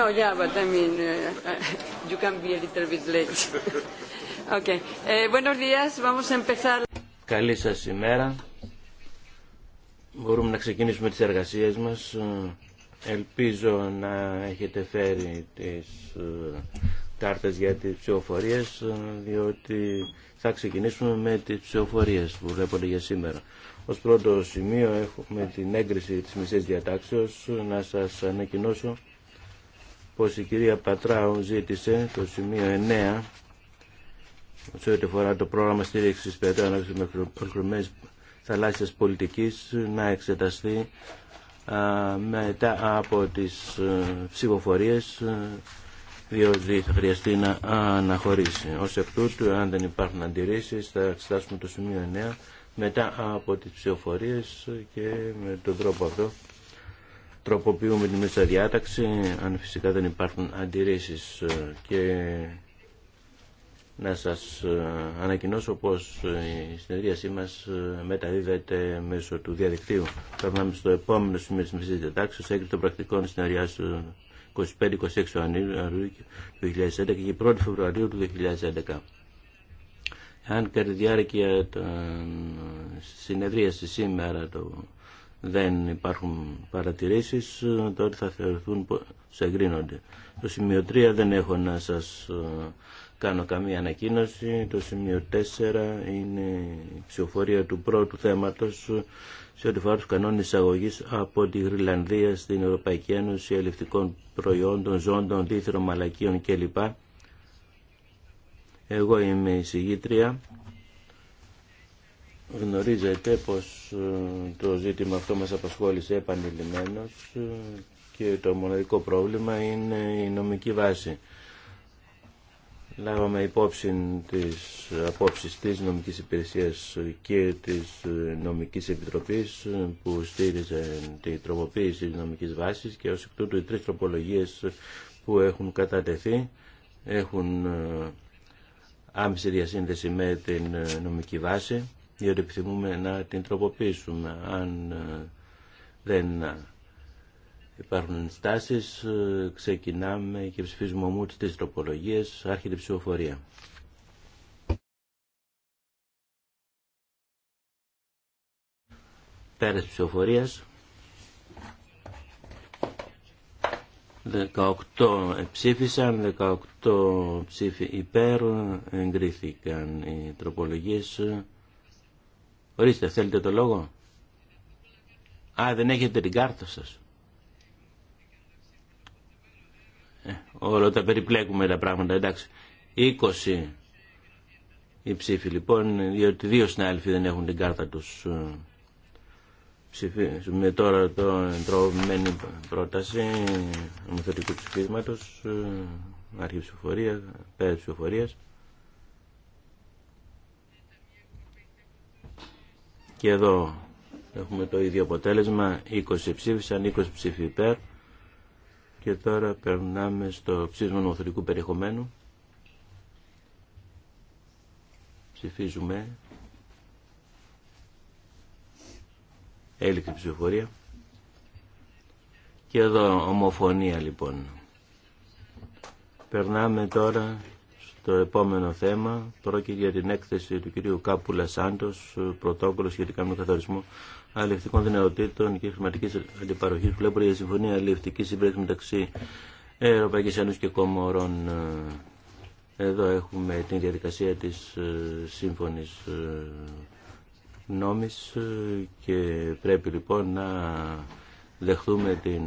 No, yeah, but I mean, uh, you can be a little bit late. Okay. Eh, buenos días, vamos a Καλή σα ημέρα. Μπορούμε να ξεκινήσουμε τις εργασίες μας. Ε, ελπίζω να έχετε φέρει τις ε, κάρτες για τις ψηφοφορίες, ε, διότι θα ξεκινήσουμε με τις ψηφοφορίες που βλέπονται για σήμερα. Ως πρώτο σημείο έχουμε την έγκριση της μισής διατάξεως. Να σας ανακοινώσω Πώς η κυρία Πατράου ζήτησε το σημείο 9 σε ό,τι αφορά το πρόγραμμα στήριξης περαιτέρω με μεκροχρομές θαλάσσιας πολιτικής να εξεταστεί μετά από τις ε, ψηφοφορίες ε, διότι θα χρειαστεί να αναχωρήσει. Ως εκ τούτου, αν δεν υπάρχουν αντιρρήσεις, θα εξετάσουμε το σημείο 9 μετά από τις ψηφοφορίες και με τον τρόπο αυτό τροποποιούμε τη μέσα διάταξη αν φυσικά δεν υπάρχουν αντιρρήσεις ε, και να σας ε, ανακοινώσω πως ε, η συνεδρίασή μας μεταδίδεται μέσω του διαδικτύου. Περνάμε στο επόμενο σημείο της μεσής διατάξης, έγκριση των πρακτικων συνεδριάσεων 25-26 Ιανουαρίου του 2011 και 1 Φεβρουαρίου του 2011. Αν κατά τη διάρκεια συνεδρίαση σήμερα το δεν υπάρχουν παρατηρήσεις, τότε θα θεωρηθούν σε εγκρίνονται. Το σημείο 3 δεν έχω να σας ε, κάνω καμία ανακοίνωση. Το σημείο 4 είναι η ψηφοφορία του πρώτου θέματος ε, σε ό,τι φορά τους κανόνες εισαγωγής από τη Γρυλανδία στην Ευρωπαϊκή Ένωση ελευτικών προϊόντων, ζώντων, δίθυρων, μαλακίων κλπ. Εγώ είμαι η συγγήτρια Γνωρίζετε πως ε, το ζήτημα αυτό μας απασχόλησε επανειλημμένος ε, και το μοναδικό πρόβλημα είναι η νομική βάση. Λάβαμε υπόψη της απόψεις της νομικής υπηρεσίας και της ε, νομικής επιτροπής που στήριζε τη τροποποίηση της νομικής βάσης και ως εκ τούτου οι τρεις τροπολογίες που έχουν κατατεθεί έχουν άμεση διασύνδεση με την νομική βάση διότι επιθυμούμε να την τροποποιήσουμε. Αν ε, δεν υπάρχουν ενστάσεις, ε, ξεκινάμε και ψηφίζουμε ομού τις τροπολογίες, άρχεται ψηφοφορία. Πέρας ψηφοφορίας. 18 ψήφισαν, 18 ψηφί, υπέρ, εγκρίθηκαν οι τροπολογίες Ορίστε, θέλετε το λόγο. Α, δεν έχετε την κάρτα σας. Ε, όλα τα περιπλέκουμε τα πράγματα, εντάξει. 20 οι ψήφοι λοιπόν, διότι δύο συνάδελφοι δεν έχουν την κάρτα τους. Ε, με τώρα το εντρομένη πρόταση νομοθετικού ψηφίσματος, ε, αρχή ψηφοφορία, πέρα ψηφοφορίας. Και εδώ έχουμε το ίδιο αποτέλεσμα, 20 ψήφισαν, 20 ψήφι υπέρ. Και τώρα περνάμε στο ψήφισμα νομοθετικού περιεχομένου. Ψηφίζουμε. Έληξη ψηφοφορία. Και εδώ ομοφωνία λοιπόν. Περνάμε τώρα το επόμενο θέμα πρόκειται για την έκθεση του κυρίου Κάπουλα Σάντο, πρωτόκολλο σχετικά με τον καθορισμό αλληλευτικών δυνατοτήτων και χρηματική αντιπαροχή. Βλέπω για συμφωνία αλληλευτική συμπρέχει μεταξύ Ευρωπαϊκή Ένωση και Κομορών. Ε, εδώ έχουμε την διαδικασία τη ε, σύμφωνη ε, νόμη και πρέπει λοιπόν να δεχθούμε την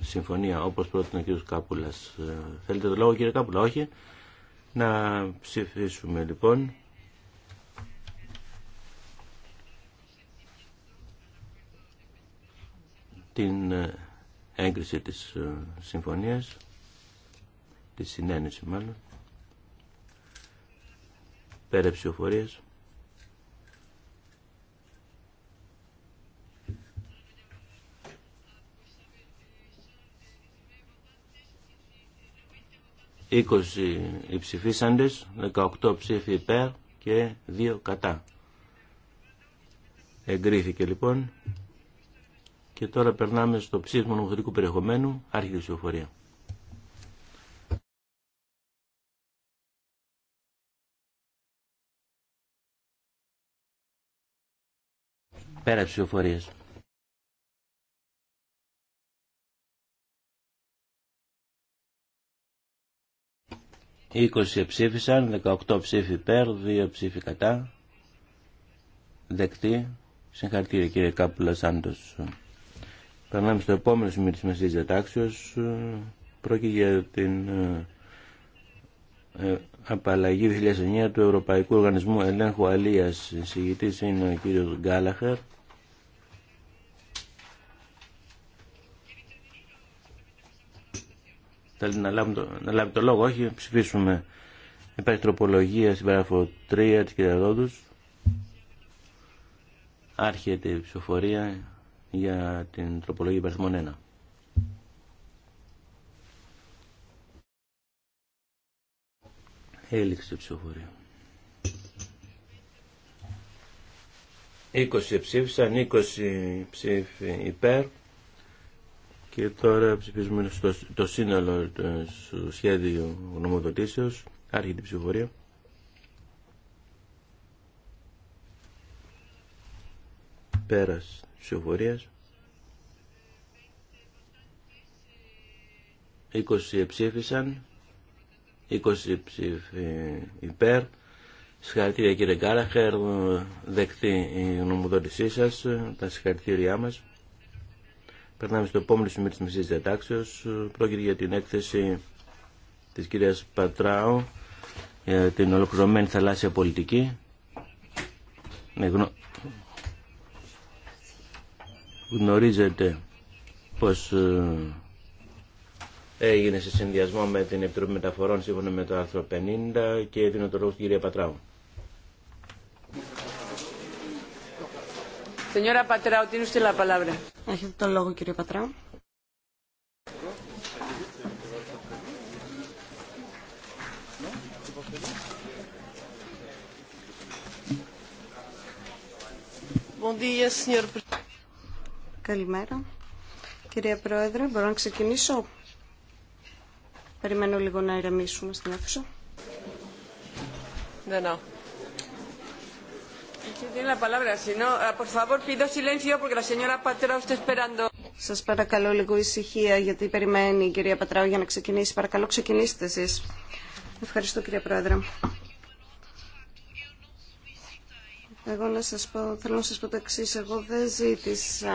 συμφωνία όπως πρότεινε ο κ. Κάπουλας. Θέλετε το λόγο κύριε Κάπουλα, όχι. Να ψηφίσουμε λοιπόν. την ε, έγκριση της ε, συμφωνίας, της συνένεση μάλλον, πέρα ψηφοφορίας. 20 οι ψηφίσαντες, 18 ψήφοι υπέρ και 2 κατά. Εγκρίθηκε λοιπόν. Και τώρα περνάμε στο ψήφισμα νομοθετικού περιεχομένου, άρχιτη ψηφοφορία. Πέρα ψηφοφορίας. 20 ψήφισαν, 18 ψήφι υπέρ, 2 ψήφοι κατά. Δεκτή. Συγχαρητήρια κύριε Κάπουλα Σάντος. Περνάμε στο επόμενο σημείο της μεσής διατάξεως. Πρόκειται για την ε, ε, απαλλαγή 2009 του Ευρωπαϊκού Οργανισμού Ελέγχου Αλίας. Συγητής είναι ο κύριος Γκάλαχερ. Θέλει να λάβει το, να το λόγο, όχι, ψηφίσουμε. Υπάρχει τροπολογία στην παράγραφο 3 της κυρία Άρχεται η ψηφοφορία για την τροπολογία υπερθμών 1. Έληξε η ψηφοφορία. 20 ψήφισαν, 20 ψήφοι υπέρ, και τώρα ψηφίζουμε στο, το σύνολο ε, του σχέδιου γνωμοδοτήσεως. Άρχεται ψηφοφορία. Πέρας ψηφοφορίας. 20 ψήφισαν, 20 ψήφι υπέρ. Συγχαρητήρια κύριε Κάραχερ, δεκτή η νομοδότησή σας, τα συγχαρητήριά μας. Περνάμε στο επόμενο σημείο της μισής διατάξεως. Πρόκειται για την έκθεση της κυρίας Πατράου για την ολοκληρωμένη θαλάσσια πολιτική. Γνωρίζετε πως ε, έγινε σε συνδυασμό με την Επιτροπή Μεταφορών σύμφωνα με το άρθρο 50 και δίνω το λόγο στην κυρία Πατράου. Señora Πατράου, tiene usted la palabra. Έχετε το λόγο, κύριε Πατράου. Καλημέρα. Κυρία Πρόεδρε, μπορώ να ξεκινήσω. Περιμένω λίγο να ηρεμήσουμε στην αίθουσα. Ναι, ναι. Σας παρακαλώ λίγο ησυχία γιατί περιμένει η κυρία Πατράου για να ξεκινήσει. Παρακαλώ ξεκινήστε εσείς. Ευχαριστώ κυρία Πρόεδρε. Εγώ να σας πω, θέλω να σας πω το εξή. Εγώ δεν ζήτησα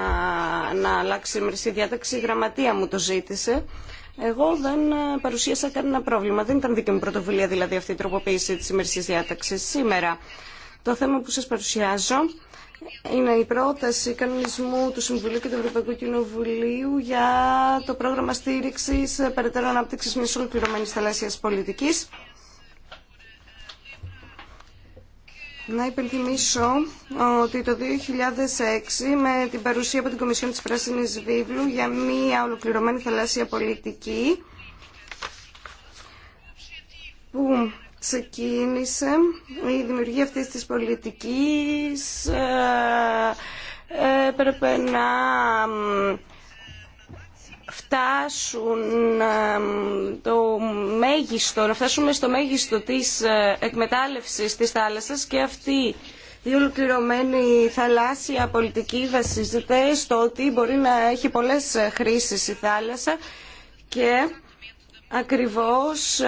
να αλλάξει η μερική διάταξη. Η γραμματεία μου το ζήτησε. Εγώ δεν ε, παρουσίασα κανένα πρόβλημα. Δεν ήταν δίκη μου πρωτοβουλία δηλαδή αυτή η τροποποίηση της ημερησίας διάταξης. Σήμερα το θέμα που σας παρουσιάζω είναι η πρόταση κανονισμού του Συμβουλίου και του Ευρωπαϊκού Κοινοβουλίου για το πρόγραμμα στήριξης περαιτέρω ανάπτυξης μιας ολοκληρωμένης θαλάσσιας πολιτικής. Να υπενθυμίσω ότι το 2006 με την παρουσία από την Κομισιόν της Πράσινης Βίβλου για μια ολοκληρωμένη θαλάσσια πολιτική που ξεκίνησε η δημιουργία αυτής της πολιτικής ε, Πρέπει να φτάσουν ε, το μέγιστο, να φτάσουμε στο μέγιστο της ε, εκμετάλλευσης της θάλασσας και αυτή η ολοκληρωμένη θαλάσσια πολιτική βασίζεται στο ότι μπορεί να έχει πολλές χρήσεις η θάλασσα και ακριβώς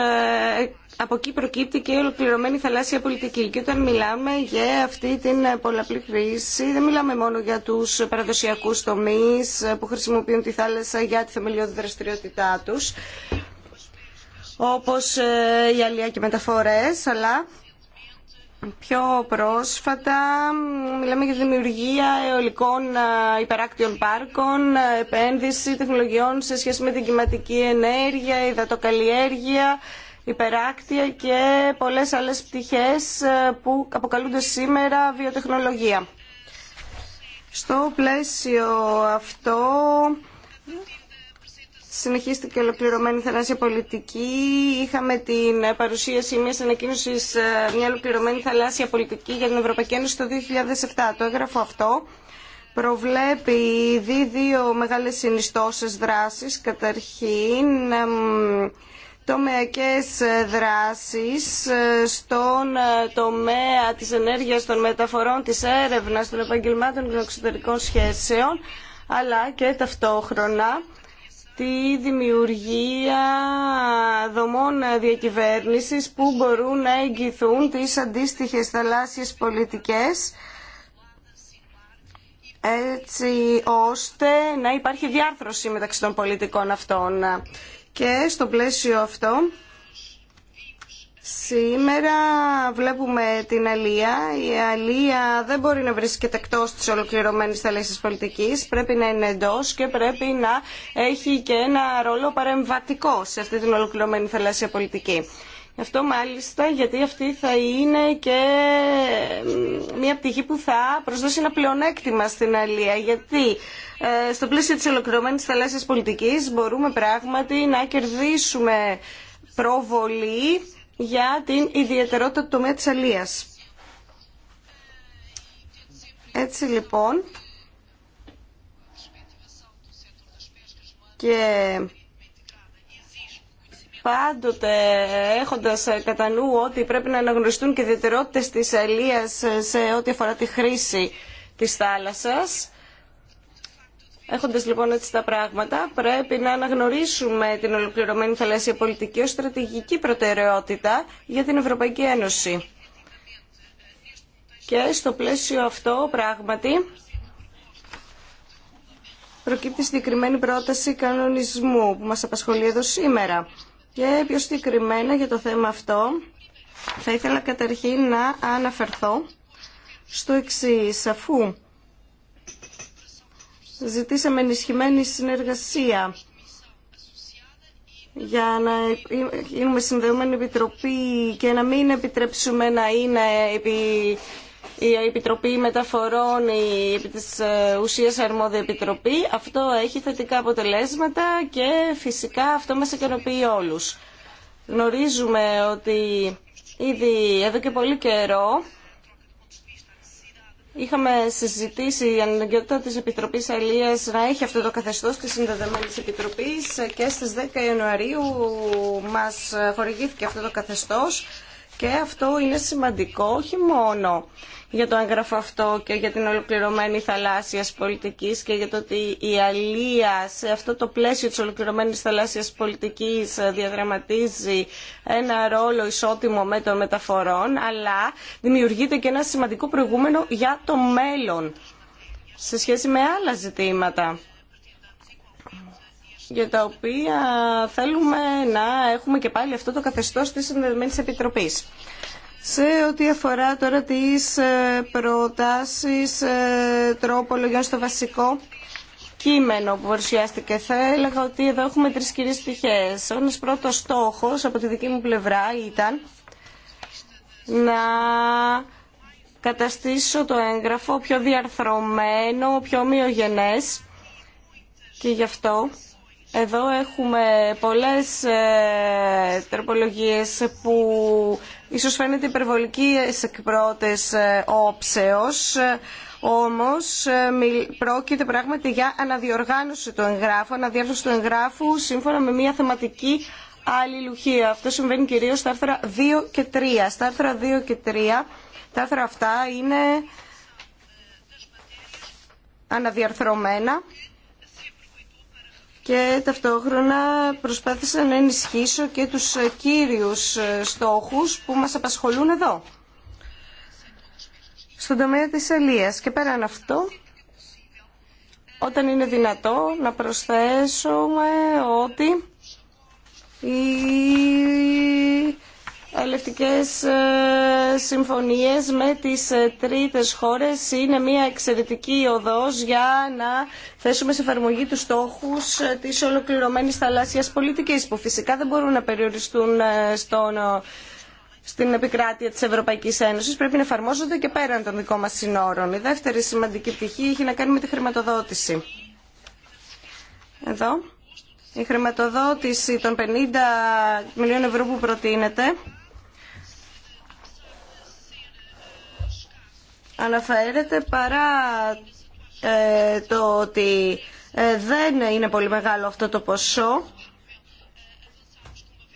από εκεί προκύπτει και η ολοκληρωμένη θαλάσσια πολιτική. Και όταν μιλάμε για αυτή την πολλαπλή χρήση, δεν μιλάμε μόνο για του παραδοσιακού τομεί που χρησιμοποιούν τη θάλασσα για τη θεμελιώδη δραστηριότητά του, όπω ε, η αλία και οι μεταφορέ, αλλά πιο πρόσφατα μιλάμε για δημιουργία αιωλικών ε, υπεράκτιων πάρκων, ε, επένδυση τεχνολογιών σε σχέση με την κλιματική ενέργεια, υδατοκαλλιέργεια υπεράκτια και πολλές άλλες πτυχές ε, που αποκαλούνται σήμερα βιοτεχνολογία. Στο πλαίσιο αυτό συνεχίστηκε ολοκληρωμένη θαλάσσια πολιτική. Είχαμε την παρουσίαση μια ανακοίνωση ε, μια ολοκληρωμένη θαλάσσια πολιτική για την Ευρωπαϊκή Ένωση το 2007. Το έγγραφο αυτό προβλέπει δύο μεγάλες συνιστώσεις δράσης. Καταρχήν, τομεακές δράσεις ε, στον ε, τομέα της ενέργειας, των μεταφορών, της έρευνας, των επαγγελμάτων και των εξωτερικών σχέσεων, αλλά και ταυτόχρονα τη δημιουργία δομών διακυβέρνησης που μπορούν να εγγυθούν τις αντίστοιχες θαλάσσιες πολιτικές έτσι ώστε να υπάρχει διάρθρωση μεταξύ των πολιτικών αυτών. Και στο πλαίσιο αυτό Σήμερα βλέπουμε την Αλία. Η Αλία δεν μπορεί να βρίσκεται εκτό τη ολοκληρωμένη θαλάσσια πολιτική. Πρέπει να είναι εντό και πρέπει να έχει και ένα ρόλο παρεμβατικό σε αυτή την ολοκληρωμένη θαλάσσια πολιτική. Αυτό μάλιστα γιατί αυτή θα είναι και μια πτυχή που θα προσδώσει ένα πλεονέκτημα στην Αλία. Γιατί ε, στο πλαίσιο της ολοκληρωμένης θαλάσσιας πολιτικής μπορούμε πράγματι να κερδίσουμε προβολή για την ιδιαιτερότητα του τομέα της Αλίας. Έτσι λοιπόν και πάντοτε έχοντας κατά νου ότι πρέπει να αναγνωριστούν και ιδιαιτερότητες της αλίας σε ό,τι αφορά τη χρήση της θάλασσας. Έχοντας λοιπόν έτσι τα πράγματα, πρέπει να αναγνωρίσουμε την ολοκληρωμένη θαλάσσια πολιτική ως στρατηγική προτεραιότητα για την Ευρωπαϊκή Ένωση. Και στο πλαίσιο αυτό, πράγματι, προκύπτει συγκεκριμένη πρόταση κανονισμού που μας απασχολεί εδώ σήμερα. Και πιο συγκεκριμένα για το θέμα αυτό θα ήθελα καταρχήν να αναφερθώ στο εξή αφού ζητήσαμε ενισχυμένη συνεργασία για να γίνουμε συνδεόμενη επιτροπή και να μην επιτρέψουμε να είναι επί η Επιτροπή Μεταφορών, η επί της ε, ουσίας αρμόδια Επιτροπή. Αυτό έχει θετικά αποτελέσματα και φυσικά αυτό μας ικανοποιεί όλους. Γνωρίζουμε ότι ήδη εδώ και πολύ καιρό Είχαμε συζητήσει η αναγκαιότητα της Επιτροπής Αλίας να έχει αυτό το καθεστώς της Συνδεδεμένης Επιτροπής και στις 10 Ιανουαρίου μας χορηγήθηκε αυτό το καθεστώς και αυτό είναι σημαντικό όχι μόνο για το έγγραφο αυτό και για την ολοκληρωμένη θαλάσσια πολιτική και για το ότι η Αλία σε αυτό το πλαίσιο τη ολοκληρωμένη θαλάσσια πολιτική διαδραματίζει ένα ρόλο ισότιμο με των μεταφορών, αλλά δημιουργείται και ένα σημαντικό προηγούμενο για το μέλλον σε σχέση με άλλα ζητήματα για τα οποία θέλουμε να έχουμε και πάλι αυτό το καθεστώς της Συνδεδεμένης Επιτροπής. Σε ό,τι αφορά τώρα τις ε, προτάσεις ε, τρόπολογιών στο βασικό κείμενο που παρουσιάστηκε, θα έλεγα ότι εδώ έχουμε τρεις κυρίες πτυχές. Ο ένας πρώτος στόχος από τη δική μου πλευρά ήταν να καταστήσω το έγγραφο πιο διαρθρωμένο, πιο ομοιογενές και γι' αυτό εδώ έχουμε πολλές ε, που ίσως φαίνεται υπερβολική εκ πρώτες ε, όψεως, όμως ε, πρόκειται πράγματι για αναδιοργάνωση του εγγράφου, αναδιάρθρωση του εγγράφου σύμφωνα με μια θεματική αλληλουχία. Αυτό συμβαίνει κυρίως στα άρθρα 2 και 3. Στα άρθρα 2 και 3, τα άρθρα αυτά είναι αναδιαρθρωμένα και ταυτόχρονα προσπάθησα να ενισχύσω και τους κύριους στόχους που μας απασχολούν εδώ. Στον τομέα της ελίας και πέραν αυτό, όταν είναι δυνατό να προσθέσουμε ότι ελευτικές ε, συμφωνίες με τις ε, τρίτες χώρες είναι μια εξαιρετική οδός για να θέσουμε σε εφαρμογή τους στόχους ε, της ολοκληρωμένης θαλάσσιας πολιτικής που φυσικά δεν μπορούν να περιοριστούν στον στην επικράτεια της Ευρωπαϊκής Ένωσης πρέπει να εφαρμόζονται και πέραν των δικών μας συνόρων. Η δεύτερη σημαντική πτυχή έχει να κάνει με τη χρηματοδότηση. Εδώ, η χρηματοδότηση των 50 μιλίων ευρώ που προτείνεται αναφέρεται παρά ε, το ότι ε, δεν είναι πολύ μεγάλο αυτό το ποσό.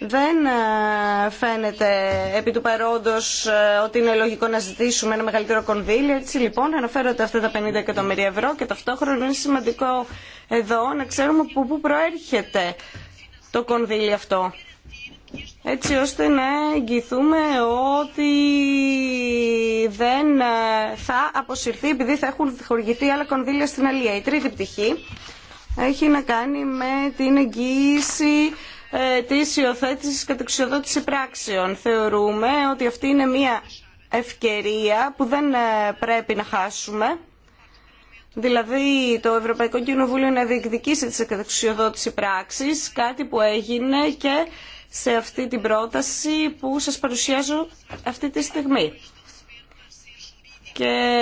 Δεν ε, φαίνεται επί του παρόντος ε, ότι είναι λογικό να ζητήσουμε ένα μεγαλύτερο κονδύλι. Έτσι λοιπόν αναφέρονται αυτά τα 50 εκατομμύρια ευρώ και ταυτόχρονα είναι σημαντικό εδώ να ξέρουμε από πού προέρχεται το κονδύλι αυτό έτσι ώστε να εγγυηθούμε ότι δεν ε, θα αποσυρθεί επειδή θα έχουν χορηγηθεί άλλα κονδύλια στην Αλία. Η τρίτη πτυχή έχει να κάνει με την εγγύηση ε, της υιοθέτησης κατεξιοδότηση πράξεων. Θεωρούμε ότι αυτή είναι μια ευκαιρία που δεν ε, πρέπει να χάσουμε. Δηλαδή το Ευρωπαϊκό Κοινοβούλιο να διεκδικήσει τη κατεξουσιοδότηση πράξης, κάτι που έγινε και σε αυτή την πρόταση που σας παρουσιάζω αυτή τη στιγμή. Και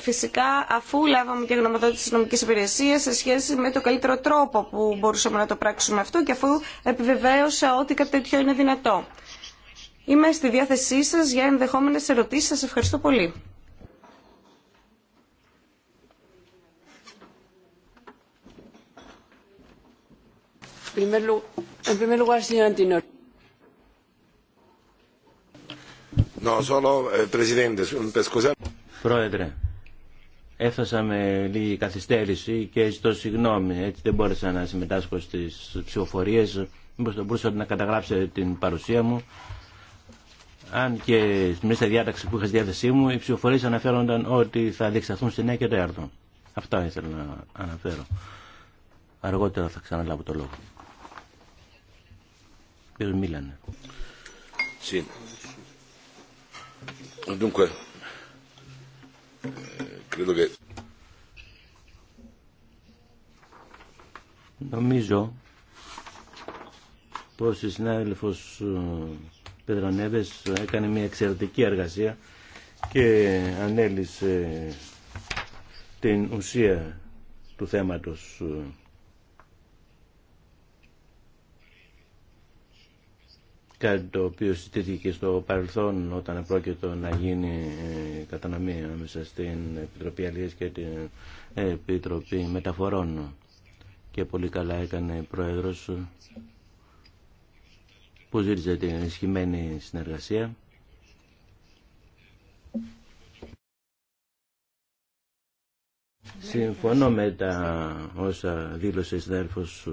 φυσικά αφού λάβαμε και γνωμοδότηση της νομικής υπηρεσίας σε σχέση με το καλύτερο τρόπο που μπορούσαμε να το πράξουμε αυτό και αφού επιβεβαίωσα ότι κάτι τέτοιο είναι δυνατό. Είμαι στη διάθεσή σας για ενδεχόμενες ερωτήσεις. Σας ευχαριστώ πολύ. En primer lugar, señor Antinori. Πρόεδρε, έφτασα με λίγη καθυστέρηση και ζητώ συγγνώμη. Έτσι δεν μπόρεσα να συμμετάσχω στι ψηφοφορίε. Μήπως το μπορούσατε να καταγράψετε την παρουσία μου. Αν και στη μέσα διάταξη που είχα στη διάθεσή μου, οι ψηφοφορίε αναφέρονταν ότι θα διεξαχθούν στη νέα και το έρθω. Αυτά ήθελα να αναφέρω. Αργότερα θα ξαναλάβω το λόγο. Eh, Νομίζω πως η συνάδελφος ε, Πεδρανέβες έκανε μια εξαιρετική εργασία και ανέλησε την ουσία του θέματος ε, κάτι το οποίο συζητήθηκε στο παρελθόν όταν πρόκειτο να γίνει ε, κατανομή μέσα στην Επιτροπή και την ε, Επιτροπή Μεταφορών και πολύ καλά έκανε η Πρόεδρος που ζήτησε την ενισχυμένη συνεργασία. Συμφωνώ με τα όσα δήλωσε η συνάδελφος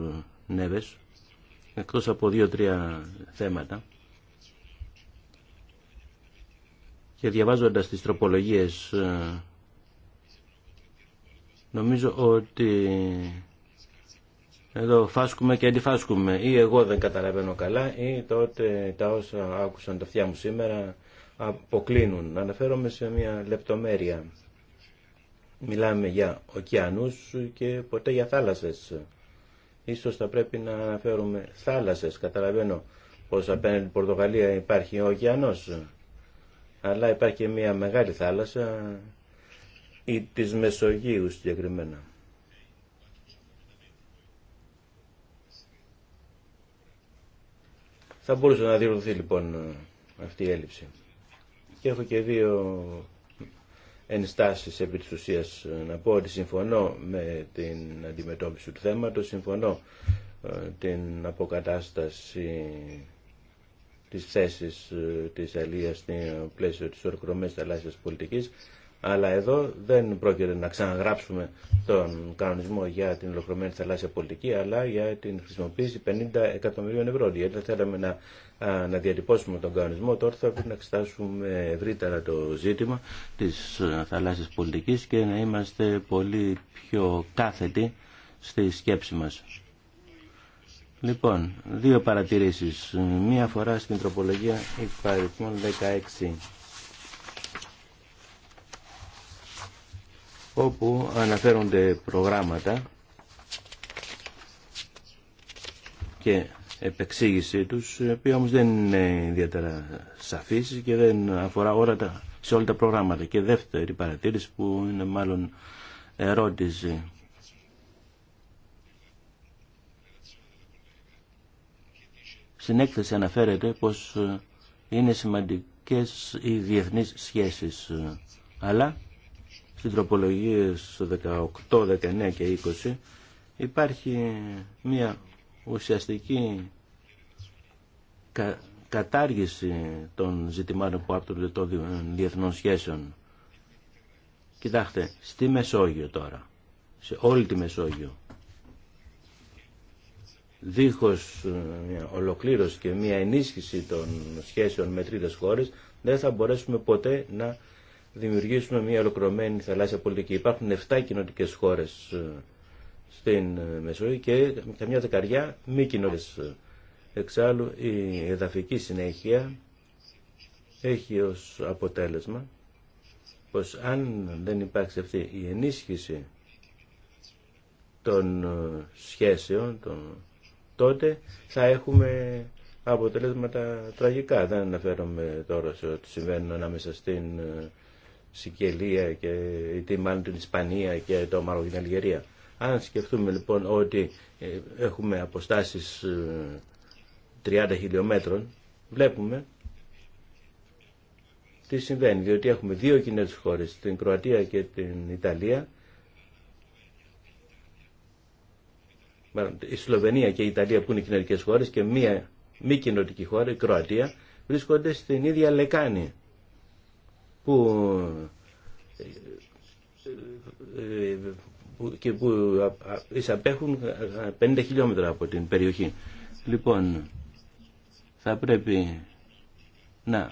Νέβες εκτός από δύο-τρία θέματα και διαβάζοντας τις τροπολογίες ε, νομίζω ότι εδώ φάσκουμε και αντιφάσκουμε ή εγώ δεν καταλαβαίνω καλά ή τότε τα όσα άκουσαν τα αυτιά μου σήμερα αποκλίνουν. Αναφέρομαι σε μια λεπτομέρεια. Μιλάμε για ωκεανούς και ποτέ για θάλασσες ίσως θα πρέπει να αναφέρουμε θάλασσες. Καταλαβαίνω πως απέναντι την Πορτογαλία υπάρχει ο ωκεανός, αλλά υπάρχει και μια μεγάλη θάλασσα ή της Μεσογείου συγκεκριμένα. Θα μπορούσε να διορθωθεί λοιπόν αυτή η έλλειψη. Και έχω και δύο ενστάσεις επί της ουσίας ε, να πω ότι συμφωνώ με την αντιμετώπιση του θέματος, συμφωνώ ε, την αποκατάσταση της θέσης ε, της Αλίας στην πλαίσιο της ορκρομές θαλάσσιας πολιτικής αλλά εδώ δεν πρόκειται να ξαναγράψουμε τον κανονισμό για την ολοκληρωμένη θαλάσσια πολιτική, αλλά για την χρησιμοποίηση 50 εκατομμυρίων ευρώ. Γιατί δεν θέλαμε να, να διατυπώσουμε τον κανονισμό, τώρα θα πρέπει να εξετάσουμε ευρύτερα το ζήτημα της θαλάσσιας πολιτικής και να είμαστε πολύ πιο κάθετοι στη σκέψη μα. Λοιπόν, δύο παρατηρήσεις. Μία αφορά στην τροπολογία υπαριθμών 16. όπου αναφέρονται προγράμματα και επεξήγησή τους, η οποία όμως δεν είναι ιδιαίτερα σαφής και δεν αφορά όλα σε όλα τα προγράμματα. Και δεύτερη παρατήρηση που είναι μάλλον ερώτηση. Στην έκθεση αναφέρεται πως είναι σημαντικές οι διεθνείς σχέσεις, αλλά στις τροπολογίες 18, 19 και 20 υπάρχει μια ουσιαστική κατάργηση των ζητημάτων που άπτονται των διεθνών σχέσεων. Κοιτάξτε, στη Μεσόγειο τώρα, σε όλη τη Μεσόγειο, δίχως ε, μια ολοκλήρωση και μια ενίσχυση των σχέσεων με τρίτες χώρες, δεν θα μπορέσουμε ποτέ να δημιουργήσουμε μια ολοκληρωμένη θαλάσσια πολιτική. Υπάρχουν 7 κοινωνικέ χώρε ε, στην ε, Μεσόγειο και καμιά δεκαριά μη κοινωνικέ. Εξάλλου, η εδαφική συνέχεια έχει ως αποτέλεσμα πως αν δεν υπάρξει αυτή η ενίσχυση των ε, σχέσεων, τότε θα έχουμε αποτελέσματα τραγικά. Δεν αναφέρομαι τώρα σε ό,τι συμβαίνουν ανάμεσα στην Σικελία και τη μάλλον την Ισπανία και το Μαρόκο Αλγερία. Αν σκεφτούμε λοιπόν ότι ε, έχουμε αποστάσεις 30 ε, χιλιόμετρων, βλέπουμε τι συμβαίνει, διότι έχουμε δύο κοινέ χώρες, την Κροατία και την Ιταλία, η Σλοβενία και η Ιταλία που είναι κοινωνικέ χώρες και μία μη κοινωτική χώρα, η Κροατία, βρίσκονται στην ίδια λεκάνη που και που εισαπέχουν 50 χιλιόμετρα από την περιοχή. Λοιπόν, θα πρέπει να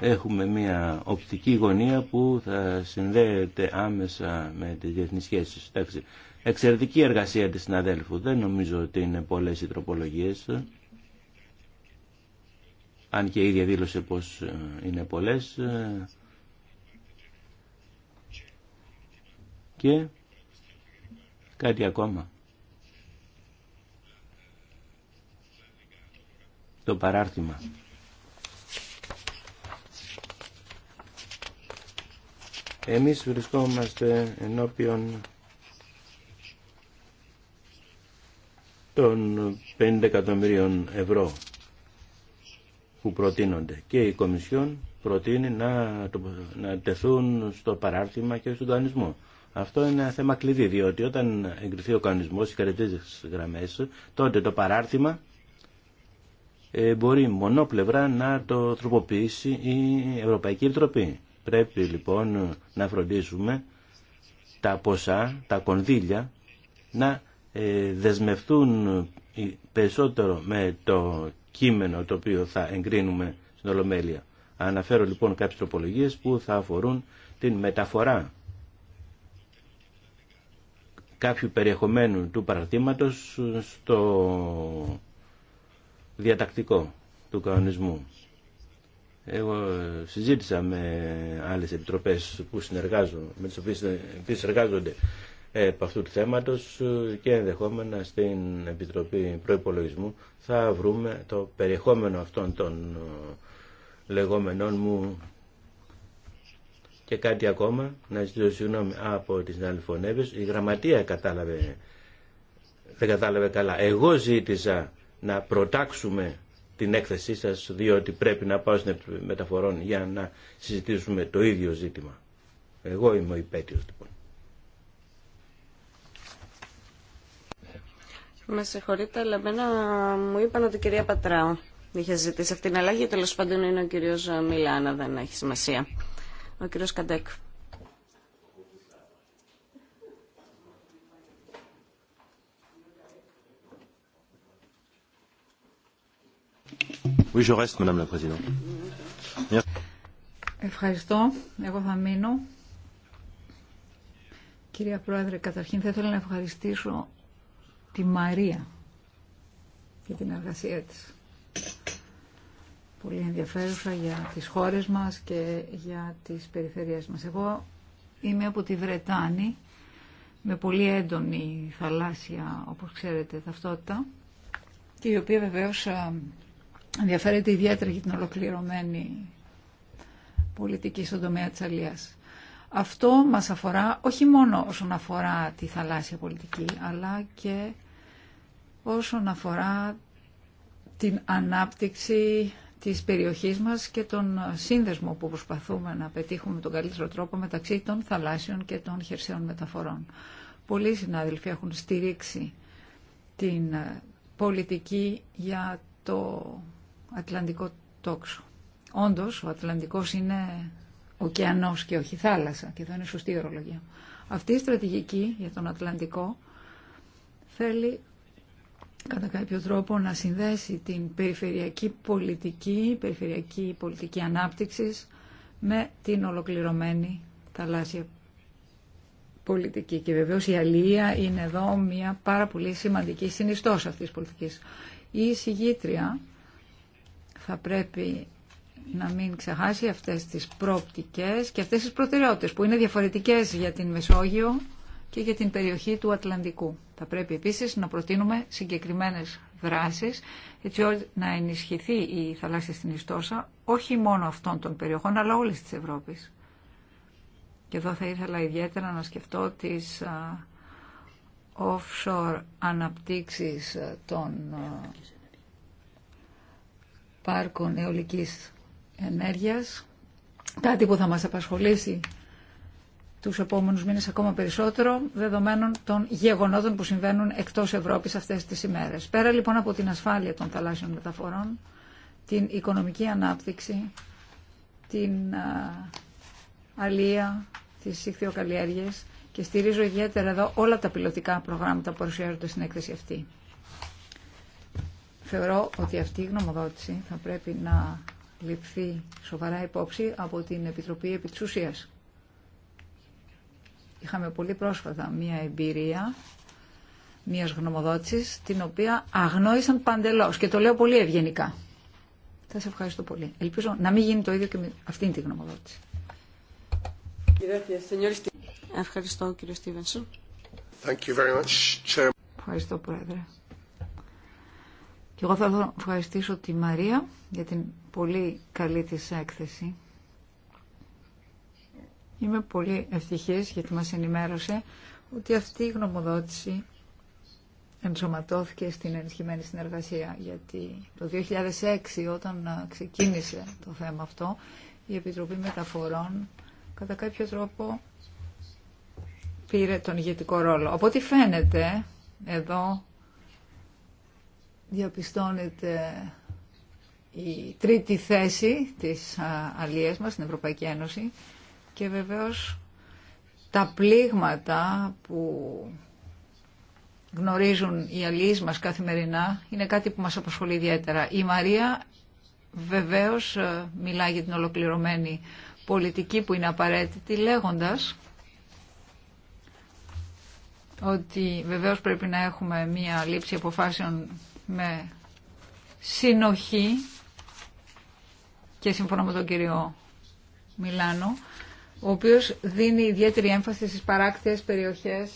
έχουμε μια οπτική γωνία που θα συνδέεται άμεσα με τις διεθνείς σχέσεις. Εξαιρετική εργασία της συναδέλφου. Δεν νομίζω ότι είναι πολλές οι τροπολογίες αν και η ίδια δήλωσε πως ε, είναι πολλές ε, και κάτι ακόμα το παράρτημα εμείς βρισκόμαστε ενώπιον των 50 εκατομμυρίων ευρώ που και η Κομισιόν προτείνει να, να τεθούν στο παράρτημα και στον κανονισμό. Αυτό είναι ένα θέμα κλειδί, διότι όταν εγκριθεί ο κανονισμός, οι γραμμές, τότε το παράρτημα ε, μπορεί μονόπλευρα να το τροποποιήσει η Ευρωπαϊκή Επιτροπή. Πρέπει λοιπόν να φροντίσουμε τα ποσά, τα κονδύλια να ε, δεσμευτούν περισσότερο με το κείμενο το οποίο θα εγκρίνουμε στην Ολομέλεια. Αναφέρω λοιπόν κάποιες τροπολογίες που θα αφορούν την μεταφορά κάποιου περιεχομένου του παρατήματος στο διατακτικό του κανονισμού. Εγώ συζήτησα με άλλες επιτροπές που συνεργάζονται, με τις οποίες συνεργάζονται ε, επ' αυτού του θέματος ε, και ενδεχόμενα στην Επιτροπή Προϋπολογισμού θα βρούμε το περιεχόμενο αυτών των ε, λεγόμενών μου και κάτι ακόμα, να ζητήσω συγγνώμη από τις αλφωνεύες η γραμματεία κατάλαβε, δεν κατάλαβε καλά. Εγώ ζήτησα να προτάξουμε την έκθεσή σας, διότι πρέπει να πάω στην μεταφορών για να συζητήσουμε το ίδιο ζήτημα. Εγώ είμαι ο υπέτειος λοιπόν. Με συγχωρείτε, αλλά εμένα μου είπαν ότι η κυρία Πατράου είχε ζητήσει αυτήν την αλλαγή. Τέλο πάντων είναι ο κύριο Μιλάνα, δεν έχει σημασία. Ο κύριο Καντέκ. Oui, je reste, Madame la Présidente. Ευχαριστώ. Εγώ θα μείνω. Κυρία Πρόεδρε, καταρχήν θα ήθελα να ευχαριστήσω τη Μαρία και την εργασία της. Πολύ ενδιαφέρουσα για τις χώρες μας και για τις περιφερειές μας. Εγώ είμαι από τη Βρετάνη με πολύ έντονη θαλάσσια, όπως ξέρετε, ταυτότητα και η οποία βεβαίως ε, ενδιαφέρεται ιδιαίτερα για την ολοκληρωμένη πολιτική στον τομέα της αλίας. Αυτό μας αφορά όχι μόνο όσον αφορά τη θαλάσσια πολιτική, αλλά και όσον αφορά την ανάπτυξη της περιοχής μας και τον σύνδεσμο που προσπαθούμε να πετύχουμε τον καλύτερο τρόπο μεταξύ των θαλάσσιων και των χερσαίων μεταφορών. Πολλοί συνάδελφοι έχουν στηρίξει την πολιτική για το Ατλαντικό τόξο. Όντως, ο Ατλαντικός είναι ωκεανός και όχι θάλασσα και εδώ είναι σωστή ορολογία. Αυτή η στρατηγική για τον Ατλαντικό θέλει κατά κάποιο τρόπο να συνδέσει την περιφερειακή πολιτική, περιφερειακή πολιτική ανάπτυξης με την ολοκληρωμένη θαλάσσια πολιτική. Και βεβαίω η αλληλεία είναι εδώ μια πάρα πολύ σημαντική συνιστός αυτής της πολιτικής. Η συγγήτρια θα πρέπει να μην ξεχάσει αυτές τις πρόπτικες και αυτές τις προτεραιότητες που είναι διαφορετικές για την Μεσόγειο και για την περιοχή του Ατλαντικού. Θα πρέπει επίσης να προτείνουμε συγκεκριμένες δράσεις έτσι ώστε να ενισχυθεί η θαλάσσια στην ιστόσα όχι μόνο αυτών των περιοχών αλλά όλης της Ευρώπης. Και εδώ θα ήθελα ιδιαίτερα να σκεφτώ τις offshore αναπτύξεις των πάρκων αιωλικής ενέργειας, κάτι που θα μας απασχολήσει τους επόμενους μήνες ακόμα περισσότερο δεδομένων των γεγονότων που συμβαίνουν εκτός Ευρώπης αυτές τις ημέρες. Πέρα λοιπόν από την ασφάλεια των θαλάσσιων μεταφορών, την οικονομική ανάπτυξη, την αλία, τις ηχθειοκαλλιέργειες και στηρίζω ιδιαίτερα εδώ όλα τα πιλωτικά προγράμματα που παρουσιάζονται στην έκθεση αυτή. Θεωρώ ότι αυτή η γνωμοδότηση θα πρέπει να ληφθεί σοβαρά υπόψη από την Επιτροπή Επιτσουσίας Είχαμε πολύ πρόσφατα μία εμπειρία μίας γνωμοδότησης, την οποία αγνόησαν παντελώς και το λέω πολύ ευγενικά. Θα σε ευχαριστώ πολύ. Ελπίζω να μην γίνει το ίδιο και με αυτήν την γνωμοδότηση. Ευχαριστώ κύριε Στίβενσον. Ευχαριστώ Πρόεδρε. Και εγώ θα ευχαριστήσω τη Μαρία για την πολύ καλή της έκθεση. Είμαι πολύ ευτυχής γιατί μας ενημέρωσε ότι αυτή η γνωμοδότηση ενσωματώθηκε στην ενισχυμένη συνεργασία γιατί το 2006 όταν ξεκίνησε το θέμα αυτό η Επιτροπή Μεταφορών κατά κάποιο τρόπο πήρε τον ηγετικό ρόλο. Από ό,τι φαίνεται εδώ διαπιστώνεται η τρίτη θέση της αλίας μας στην Ευρωπαϊκή Ένωση και βεβαίως τα πλήγματα που γνωρίζουν οι αλληλείς μας καθημερινά είναι κάτι που μας απασχολεί ιδιαίτερα. Η Μαρία βεβαίως ε, μιλά για την ολοκληρωμένη πολιτική που είναι απαραίτητη λέγοντας ότι βεβαίως πρέπει να έχουμε μία λήψη αποφάσεων με συνοχή και σύμφωνα με τον κύριο Μιλάνο ο οποίος δίνει ιδιαίτερη έμφαση στις παράκτιες περιοχές.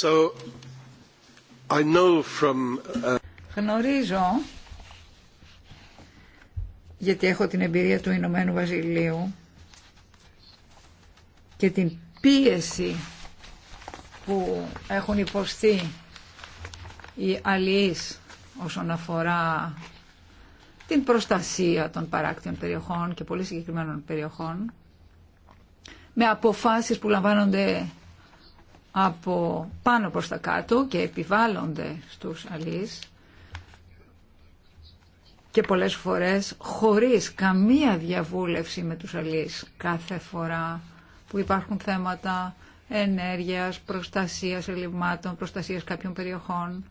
So, I know from... Uh, Γνωρίζω, γιατί έχω την εμπειρία του Ηνωμένου Βασιλείου και την πίεση που έχουν υποστεί οι αλληλείς όσον αφορά την προστασία των παράκτιων περιοχών και πολύ συγκεκριμένων περιοχών με αποφάσεις που λαμβάνονται από πάνω προς τα κάτω και επιβάλλονται στους αλείς και πολλές φορές χωρίς καμία διαβούλευση με τους αλείς κάθε φορά που υπάρχουν θέματα ενέργειας, προστασίας ελλειμμάτων, προστασίας κάποιων περιοχών.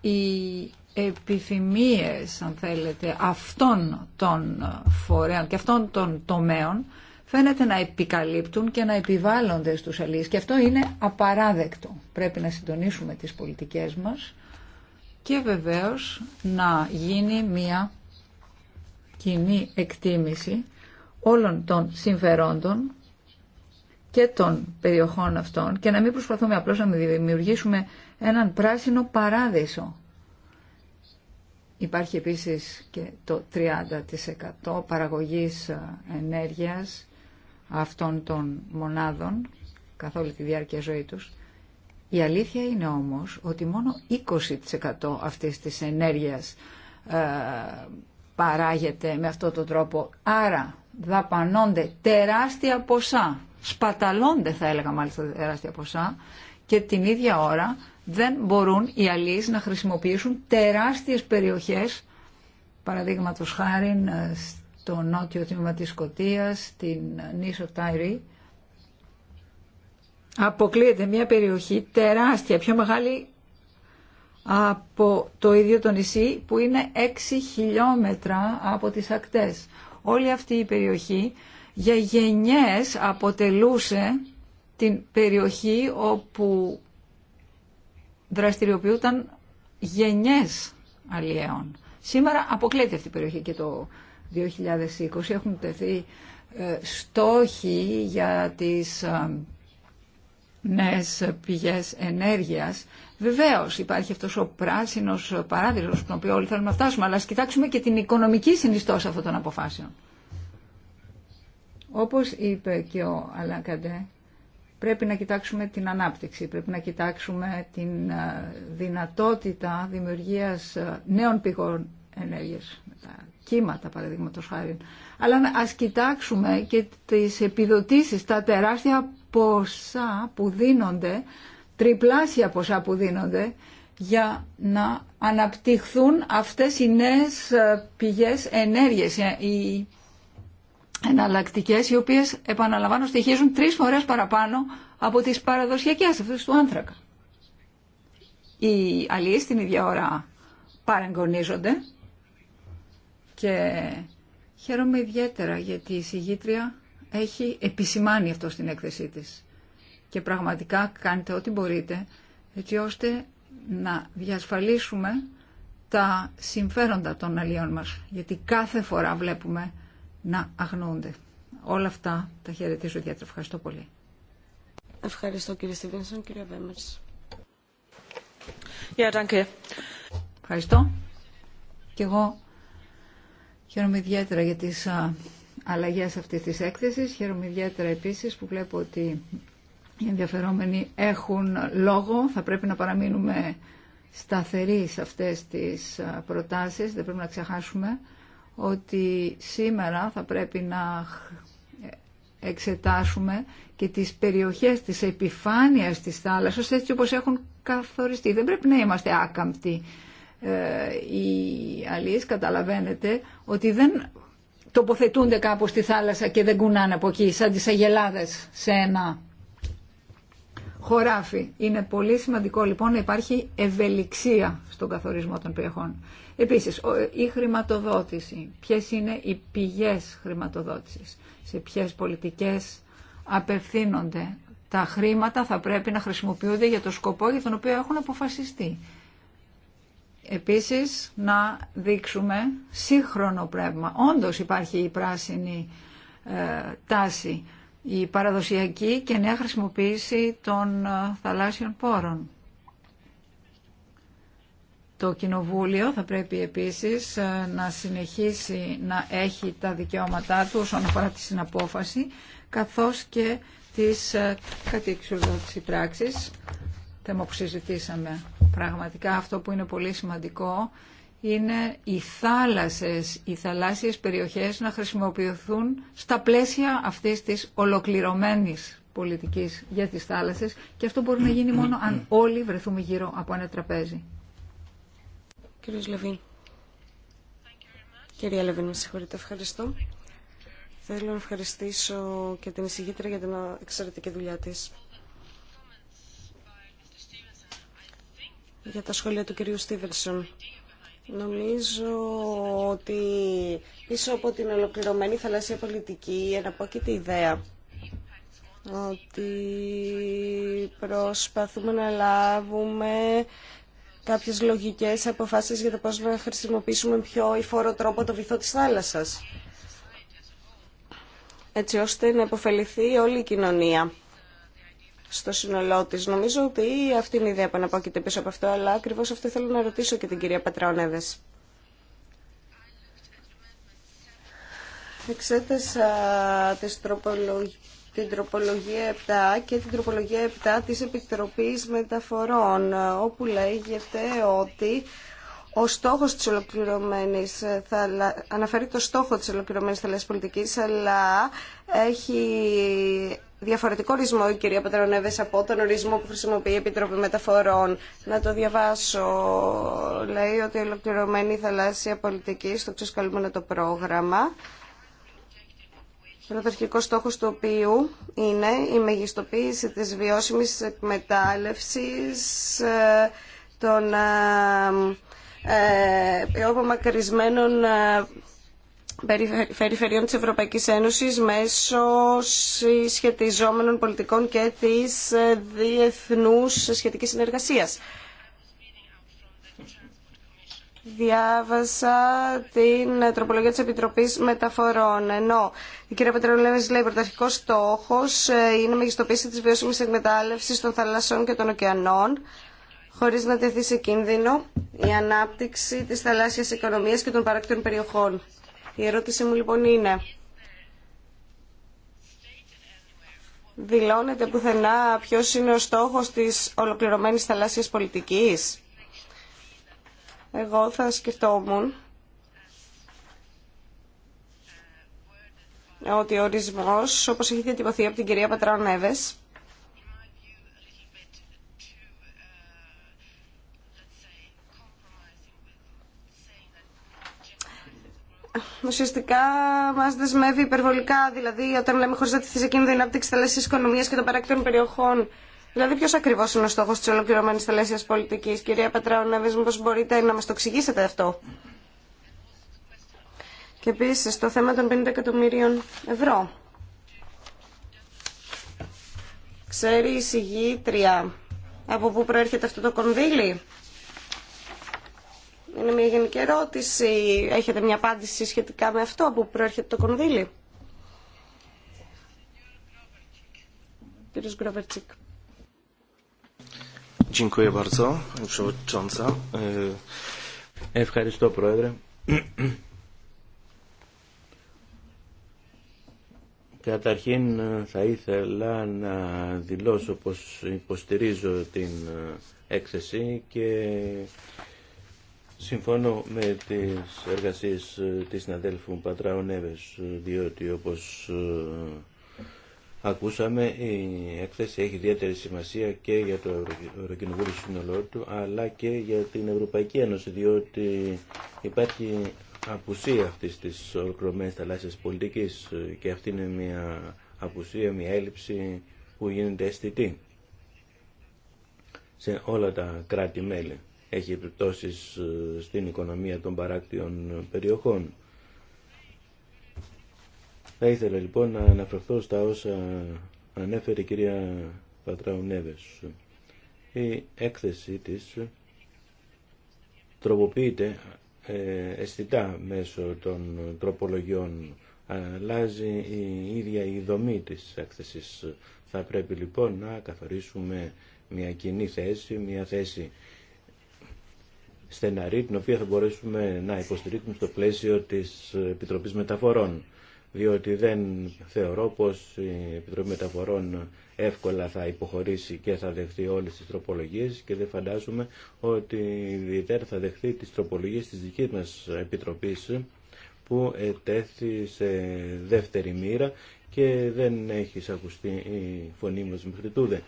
Η επιθυμίες, αν θέλετε, αυτών των φορέων και αυτών των τομέων φαίνεται να επικαλύπτουν και να επιβάλλονται στους αλληλείς και αυτό είναι απαράδεκτο. Πρέπει να συντονίσουμε τις πολιτικές μας και βεβαίως να γίνει μια κοινή εκτίμηση όλων των συμφερόντων και των περιοχών αυτών και να μην προσπαθούμε απλώς να δημιουργήσουμε έναν πράσινο παράδεισο Υπάρχει επίσης και το 30% παραγωγής ε, ενέργειας αυτών των μονάδων καθ' όλη τη διάρκεια ζωή τους. Η αλήθεια είναι όμως ότι μόνο 20% αυτής της ενέργειας ε, παράγεται με αυτόν τον τρόπο. Άρα δαπανώνται τεράστια ποσά, σπαταλώνται θα έλεγα μάλιστα τεράστια ποσά και την ίδια ώρα δεν μπορούν οι αλλοί να χρησιμοποιήσουν τεράστιες περιοχές, παραδείγματος χάρη ε, στο νότιο τμήμα της Σκοτίας, στην ε, νήσο Τάιρι, αποκλείεται μια περιοχή τεράστια, πιο μεγάλη από το ίδιο το νησί που είναι 6 χιλιόμετρα από τις ακτές. Όλη αυτή η περιοχή για γενιές αποτελούσε την περιοχή όπου δραστηριοποιούνταν γενιές αλλιέων. Σήμερα αποκλείεται αυτή η περιοχή και το 2020 έχουν τεθεί ε, στόχοι για τις ε, νέες πηγές ενέργειας. Βεβαίως υπάρχει αυτός ο πράσινος παράδεισος στον οποίο όλοι θέλουμε να φτάσουμε, αλλά ας κοιτάξουμε και την οικονομική συνιστόση αυτών των αποφάσεων. Όπως είπε και ο Αλακαντέ, Πρέπει να κοιτάξουμε την ανάπτυξη, πρέπει να κοιτάξουμε την ε, δυνατότητα δημιουργίας ε, νέων πηγών ενέργειας, τα κύματα παραδείγματο χάρη. Αλλά ας κοιτάξουμε και τις επιδοτήσεις, τα τεράστια ποσά που δίνονται, τριπλάσια ποσά που δίνονται, για να αναπτυχθούν αυτές οι νέες ε, πηγές ενέργειας. Η εναλλακτικέ, οι οποίε, επαναλαμβάνω, στοιχίζουν τρει φορέ παραπάνω από τι παραδοσιακέ αυτέ του άνθρακα. Οι αλλοί την ίδια ώρα παρεγκονίζονται και χαίρομαι ιδιαίτερα γιατί η συγγήτρια έχει επισημάνει αυτό στην έκθεσή της. Και πραγματικά κάνετε ό,τι μπορείτε έτσι ώστε να διασφαλίσουμε τα συμφέροντα των αλλιών μας. Γιατί κάθε φορά βλέπουμε να αγνοούνται. Όλα αυτά τα χαιρετίζω ιδιαίτερα. Ευχαριστώ πολύ. Ευχαριστώ κύριε Στίβενσον. Κύριε Βέμερς. Yeah, Ευχαριστώ. Και εγώ χαίρομαι ιδιαίτερα για τις αλλαγές αυτής της έκθεσης. Χαίρομαι ιδιαίτερα επίσης που βλέπω ότι οι ενδιαφερόμενοι έχουν λόγο. Θα πρέπει να παραμείνουμε σταθεροί σε αυτές τις προτάσεις. Δεν πρέπει να ξεχάσουμε ότι σήμερα θα πρέπει να εξετάσουμε και τις περιοχές της επιφάνειας της θάλασσας έτσι όπως έχουν καθοριστεί. Δεν πρέπει να είμαστε άκαμπτοι. Ε, οι αλίες καταλαβαίνετε ότι δεν τοποθετούνται κάπου στη θάλασσα και δεν κουνάνε από εκεί σαν τις αγελάδες σε ένα χωράφι. Είναι πολύ σημαντικό λοιπόν να υπάρχει ευελιξία στον καθορισμό των περιοχών. Επίσης, η χρηματοδότηση. Ποιες είναι οι πηγές χρηματοδότησης. Σε ποιες πολιτικές απευθύνονται. Τα χρήματα θα πρέπει να χρησιμοποιούνται για το σκοπό για τον οποίο έχουν αποφασιστεί. Επίσης, να δείξουμε σύγχρονο πνεύμα. Όντως υπάρχει η πράσινη ε, τάση η παραδοσιακή και νέα χρησιμοποίηση των ε, θαλάσσιων πόρων. Το Κοινοβούλιο θα πρέπει επίσης ε, να συνεχίσει να έχει τα δικαιώματά του όσον αφορά τη συναπόφαση, καθώς και τις ε, κατοικιοδότηση πράξεις, θέμα που συζητήσαμε. Πραγματικά αυτό που είναι πολύ σημαντικό είναι οι θάλασσες, οι θαλάσσιες περιοχές να χρησιμοποιηθούν στα πλαίσια αυτής της ολοκληρωμένης πολιτικής για τις θάλασσες και αυτό μπορεί να γίνει μόνο αν όλοι βρεθούμε γύρω από ένα τραπέζι. Κύριε Λεβίν. Κυρία Λεβίν, με συγχωρείτε. Ευχαριστώ. Θέλω να ευχαριστήσω και την εισηγήτρια για την εξαιρετική δουλειά της. Για τα σχόλια του κυρίου Στίβενσον. Νομίζω ότι πίσω από την ολοκληρωμένη θαλάσσια πολιτική εναπόκειται η ιδέα ότι προσπαθούμε να λάβουμε κάποιες λογικές αποφάσεις για το πώς να χρησιμοποιήσουμε πιο υφόρο τρόπο το βυθό της θάλασσας έτσι ώστε να υποφεληθεί όλη η κοινωνία στο σύνολό τη. Νομίζω ότι αυτή είναι η ιδέα που αναπόκειται πίσω από αυτό, αλλά ακριβώ αυτό θέλω να ρωτήσω και την κυρία Πατρόνεδε. Εξέτασα την τροπολογία 7 και την τροπολογία 7 της Επιτροπής Μεταφορών, όπου λέγεται ότι ο στόχος της ολοκληρωμένης, θα, αναφέρει το στόχο της ολοκληρωμένης πολιτικής, αλλά έχει διαφορετικό ορισμό η κυρία Πατρονέβες από τον ορισμό που χρησιμοποιεί η Επιτροπή Μεταφορών. Να το διαβάσω. Λέει ότι η ολοκληρωμένη θαλάσσια πολιτική στο ξεσκαλούμενο το πρόγραμμα Πρωτορχικό στόχο του οποίου είναι η μεγιστοποίηση της βιώσιμης εκμετάλλευση των πιο απομακρυσμένων περιφερειών της Ευρωπαϊκής Ένωσης μέσω συσχετιζόμενων πολιτικών και της ε, διεθνούς σχετικής συνεργασίας. Διάβασα την τροπολογία της Επιτροπής Μεταφορών, ενώ η κυρία Πετρολέμης λέει πρωταρχικό στόχος ε, είναι η μεγιστοποίηση της βιώσιμης εκμετάλλευσης των θαλασσών και των ωκεανών χωρίς να τεθεί σε κίνδυνο η ανάπτυξη της θαλάσσιας οικονομίας και των παράκτων περιοχών. Η ερώτηση μου λοιπόν είναι, δηλώνεται πουθενά ποιος είναι ο στόχος της ολοκληρωμένης θαλάσσιας πολιτικής. Εγώ θα σκεφτόμουν ότι ο ορισμός, όπως έχει διατυπωθεί από την κυρία Πατράων ουσιαστικά μα δεσμεύει υπερβολικά. Δηλαδή, όταν λέμε χωρί να τη κίνδυνο ανάπτυξη θελέσσια οικονομία και των παράκτων περιοχών, Δηλαδή, ποιο ακριβώ είναι ο στόχο τη ολοκληρωμένη θελέσσια πολιτική, κυρία Πατράου, να δείτε πώ μπορείτε να μα το εξηγήσετε αυτό. Και επίση το θέμα των 50 εκατομμύριων ευρώ. Ξέρει η συγγήτρια από πού προέρχεται αυτό το κονδύλι. Είναι μια γενική ερώτηση. Έχετε μια απάντηση σχετικά με αυτό που προέρχεται το κονδύλι. Κύριος Γκροβερτσίκ. Ε, ευχαριστώ, Πρόεδρε. Καταρχήν θα ήθελα να δηλώσω πως υποστηρίζω την ε, έκθεση και Συμφωνώ με τις εργασίες ε, της συναδέλφου Πατράου Νέβες, ε, διότι όπως ε, ακούσαμε η έκθεση έχει ιδιαίτερη σημασία και για το Ευρωκοινοβούλιο σύνολό του, αλλά και για την Ευρωπαϊκή Ένωση, διότι υπάρχει απουσία αυτής της ολοκληρωμένη θαλάσσιας πολιτικής και αυτή είναι μια απουσία, μια έλλειψη που γίνεται αισθητή σε όλα τα κράτη-μέλη έχει επιπτώσεις ε, στην οικονομία των παράκτιων περιοχών. Θα ήθελα λοιπόν να αναφερθώ στα όσα ανέφερε η κυρία Πατράου Νέβες. Η έκθεση της τροποποιείται ε, αισθητά μέσω των τροπολογιών. Αλλάζει η ίδια η δομή της έκθεσης. Θα πρέπει λοιπόν να καθορίσουμε μια κοινή θέση, μια θέση στεναρή, την οποία θα μπορέσουμε να υποστηρίξουμε στο πλαίσιο της Επιτροπής Μεταφορών. Διότι δεν θεωρώ πως η Επιτροπή Μεταφορών εύκολα θα υποχωρήσει και θα δεχθεί όλες τις τροπολογίες και δεν φαντάζομαι ότι ιδιαίτερα θα δεχθεί τις τροπολογίες της δικής μας Επιτροπής που ετέθη σε δεύτερη μοίρα και δεν έχει ακουστεί η φωνή μας μέχρι τούδε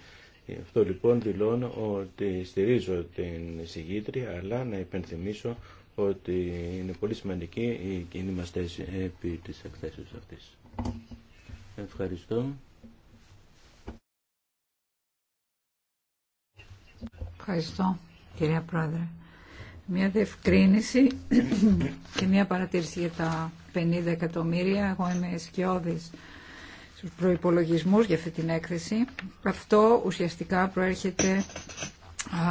αυτό λοιπόν δηλώνω ότι στηρίζω την εισηγήτρια, αλλά να υπενθυμίσω ότι είναι πολύ σημαντική η κοινή μας θέση επί της εκθέσεως αυτής. Ευχαριστώ. Ευχαριστώ, κυρία Πρόεδρε. Μια διευκρίνηση και μια παρατήρηση για τα 50 εκατομμύρια. Εγώ είμαι σκιώδης στους προϋπολογισμούς για αυτή την έκθεση. Αυτό ουσιαστικά προέρχεται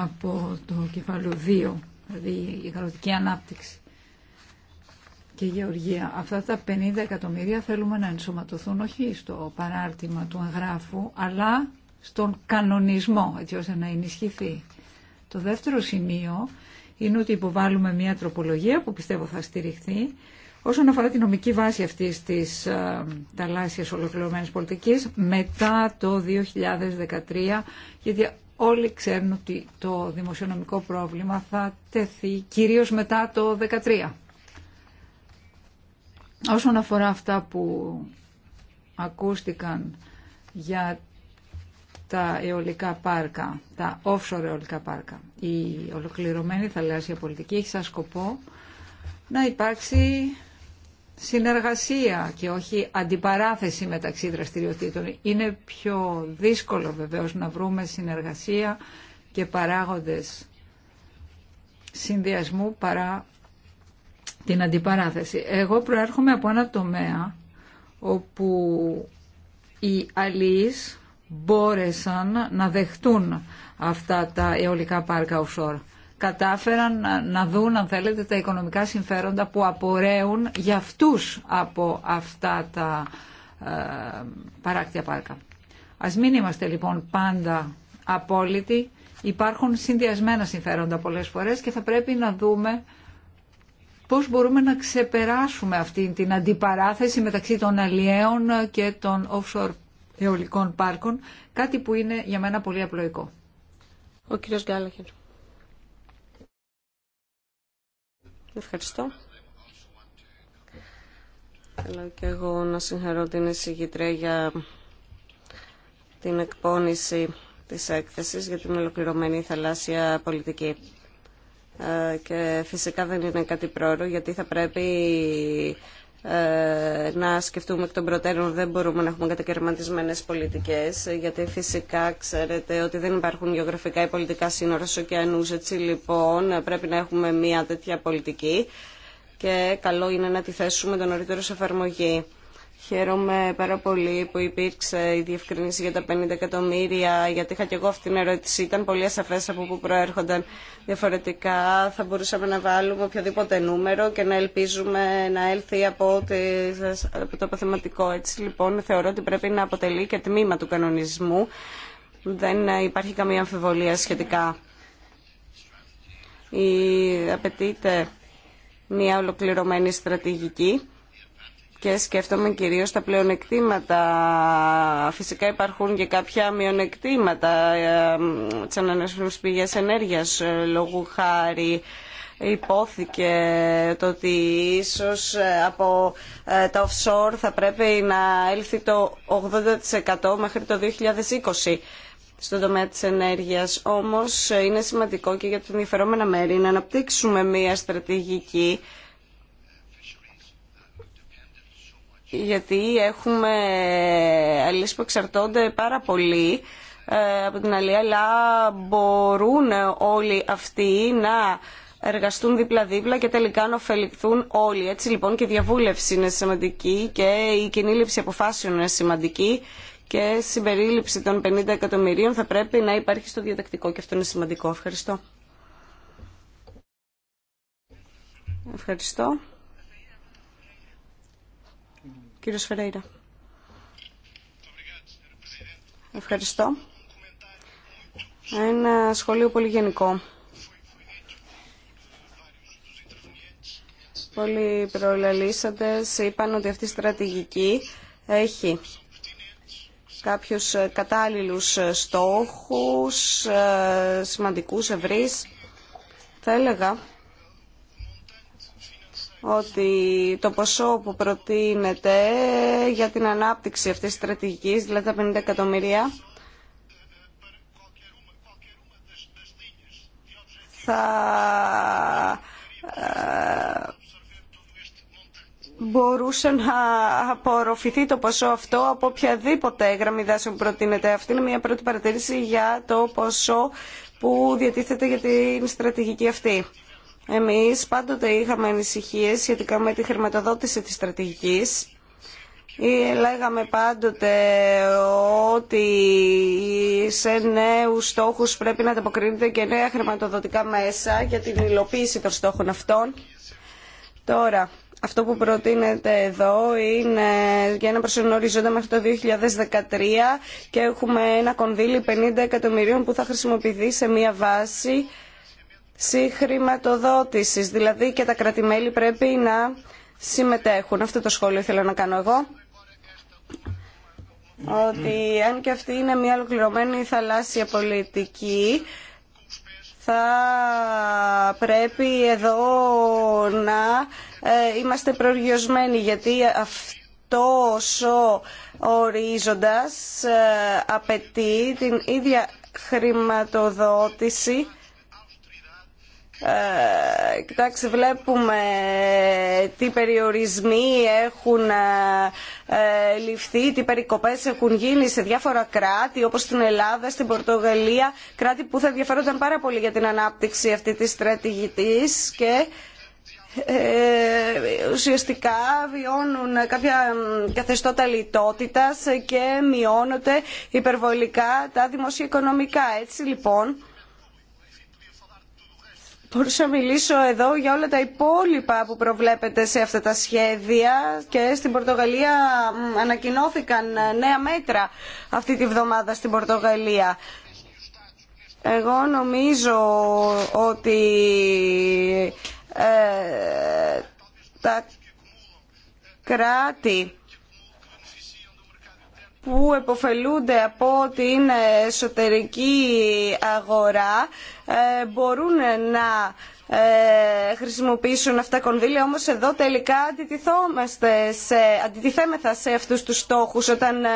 από το κεφάλαιο 2, δηλαδή η γαλλωτική ανάπτυξη και η γεωργία. Αυτά τα 50 εκατομμύρια θέλουμε να ενσωματωθούν όχι στο παράρτημα του εγγράφου, αλλά στον κανονισμό, έτσι ώστε να ενισχυθεί. Το δεύτερο σημείο είναι ότι υποβάλλουμε μια τροπολογία που πιστεύω θα στηριχθεί Όσον αφορά τη νομική βάση αυτής της ε, θαλάσσια ολοκληρωμένης πολιτικής, μετά το 2013, γιατί όλοι ξέρουν ότι το δημοσιονομικό πρόβλημα θα τεθεί κυρίως μετά το 2013. Όσον αφορά αυτά που ακούστηκαν για τα αιωλικά πάρκα, τα offshore αιωλικά πάρκα, η ολοκληρωμένη θαλάσσια πολιτική έχει σαν σκοπό να υπάρξει συνεργασία και όχι αντιπαράθεση μεταξύ δραστηριοτήτων. Είναι πιο δύσκολο βεβαίως να βρούμε συνεργασία και παράγοντες συνδυασμού παρά την αντιπαράθεση. Εγώ προέρχομαι από ένα τομέα όπου οι αλείς μπόρεσαν να δεχτούν αυτά τα αιωλικά πάρκα offshore κατάφεραν να δουν, αν θέλετε, τα οικονομικά συμφέροντα που απορρέουν για αυτούς από αυτά τα ε, παράκτια πάρκα. Ας μην είμαστε λοιπόν πάντα απόλυτοι. Υπάρχουν συνδυασμένα συμφέροντα πολλές φορές και θα πρέπει να δούμε πώς μπορούμε να ξεπεράσουμε αυτή την αντιπαράθεση μεταξύ των αλλιέων και των offshore αιωλικών πάρκων, κάτι που είναι για μένα πολύ απλοϊκό. Ο κύριος Ευχαριστώ. Θέλω και εγώ να συγχαρώ την εισηγητρία για την εκπόνηση της έκθεσης για την ολοκληρωμένη θαλάσσια πολιτική. Ε, και φυσικά δεν είναι κάτι πρόωρο γιατί θα πρέπει ε, να σκεφτούμε εκ των προτέρων δεν μπορούμε να έχουμε κατακαιρματισμένες πολιτικές γιατί φυσικά ξέρετε ότι δεν υπάρχουν γεωγραφικά ή πολιτικά σύνορα στους ωκεανούς έτσι λοιπόν πρέπει να έχουμε μια τέτοια πολιτική και καλό είναι να τη θέσουμε τον νωρίτερο σε εφαρμογή. Χαίρομαι πάρα πολύ που υπήρξε η διευκρινήση για τα 50 εκατομμύρια, γιατί είχα και εγώ αυτή την ερώτηση. Ήταν πολύ ασαφέ από πού προέρχονταν διαφορετικά. Θα μπορούσαμε να βάλουμε οποιοδήποτε νούμερο και να ελπίζουμε να έλθει από, το αποθεματικό. Έτσι λοιπόν θεωρώ ότι πρέπει να αποτελεί και τμήμα του κανονισμού. Δεν υπάρχει καμία αμφιβολία σχετικά. Απαιτείται μια ολοκληρωμένη στρατηγική και σκέφτομαι κυρίως τα πλεονεκτήματα. Φυσικά υπάρχουν και κάποια μειονεκτήματα ε, της ανανεώσιμης πηγές ενέργειας ε, λόγου χάρη υπόθηκε το ότι ίσως ε, από τα offshore θα πρέπει να έλθει το 80% μέχρι το 2020 στον τομέα της ενέργειας. Όμως είναι σημαντικό και για την ενδιαφερόμενα μέρη να αναπτύξουμε μια στρατηγική γιατί έχουμε αλληλείς που εξαρτώνται πάρα πολύ ε, από την αλληλία, αλλά μπορούν όλοι αυτοί να εργαστούν δίπλα-δίπλα και τελικά να ωφεληθούν όλοι. Έτσι λοιπόν και η διαβούλευση είναι σημαντική και η κοινή λήψη αποφάσεων είναι σημαντική και συμπερίληψη των 50 εκατομμυρίων θα πρέπει να υπάρχει στο διατακτικό και αυτό είναι σημαντικό. Ευχαριστώ. Ευχαριστώ. Κύριος Φερέιρα. Ευχαριστώ. Ένα σχολείο πολύ γενικό. Πολλοί προλαλήσαντες είπαν ότι αυτή η στρατηγική έχει κάποιους κατάλληλους στόχους, ε, σημαντικούς, ευρύς. Θα έλεγα ότι το ποσό που προτείνεται για την ανάπτυξη αυτής της στρατηγικής, δηλαδή τα 50 εκατομμύρια, θα ε, μπορούσε να απορροφηθεί το ποσό αυτό από οποιαδήποτε γραμμή δάση που προτείνεται. Αυτή είναι μια πρώτη παρατήρηση για το ποσό που διατίθεται για την στρατηγική αυτή. Εμείς πάντοτε είχαμε ανησυχίες σχετικά με τη χρηματοδότηση της στρατηγικής. Ε, λέγαμε πάντοτε ότι σε νέους στόχους πρέπει να ανταποκρίνεται και νέα χρηματοδοτικά μέσα για την υλοποίηση των στόχων αυτών. Τώρα, αυτό που προτείνεται εδώ είναι για ένα προσωρινό μέχρι το 2013 και έχουμε ένα κονδύλι 50 εκατομμυρίων που θα χρησιμοποιηθεί σε μία βάση συγχρηματοδότησης, δηλαδή και τα κρατημέλη πρέπει να συμμετέχουν. Αυτό το σχόλιο ήθελα να κάνω εγώ. Ότι αν και αυτή είναι μια ολοκληρωμένη θαλάσσια πολιτική, θα πρέπει εδώ να ε, είμαστε προοριοσμένοι, γιατί αυτός ο ορίζοντας ε, απαιτεί την ίδια χρηματοδότηση ε, κοιτάξτε, βλέπουμε τι περιορισμοί έχουν ε, ε, ληφθεί, τι περικοπές έχουν γίνει σε διάφορα κράτη, όπως στην Ελλάδα, στην Πορτογαλία, κράτη που θα ενδιαφέρονταν πάρα πολύ για την ανάπτυξη αυτή της στρατηγικής και ουσιαστικά βιώνουν κάποια καθεστώτα λιτότητας και μειώνονται υπερβολικά τα δημοσιοοικονομικά. Έτσι λοιπόν μπορούσα να μιλήσω εδώ για όλα τα υπόλοιπα που προβλέπετε σε αυτά τα σχέδια και στην Πορτογαλία ανακοινώθηκαν ε, νέα μέτρα αυτή τη βδομάδα στην Πορτογαλία. Εγώ νομίζω ότι ε, τα κράτη που εποφελούνται από την εσωτερική αγορά ε, μπορούν να ε, χρησιμοποιήσουν αυτά κονδύλια όμως εδώ τελικά αντιτιθόμαστε σε, αντιτιθέμεθα σε αυτούς τους στόχους όταν ε,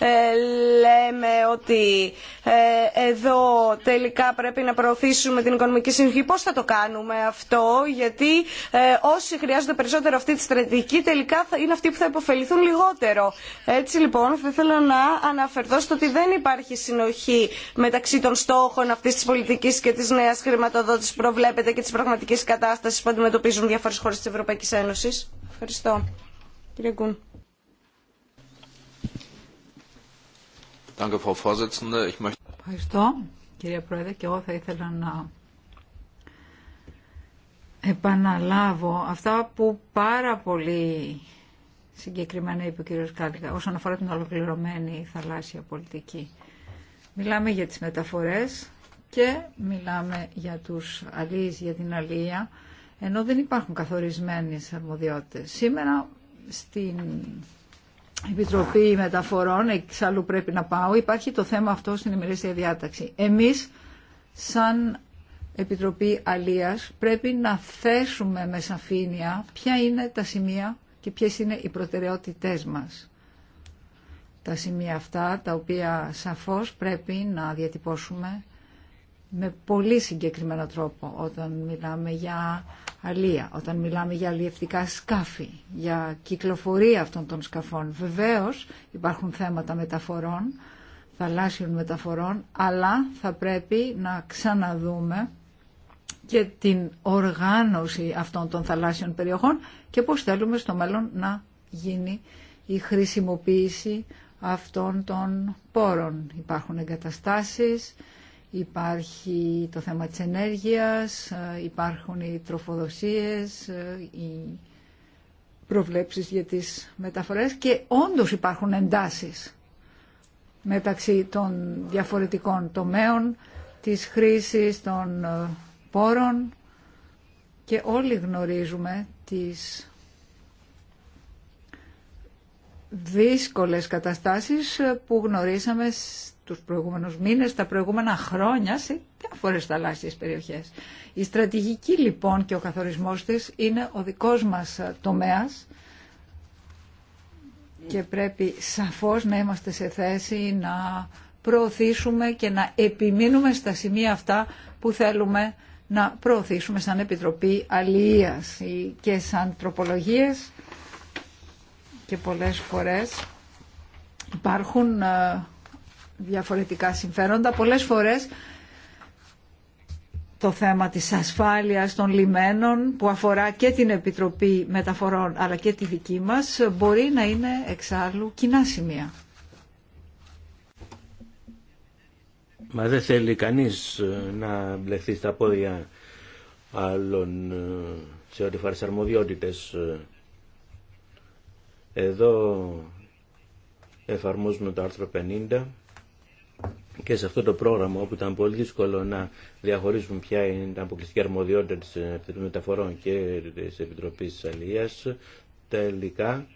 ε, λέμε ότι ε, εδώ τελικά πρέπει να προωθήσουμε την οικονομική συνοχή. Πώς θα το κάνουμε αυτό, γιατί ε, όσοι χρειάζονται περισσότερο αυτή τη στρατηγική τελικά είναι αυτοί που θα υποφεληθούν λιγότερο. Έτσι λοιπόν θα ήθελα να αναφερθώ στο ότι δεν υπάρχει συνοχή μεταξύ των στόχων αυτής της πολιτικής και της νέας χρηματοδότησης που προβλέπεται και της πραγματικής κατάστασης που αντιμετωπίζουν διάφορες χώρες της Ευρωπαϊκής Ένωσης. Ευχαριστώ. Κύριε Ευχαριστώ κυρία Πρόεδρε και εγώ θα ήθελα να επαναλάβω αυτά που πάρα πολύ συγκεκριμένα είπε ο κύριος Κάλικα όσον αφορά την ολοκληρωμένη θαλάσσια πολιτική. Μιλάμε για τις μεταφορές και μιλάμε για τους αλείς, για την αλία, ενώ δεν υπάρχουν καθορισμένες αρμοδιότητες. Σήμερα στην Επιτροπή Μεταφορών, εξάλλου πρέπει να πάω, υπάρχει το θέμα αυτό στην ημερήσια διάταξη. Εμείς, σαν Επιτροπή Αλίας, πρέπει να θέσουμε με σαφήνεια ποια είναι τα σημεία και ποιες είναι οι προτεραιότητές μας. Τα σημεία αυτά, τα οποία σαφώς πρέπει να διατυπώσουμε με πολύ συγκεκριμένο τρόπο όταν μιλάμε για αλία, όταν μιλάμε για αλλιευτικά σκάφη, για κυκλοφορία αυτών των σκαφών. Βεβαίως υπάρχουν θέματα μεταφορών, θαλάσσιων μεταφορών, αλλά θα πρέπει να ξαναδούμε και την οργάνωση αυτών των θαλάσσιων περιοχών και πώς θέλουμε στο μέλλον να γίνει η χρησιμοποίηση αυτών των πόρων. Υπάρχουν εγκαταστάσεις, Υπάρχει το θέμα της ενέργειας, ε, υπάρχουν οι τροφοδοσίες, ε, οι προβλέψεις για τις μεταφορές και όντως υπάρχουν εντάσεις μεταξύ των διαφορετικών τομέων της χρήσης των ε, πόρων και όλοι γνωρίζουμε τις δύσκολες καταστάσεις που γνωρίσαμε τους προηγούμενους μήνες, τα προηγούμενα χρόνια σε διάφορες θαλάσσιες περιοχές. Η στρατηγική λοιπόν και ο καθορισμός της είναι ο δικός μας τομέας και πρέπει σαφώς να είμαστε σε θέση να προωθήσουμε και να επιμείνουμε στα σημεία αυτά που θέλουμε να προωθήσουμε σαν Επιτροπή Αλληλείας και σαν τροπολογίες και πολλές φορές υπάρχουν ε, διαφορετικά συμφέροντα. Πολλές φορές το θέμα της ασφάλειας των λιμένων που αφορά και την Επιτροπή Μεταφορών αλλά και τη δική μας μπορεί να είναι εξάλλου κοινά σημεία. Μα δεν θέλει κανείς ε, να μπλεχθεί στα πόδια άλλων ε, σε ό,τι αρμοδιότητες. Εδώ εφαρμόζουμε το άρθρο 50 και σε αυτό το πρόγραμμα όπου ήταν πολύ δύσκολο να διαχωρίσουν ποια είναι τα αποκλειστική αρμοδιότητα της Επιτροπής Μεταφορών και της Επιτροπής Αλίας, τελικά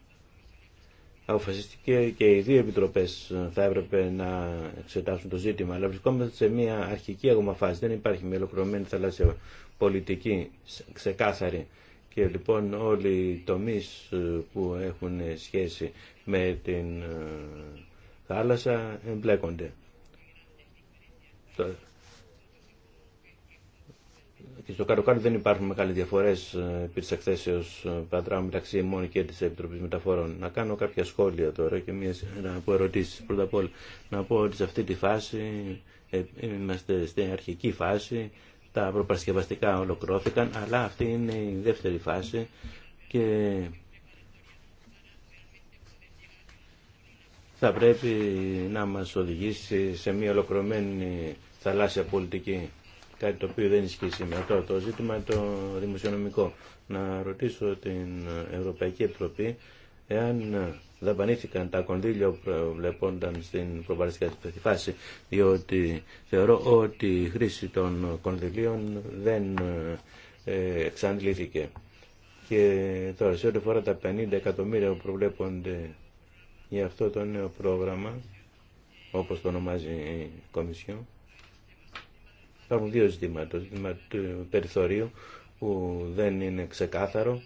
αποφασίστηκε και οι δύο επιτροπές θα έπρεπε να εξετάσουν το ζήτημα, αλλά βρισκόμαστε σε μια αρχική ακόμα Δεν υπάρχει μια ολοκληρωμένη θαλάσσια πολιτική ξεκάθαρη και λοιπόν όλοι οι τομείς που έχουν σχέση με την ε, θάλασσα εμπλέκονται και στο Καροκάρι δεν υπάρχουν μεγάλες διαφορές ε, επί τη εκθέσεω ε, Πατράου μεταξύ ημών και τη Επιτροπή Μεταφορών. Να κάνω κάποια σχόλια τώρα και μια σειρά από ερωτήσει. Πρώτα απ' όλα να πω ότι σε αυτή τη φάση ε, είμαστε στην αρχική φάση, τα προπαρασκευαστικά ολοκληρώθηκαν, αλλά αυτή είναι η δεύτερη φάση και θα πρέπει να μας οδηγήσει σε μια ολοκληρωμένη θαλάσσια πολιτική, κάτι το οποίο δεν ισχύει σήμερα. αυτό το ζήτημα το δημοσιονομικό. Να ρωτήσω την Ευρωπαϊκή Επιτροπή εάν δαπανήθηκαν τα κονδύλια που βλεπόνταν στην προπαρασκευαστική φάση, διότι θεωρώ ότι η χρήση των κονδυλίων δεν ε, εξαντλήθηκε. Και τώρα σε ό,τι φορά τα 50 εκατομμύρια που προβλέπονται για αυτό το νέο πρόγραμμα, όπως το ονομάζει η Κομισιόν, υπάρχουν δύο ζητήματα. Το ζήτημα του περιθωρίου που δεν είναι ξεκάθαρο.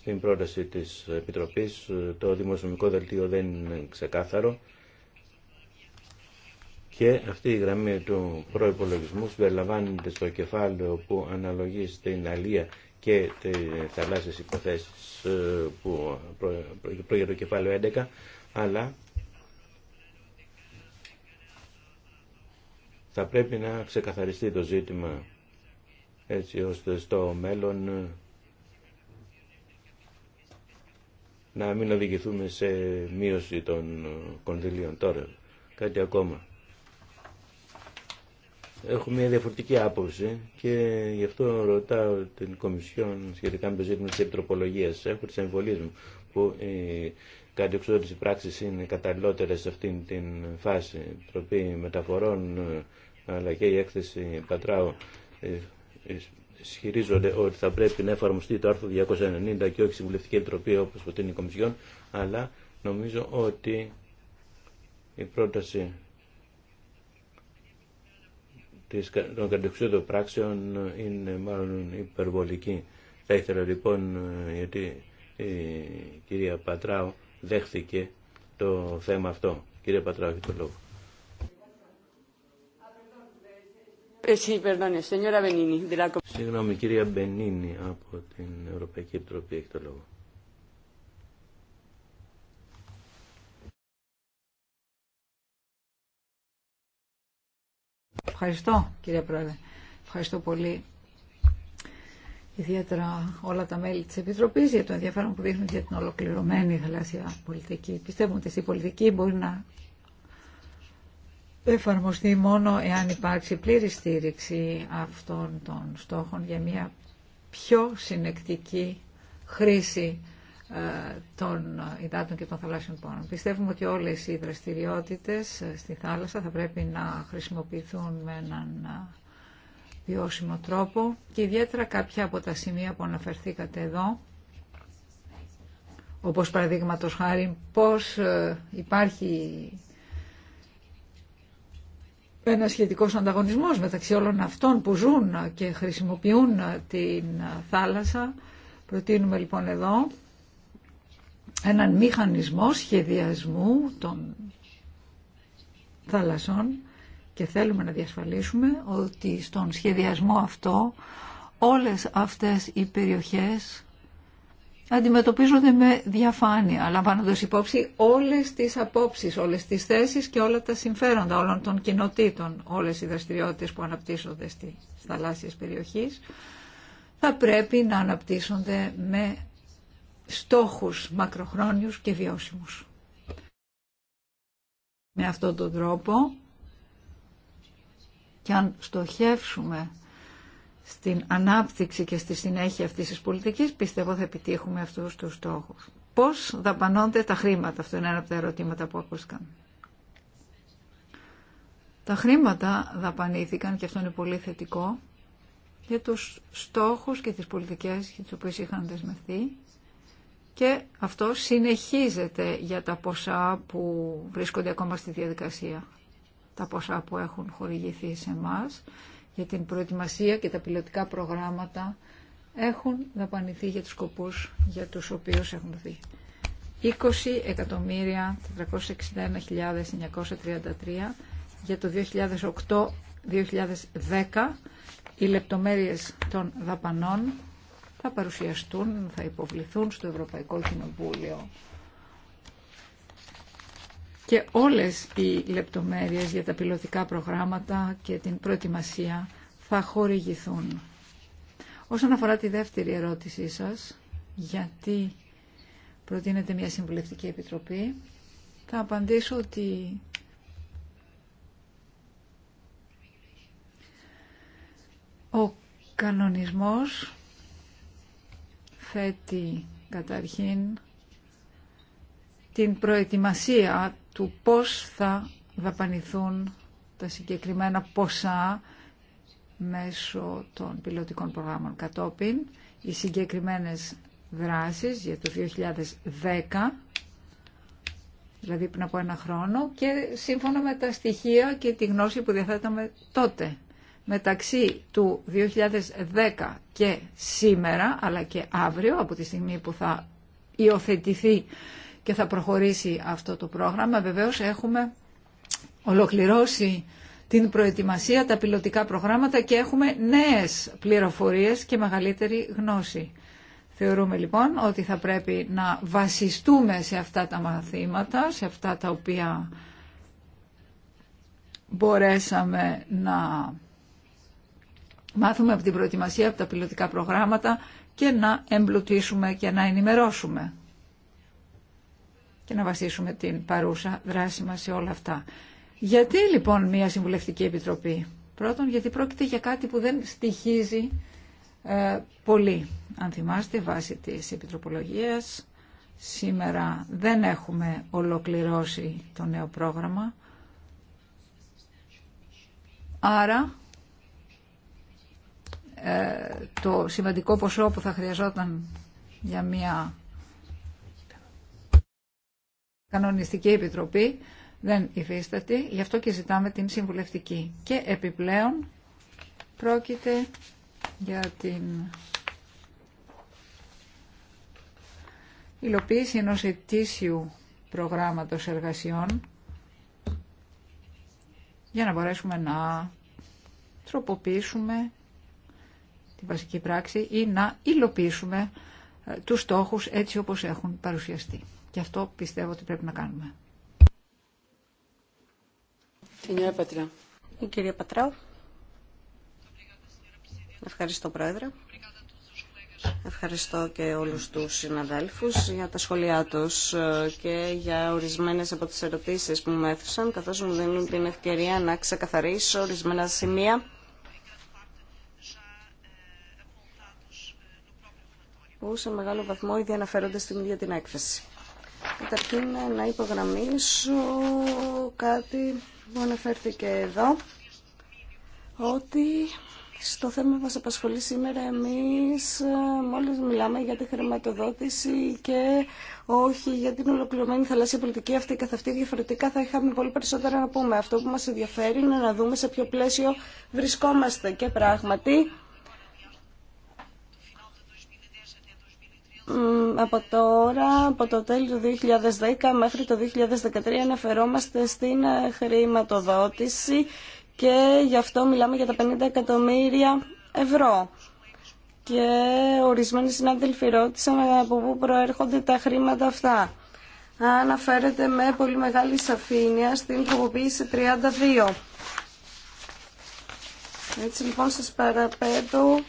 Στην πρόταση της Επιτροπής το δημοσιονομικό δελτίο δεν είναι ξεκάθαρο και αυτή η γραμμή του προϋπολογισμού συμπεριλαμβάνεται στο κεφάλαιο που αναλογεί στην αλία και τι θαλάσσιες υποθέσεις ε, που προέρχεται το κεφάλαιο 11, αλλά θα πρέπει να ξεκαθαριστεί το ζήτημα έτσι ώστε στο μέλλον να μην οδηγηθούμε σε μείωση των κονδυλίων τώρα. Κάτι ακόμα. Έχω μια διαφορετική άποψη και γι' αυτό ρωτάω την Κομισιόν σχετικά με το ζήτημα της επιτροπολογίας. Έχω τις εμβολίες μου που οι κατεξόδοτες πράξη είναι καταλληλότερες σε αυτήν την φάση. Τροπή Μεταφορών αλλά και η έκθεση Πατράου ε, ε, ισχυρίζονται ότι θα πρέπει να εφαρμοστεί το άρθρο 290 και όχι συμβουλευτική επιτροπή όπως προτείνει η Κομισιόν, αλλά νομίζω ότι η πρόταση των κατεξιόδων πράξεων είναι μάλλον υπερβολική. Θα ήθελα λοιπόν, ε, γιατί η κυρία Πατράου δέχθηκε το θέμα αυτό. Κύριε Πατράου, έχει το λόγο. Ε, Συγγνώμη, κυρία Μπενίνη από την Ευρωπαϊκή Επιτροπή έχει το λόγο. Ευχαριστώ κύριε Πρόεδρε. Ευχαριστώ πολύ ιδιαίτερα όλα τα μέλη της Επιτροπής για το ενδιαφέρον που δείχνουν για την ολοκληρωμένη θαλάσσια πολιτική. Πιστεύουμε ότι η πολιτική μπορεί να εφαρμοστεί μόνο εάν υπάρξει πλήρη στήριξη αυτών των στόχων για μια πιο συνεκτική χρήση ε, των υδάτων και των θαλάσσιων πόρων. Πιστεύουμε ότι όλες οι δραστηριότητες ε, στη θάλασσα θα πρέπει να χρησιμοποιηθούν με έναν ε, βιώσιμο τρόπο και ιδιαίτερα κάποια από τα σημεία που αναφερθήκατε εδώ όπως παραδείγματο χάρη πώς υπάρχει ένα σχετικός ανταγωνισμός μεταξύ όλων αυτών που ζουν και χρησιμοποιούν την θάλασσα. Προτείνουμε λοιπόν εδώ έναν μηχανισμό σχεδιασμού των θαλασσών και θέλουμε να διασφαλίσουμε ότι στον σχεδιασμό αυτό όλες αυτές οι περιοχές αντιμετωπίζονται με διαφάνεια, λαμβάνοντα υπόψη όλες τις απόψεις, όλες τις θέσεις και όλα τα συμφέροντα όλων των κοινοτήτων, όλες οι δραστηριότητες που αναπτύσσονται στις θαλάσσιες περιοχές, θα πρέπει να αναπτύσσονται με στόχους μακροχρόνιους και βιώσιμους. Με αυτόν τον τρόπο και αν στοχεύσουμε στην ανάπτυξη και στη συνέχεια αυτής της πολιτικής, πιστεύω θα επιτύχουμε αυτούς τους στόχους. Πώς δαπανώνται τα χρήματα, αυτό είναι ένα από τα ερωτήματα που ακούστηκαν. Τα χρήματα δαπανήθηκαν, και αυτό είναι πολύ θετικό, για τους στόχους και τις πολιτικές για τις οποίες είχαν δεσμευτεί και αυτό συνεχίζεται για τα ποσά που βρίσκονται ακόμα στη διαδικασία. Τα ποσά που έχουν χορηγηθεί σε εμά για την προετοιμασία και τα πιλωτικά προγράμματα έχουν δαπανηθεί για τους σκοπούς για τους οποίους έχουν δει. 20.461.933 για το 2008-2010 οι λεπτομέρειες των δαπανών θα παρουσιαστούν, θα υποβληθούν στο Ευρωπαϊκό Κοινοβούλιο. Και όλες οι λεπτομέρειες για τα πιλωτικά προγράμματα και την προετοιμασία θα χορηγηθούν. Όσον αφορά τη δεύτερη ερώτησή σας, γιατί προτείνεται μια συμβουλευτική επιτροπή, θα απαντήσω ότι ο κανονισμός θέτει καταρχήν την προετοιμασία του πώς θα δαπανηθούν τα συγκεκριμένα ποσά μέσω των πιλωτικών προγράμμων κατόπιν, οι συγκεκριμένες δράσεις για το 2010, δηλαδή πριν από ένα χρόνο, και σύμφωνα με τα στοιχεία και τη γνώση που διαθέταμε τότε μεταξύ του 2010 και σήμερα, αλλά και αύριο, από τη στιγμή που θα υιοθετηθεί και θα προχωρήσει αυτό το πρόγραμμα. Βεβαίως έχουμε ολοκληρώσει την προετοιμασία, τα πιλωτικά προγράμματα και έχουμε νέες πληροφορίες και μεγαλύτερη γνώση. Θεωρούμε λοιπόν ότι θα πρέπει να βασιστούμε σε αυτά τα μαθήματα, σε αυτά τα οποία μπορέσαμε να μάθουμε από την προετοιμασία, από τα πιλωτικά προγράμματα και να εμπλουτίσουμε και να ενημερώσουμε και να βασίσουμε την παρούσα δράση μας σε όλα αυτά. Γιατί λοιπόν μια συμβουλευτική επιτροπή. Πρώτον, γιατί πρόκειται για κάτι που δεν στοιχίζει ε, πολύ. Αν θυμάστε, βάσει της επιτροπολογίας, σήμερα δεν έχουμε ολοκληρώσει το νέο πρόγραμμα. Άρα, ε, το σημαντικό ποσό που θα χρειαζόταν για μια κανονιστική επιτροπή δεν υφίσταται, γι' αυτό και ζητάμε την συμβουλευτική. Και επιπλέον πρόκειται για την υλοποίηση ενός ετήσιου προγράμματος εργασιών για να μπορέσουμε να τροποποιήσουμε την βασική πράξη ή να υλοποιήσουμε ε, τους στόχους έτσι όπως έχουν παρουσιαστεί. Και αυτό πιστεύω ότι πρέπει να κάνουμε. Η κυρία Πατράου. Ευχαριστώ, Πρόεδρε. Ευχαριστώ και όλους τους στοχους ετσι οπως εχουν παρουσιαστει και αυτο πιστευω οτι πρεπει να κανουμε η κυρια Πατρά. ευχαριστω προεδρε ευχαριστω και ολους τους συναδελφους για τα σχόλιά τους ε, και για ορισμένες από τις ερωτήσεις που μου έθεσαν, καθώς μου δίνουν την ευκαιρία να ξεκαθαρίσω ορισμένα σημεία που σε μεγάλο βαθμό ήδη αναφέρονται στην ίδια την έκθεση. Καταρχήν να υπογραμμίσω κάτι που αναφέρθηκε εδώ, ότι στο θέμα που μας απασχολεί σήμερα εμείς ε, μόλις μιλάμε για τη χρηματοδότηση και όχι για την ολοκληρωμένη θαλάσσια πολιτική αυτή καθ' αυτή διαφορετικά θα είχαμε πολύ περισσότερα να πούμε. Αυτό που μας ενδιαφέρει είναι να δούμε σε ποιο πλαίσιο βρισκόμαστε και πράγματι από τώρα, από το τέλος του 2010 μέχρι το 2013 αναφερόμαστε στην ε, χρηματοδότηση και γι' αυτό μιλάμε για τα 50 εκατομμύρια ευρώ. Και ορισμένοι συνάδελφοι ρώτησαν ε, από πού προέρχονται τα χρήματα αυτά. Αναφέρεται με πολύ μεγάλη σαφήνεια στην τροποποίηση 32. Έτσι λοιπόν σας παραπέτω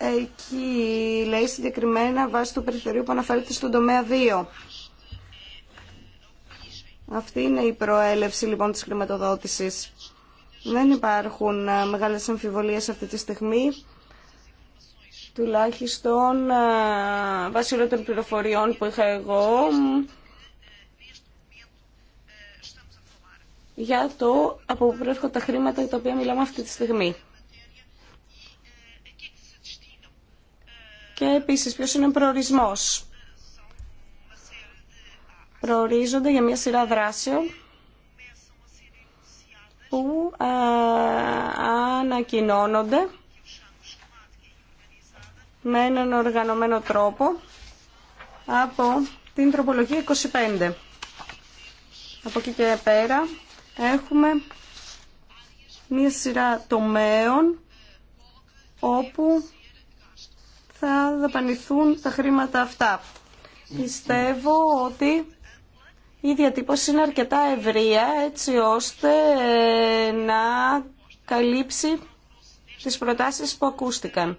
Εκεί λέει συγκεκριμένα βάσει του περιθωρίου που αναφέρεται στον τομέα 2. Αυτή είναι η προέλευση λοιπόν της χρηματοδότησης. Δεν υπάρχουν ε, μεγάλες αμφιβολίες αυτή τη στιγμή τουλάχιστον ε, βάσει όλων των πληροφοριών που είχα εγώ για το από πού προέρχονται τα χρήματα για τα οποία μιλάμε αυτή τη στιγμή. Και επίσης ποιος είναι ο προορισμός. Προορίζονται για μια σειρά δράσεων που ανακοινώνονται με έναν οργανωμένο τρόπο από την τροπολογία 25. Από εκεί και πέρα έχουμε μία σειρά τομέων όπου θα δαπανηθούν τα χρήματα αυτά. Πιστεύω ότι η διατύπωση είναι αρκετά ευρεία έτσι ώστε ε, να καλύψει τις προτάσεις που ακούστηκαν.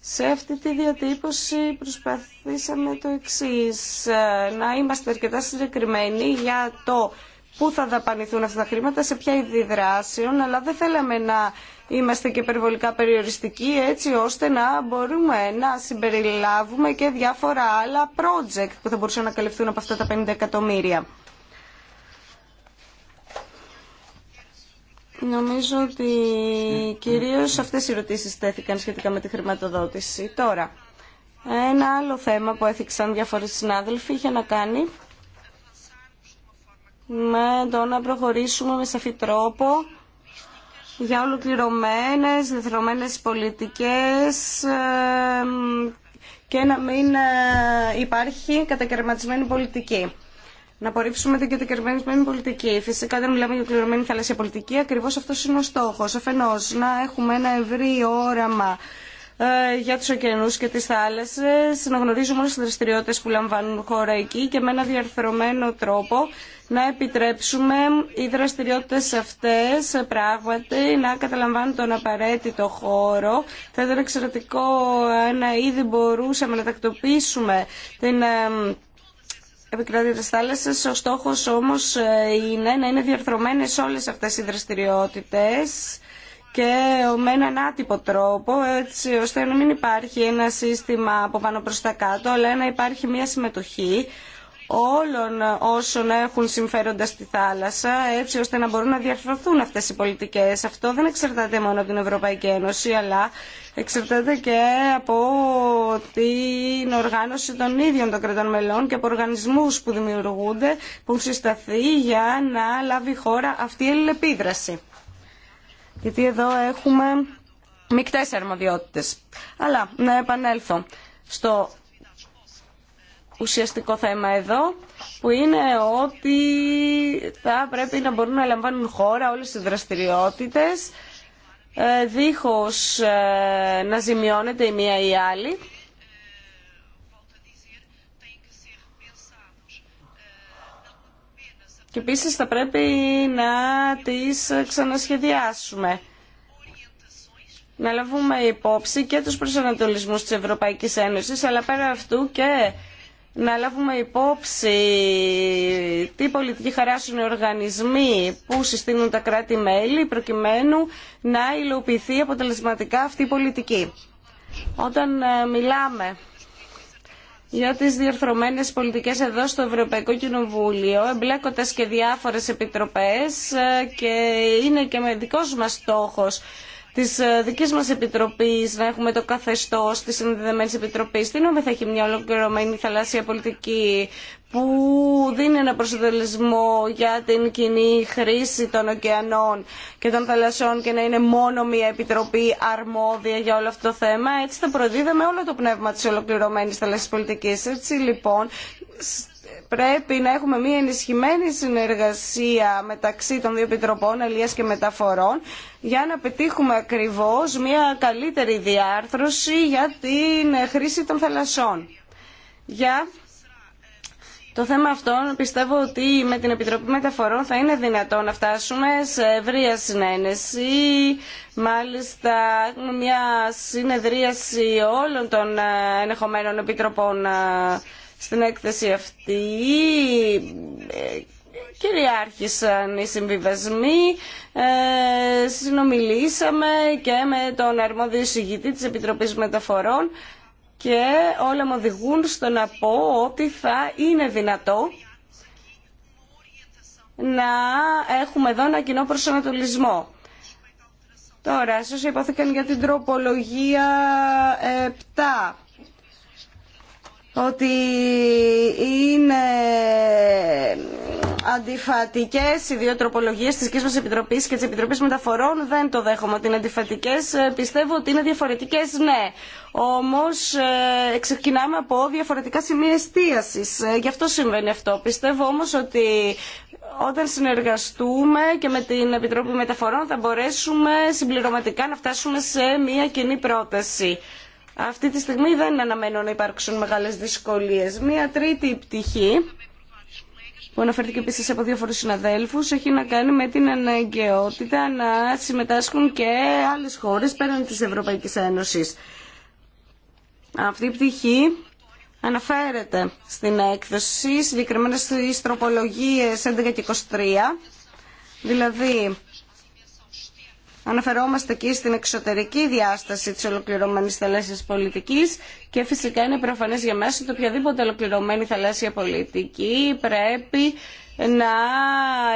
Σε αυτή τη διατύπωση προσπαθήσαμε το εξής, ε, να είμαστε αρκετά συγκεκριμένοι για το πού θα δαπανηθούν αυτά τα χρήματα, σε ποια είδη δράσεων, αλλά δεν θέλαμε να είμαστε και περιβολικά περιοριστικοί έτσι ώστε να μπορούμε να συμπεριλάβουμε και διάφορα άλλα project που θα μπορούσαν να καλυφθούν από αυτά τα 50 εκατομμύρια. Νομίζω ότι κυρίως αυτές οι ερωτήσεις τέθηκαν σχετικά με τη χρηματοδότηση. Τώρα, ένα άλλο θέμα που έθιξαν διάφορες συνάδελφοι είχε να κάνει με το να προχωρήσουμε με σαφή τρόπο για ολοκληρωμένες, δεδομένε πολιτικές και να μην ε, υπάρχει κατακαιρματισμένη πολιτική. Να απορρίψουμε την κατακαιρματισμένη πολιτική. Φυσικά δεν μιλάμε για ολοκληρωμένη θαλασσία πολιτική, ακριβώς αυτό είναι ο στόχος. Αφενός να έχουμε ένα ευρύ όραμα ε, για τους ωκεανούς και τις θάλασσες, να γνωρίζουμε όλες τις δραστηριότητες που λαμβάνουν χώρα εκεί και με ένα διαρθρωμένο τρόπο να επιτρέψουμε οι δραστηριότητες αυτές πράγματι να καταλαμβάνουν τον απαραίτητο χώρο. Θα ήταν εξαιρετικό αν ήδη μπορούσαμε να τακτοποιήσουμε την επικρατεία της θάλασσας. Ο στόχος όμως ε, είναι να είναι διαρθρωμένες όλες αυτές οι δραστηριότητες και με έναν άτυπο τρόπο, έτσι ώστε να μην υπάρχει ένα σύστημα από πάνω προς τα κάτω, αλλά να υπάρχει μια συμμετοχή όλων όσων έχουν συμφέροντα στη θάλασσα έτσι ώστε να μπορούν να διαρθρωθούν αυτές οι πολιτικές. Αυτό δεν εξαρτάται μόνο από την Ευρωπαϊκή Ένωση αλλά εξαρτάται και από την οργάνωση των ίδιων των κρατών μελών και από οργανισμούς που δημιουργούνται, που συσταθεί για να λάβει η χώρα αυτή η επίδραση. Γιατί εδώ έχουμε μεικτές αρμοδιότητες. Αλλά να επανέλθω στο ουσιαστικό θέμα εδώ, που είναι ότι θα πρέπει να μπορούν να λαμβάνουν χώρα όλες τις δραστηριότητες, ε, δίχως ε, να ζημιώνεται η μία ή η άλλη. Και επίσης θα πρέπει να τις ξανασχεδιάσουμε. Να λάβουμε υπόψη και τους προσανατολισμούς της Ευρωπαϊκής Ένωσης, αλλά πέρα αυτού και να λάβουμε υπόψη τι πολιτική χαράσουν οι οργανισμοί που συστήνουν τα κράτη-μέλη προκειμένου να υλοποιηθεί αποτελεσματικά αυτή η πολιτική. Όταν ε, μιλάμε για τις διορθωμένες πολιτικές εδώ στο Ευρωπαϊκό Κοινοβούλιο, εμπλέκοντας και διάφορες επιτροπές ε, και είναι και με δικός μας στόχος Τη ε, δική μας επιτροπής, να έχουμε το καθεστώ τη συνδεδεμένη επιτροπή. Τι νόημα θα έχει μια ολοκληρωμένη θαλάσσια πολιτική που δίνει ένα προσδελισμό για την κοινή χρήση των ωκεανών και των θαλασσών και να είναι μόνο μια επιτροπή αρμόδια για όλο αυτό το θέμα. Έτσι θα προδίδαμε όλο το πνεύμα τη ολοκληρωμένη θαλασσίας πολιτικής. Έτσι λοιπόν πρέπει να έχουμε μια ενισχυμένη συνεργασία μεταξύ των δύο επιτροπών Ελίας και Μεταφορών για να πετύχουμε ακριβώς μια καλύτερη διάρθρωση για την χρήση των θαλασσών. Για το θέμα αυτό πιστεύω ότι με την Επιτροπή Μεταφορών θα είναι δυνατόν να φτάσουμε σε ευρεία συνένεση. Μάλιστα, μια συνεδρίαση όλων των ε, ενεχομένων επιτροπών ε, στην έκθεση αυτή ε, κυριάρχησαν οι συμβιβασμοί, ε, συνομιλήσαμε και με τον αρμόδιο εισηγητή της Επιτροπής Μεταφορών και όλα μου οδηγούν στο να πω ότι θα είναι δυνατό να έχουμε εδώ ένα κοινό προσανατολισμό. Τώρα, σας υπόθηκαν για την τροπολογία 7 ότι είναι αντιφατικέ οι δύο τροπολογίε τη δική Επιτροπή και τη Επιτροπή Μεταφορών. Δεν το δέχομαι ότι είναι αντιφατικέ. Ε, πιστεύω ότι είναι διαφορετικέ, ναι. Όμω ε, ξεκινάμε από διαφορετικά σημεία εστίαση. Ε, γι' αυτό συμβαίνει αυτό. Πιστεύω όμω ότι όταν συνεργαστούμε και με την Επιτροπή Μεταφορών θα μπορέσουμε συμπληρωματικά να φτάσουμε σε μια κοινή πρόταση. Αυτή τη στιγμή δεν αναμένω να υπάρξουν μεγάλες δυσκολίες. Μία τρίτη πτυχή που αναφέρθηκε επίση από δύο φορές συναδέλφου, έχει να κάνει με την αναγκαιότητα να συμμετάσχουν και άλλε χώρε πέραν τη Ευρωπαϊκή Ένωση. Αυτή η πτυχή αναφέρεται στην έκθεση, συγκεκριμένα στι τροπολογίε 11 και 23, δηλαδή Αναφερόμαστε εκεί στην εξωτερική διάσταση της ολοκληρωμένης θαλάσσιας πολιτικής και φυσικά είναι προφανές για μας ότι οποιαδήποτε ολοκληρωμένη θαλάσσια πολιτική πρέπει να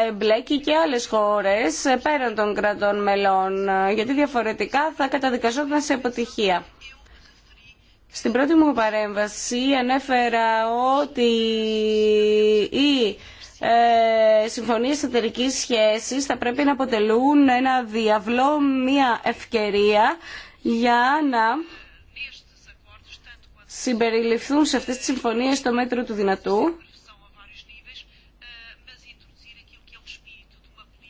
εμπλέκει και άλλες χώρες πέραν των κρατών μελών, γιατί διαφορετικά θα καταδικαζόταν σε αποτυχία. Στην πρώτη μου παρέμβαση ανέφερα ότι η ε, συμφωνίες εταιρικής σχέσης θα πρέπει να αποτελούν ένα διαβλό, μια ευκαιρία για να συμπεριληφθούν σε αυτές τις συμφωνίες το μέτρο του δυνατού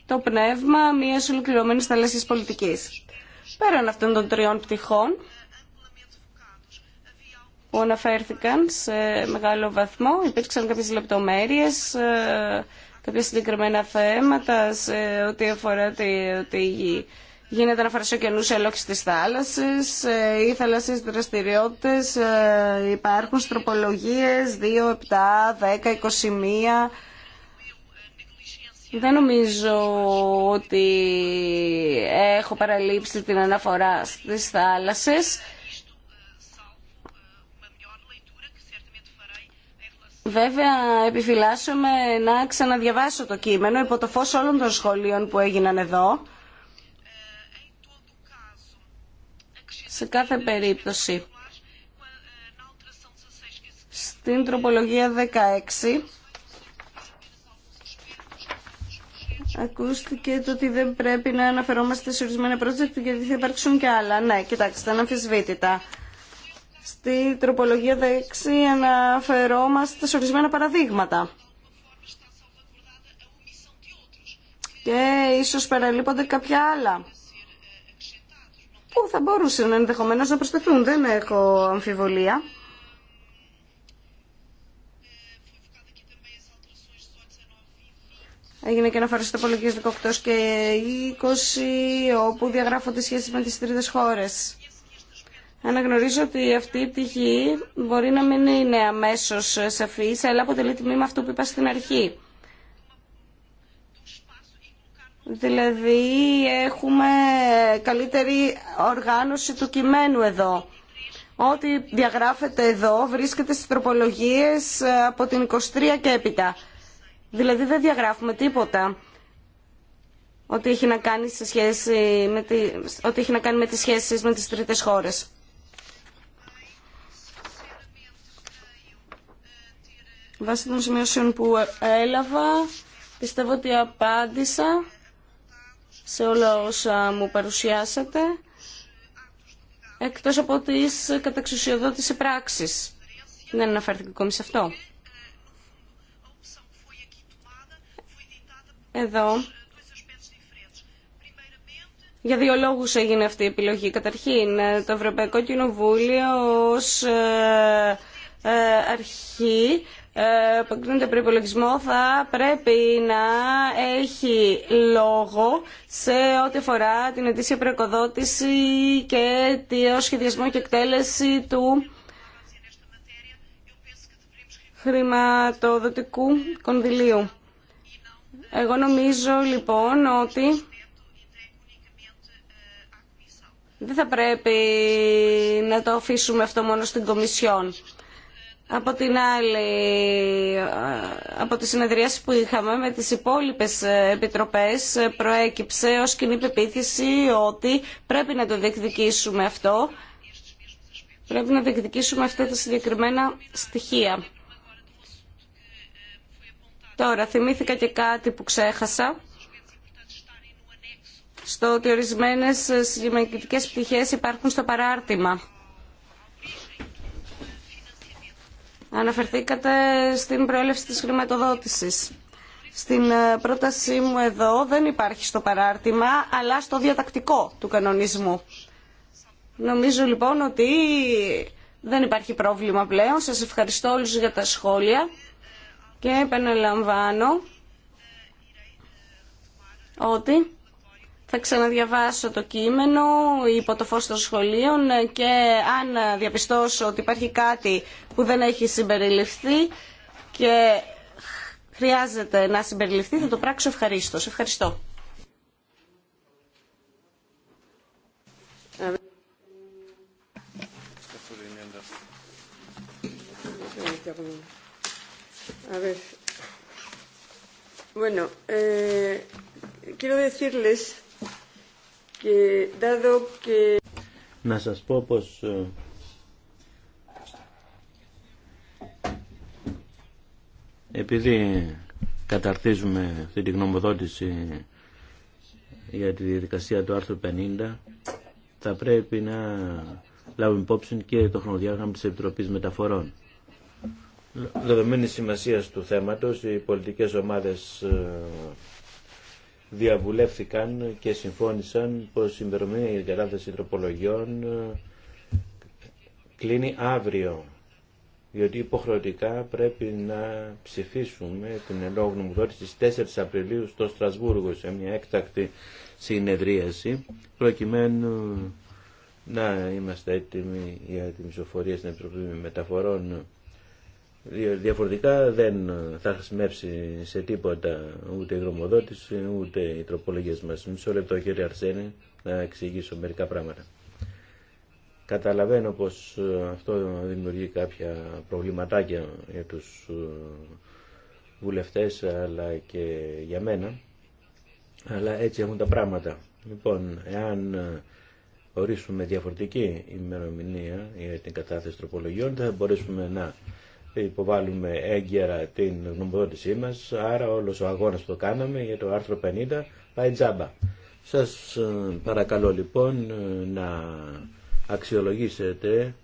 το πνεύμα μιας ολοκληρωμένης θαλάσσιας πολιτικής. Πέραν αυτών των τριών πτυχών, που αναφέρθηκαν σε μεγάλο βαθμό. Υπήρξαν κάποιες λεπτομέρειες, ε, κάποια συγκεκριμένα θέματα σε ό,τι αφορά ότι γίνεται αναφορά σε ωκεανούς ελόχης της θάλασσης, ε, οι θαλάσσιες δραστηριότητες, ε, υπάρχουν στροπολογίες 2, 7, 10, 21... Δεν νομίζω ότι έχω παραλείψει την αναφορά στις θάλασσες. Βέβαια, επιφυλάσσομαι να ξαναδιαβάσω το κείμενο υπό το φως όλων των σχολείων που έγιναν εδώ. Σε κάθε περίπτωση, στην τροπολογία 16, Ακούστηκε το ότι δεν πρέπει να αναφερόμαστε σε ορισμένα project γιατί θα υπάρξουν και άλλα. Ναι, κοιτάξτε, αναμφισβήτητα. Στη τροπολογία δεξι αναφερόμαστε σε ορισμένα παραδείγματα. Και ίσως παραλείπονται κάποια άλλα που θα μπορούσαν ενδεχομένως να προσθεθούν. Δεν έχω αμφιβολία. Έγινε και αναφορά στο τοπολογίες 18 και 20, όπου διαγράφονται σχέσεις με τις τρίτες χώρες. Αναγνωρίζω ότι αυτή η πτυχή μπορεί να μην είναι αμέσω σαφή, αλλά αποτελεί με αυτού που είπα στην αρχή. Δηλαδή έχουμε καλύτερη οργάνωση του κειμένου εδώ. Ό,τι διαγράφεται εδώ βρίσκεται στις τροπολογίες ε, από την 23 και έπειτα. Δηλαδή δεν διαγράφουμε τίποτα ότι έχει να κάνει, σχέση με τι, ότι έχει να κάνει με τις σχέσεις με τις τρίτες χώρες. Βάσει των σημείωσεων που έλαβα, πιστεύω ότι απάντησα σε όλα όσα μου παρουσιάσατε, εκτός από τις καταξουσιοδότηση πράξεις. Δεν αναφέρθηκε ακόμη σε αυτό. Εδώ, για δύο λόγους έγινε αυτή η επιλογή. Καταρχήν, το Ευρωπαϊκό Κοινοβούλιο ως ε, ε, αρχή ε, που εκδίδουν προπολογισμό θα πρέπει να έχει λόγο σε ό,τι αφορά την ετήσια προεκοδότηση και το σχεδιασμό και εκτέλεση του χρηματοδοτικού κονδυλίου. Εγώ νομίζω λοιπόν ότι δεν θα πρέπει να το αφήσουμε αυτό μόνο στην Κομισιόν. Από την άλλη, ε, από τις συνεδριάσεις που είχαμε με τις υπόλοιπες ε, επιτροπές ε, προέκυψε ως κοινή πεποίθηση ότι πρέπει να το διεκδικήσουμε αυτό. Πρέπει να διεκδικήσουμε αυτά τα συγκεκριμένα στοιχεία. Τώρα, θυμήθηκα και κάτι που ξέχασα στο ότι ορισμένες συγκεκριτικές πτυχές υπάρχουν στο παράρτημα Αναφερθήκατε στην προέλευση της χρηματοδότησης. Στην ε, πρότασή μου εδώ δεν υπάρχει στο παράρτημα, αλλά στο διατακτικό του κανονισμού. Νομίζω λοιπόν ότι δεν υπάρχει πρόβλημα πλέον. Σας ευχαριστώ όλους για τα σχόλια και επαναλαμβάνω ότι θα ξαναδιαβάσω το κείμενο υπό το φως των σχολείων και αν διαπιστώσω ότι υπάρχει κάτι που δεν έχει συμπεριληφθεί και χρειάζεται να συμπεριληφθεί θα το πράξω ευχαρίστω. Ευχαριστώ. A ver. Bueno, eh, quiero decirles και... Να σας πω πως... Ε, επειδή καταρτίζουμε αυτή τη γνωμοδότηση για τη διαδικασία του άρθρου 50, θα πρέπει να λάβουμε υπόψη και το χρονοδιάγραμμα της Επιτροπής Μεταφορών. Δεδομένη σημασία του θέματος, οι πολιτικές ομάδες ε, διαβουλεύθηκαν και συμφώνησαν πως η ημερομηνία για την τροπολογιών ε, κλείνει αύριο διότι υποχρεωτικά πρέπει να ψηφίσουμε την ελόγου δότηση στις 4 Απριλίου στο Στρασβούργο σε μια έκτακτη συνεδρίαση προκειμένου να είμαστε έτοιμοι για την ψηφοφορία στην Επιτροπή Μεταφορών Διαφορετικά δεν θα χρησιμεύσει σε τίποτα ούτε η δρομοδότηση ούτε οι τροπολογίε μα. Μισό λεπτό κύριε Αρσένη να εξηγήσω μερικά πράγματα. Καταλαβαίνω πως ε, αυτό δημιουργεί κάποια προβληματάκια για τους ε, βουλευτές αλλά και για μένα. Αλλά έτσι έχουν τα πράγματα. Λοιπόν, εάν ε, ορίσουμε διαφορετική ημερομηνία για την κατάθεση τροπολογιών θα μπορέσουμε να υποβάλουμε έγκαιρα την γνωμοδότησή μας, άρα όλος ο αγώνας που κάναμε για το άρθρο 50 πάει τζάμπα. Σας ε, παρακαλώ λοιπόν ε, να αξιολογήσετε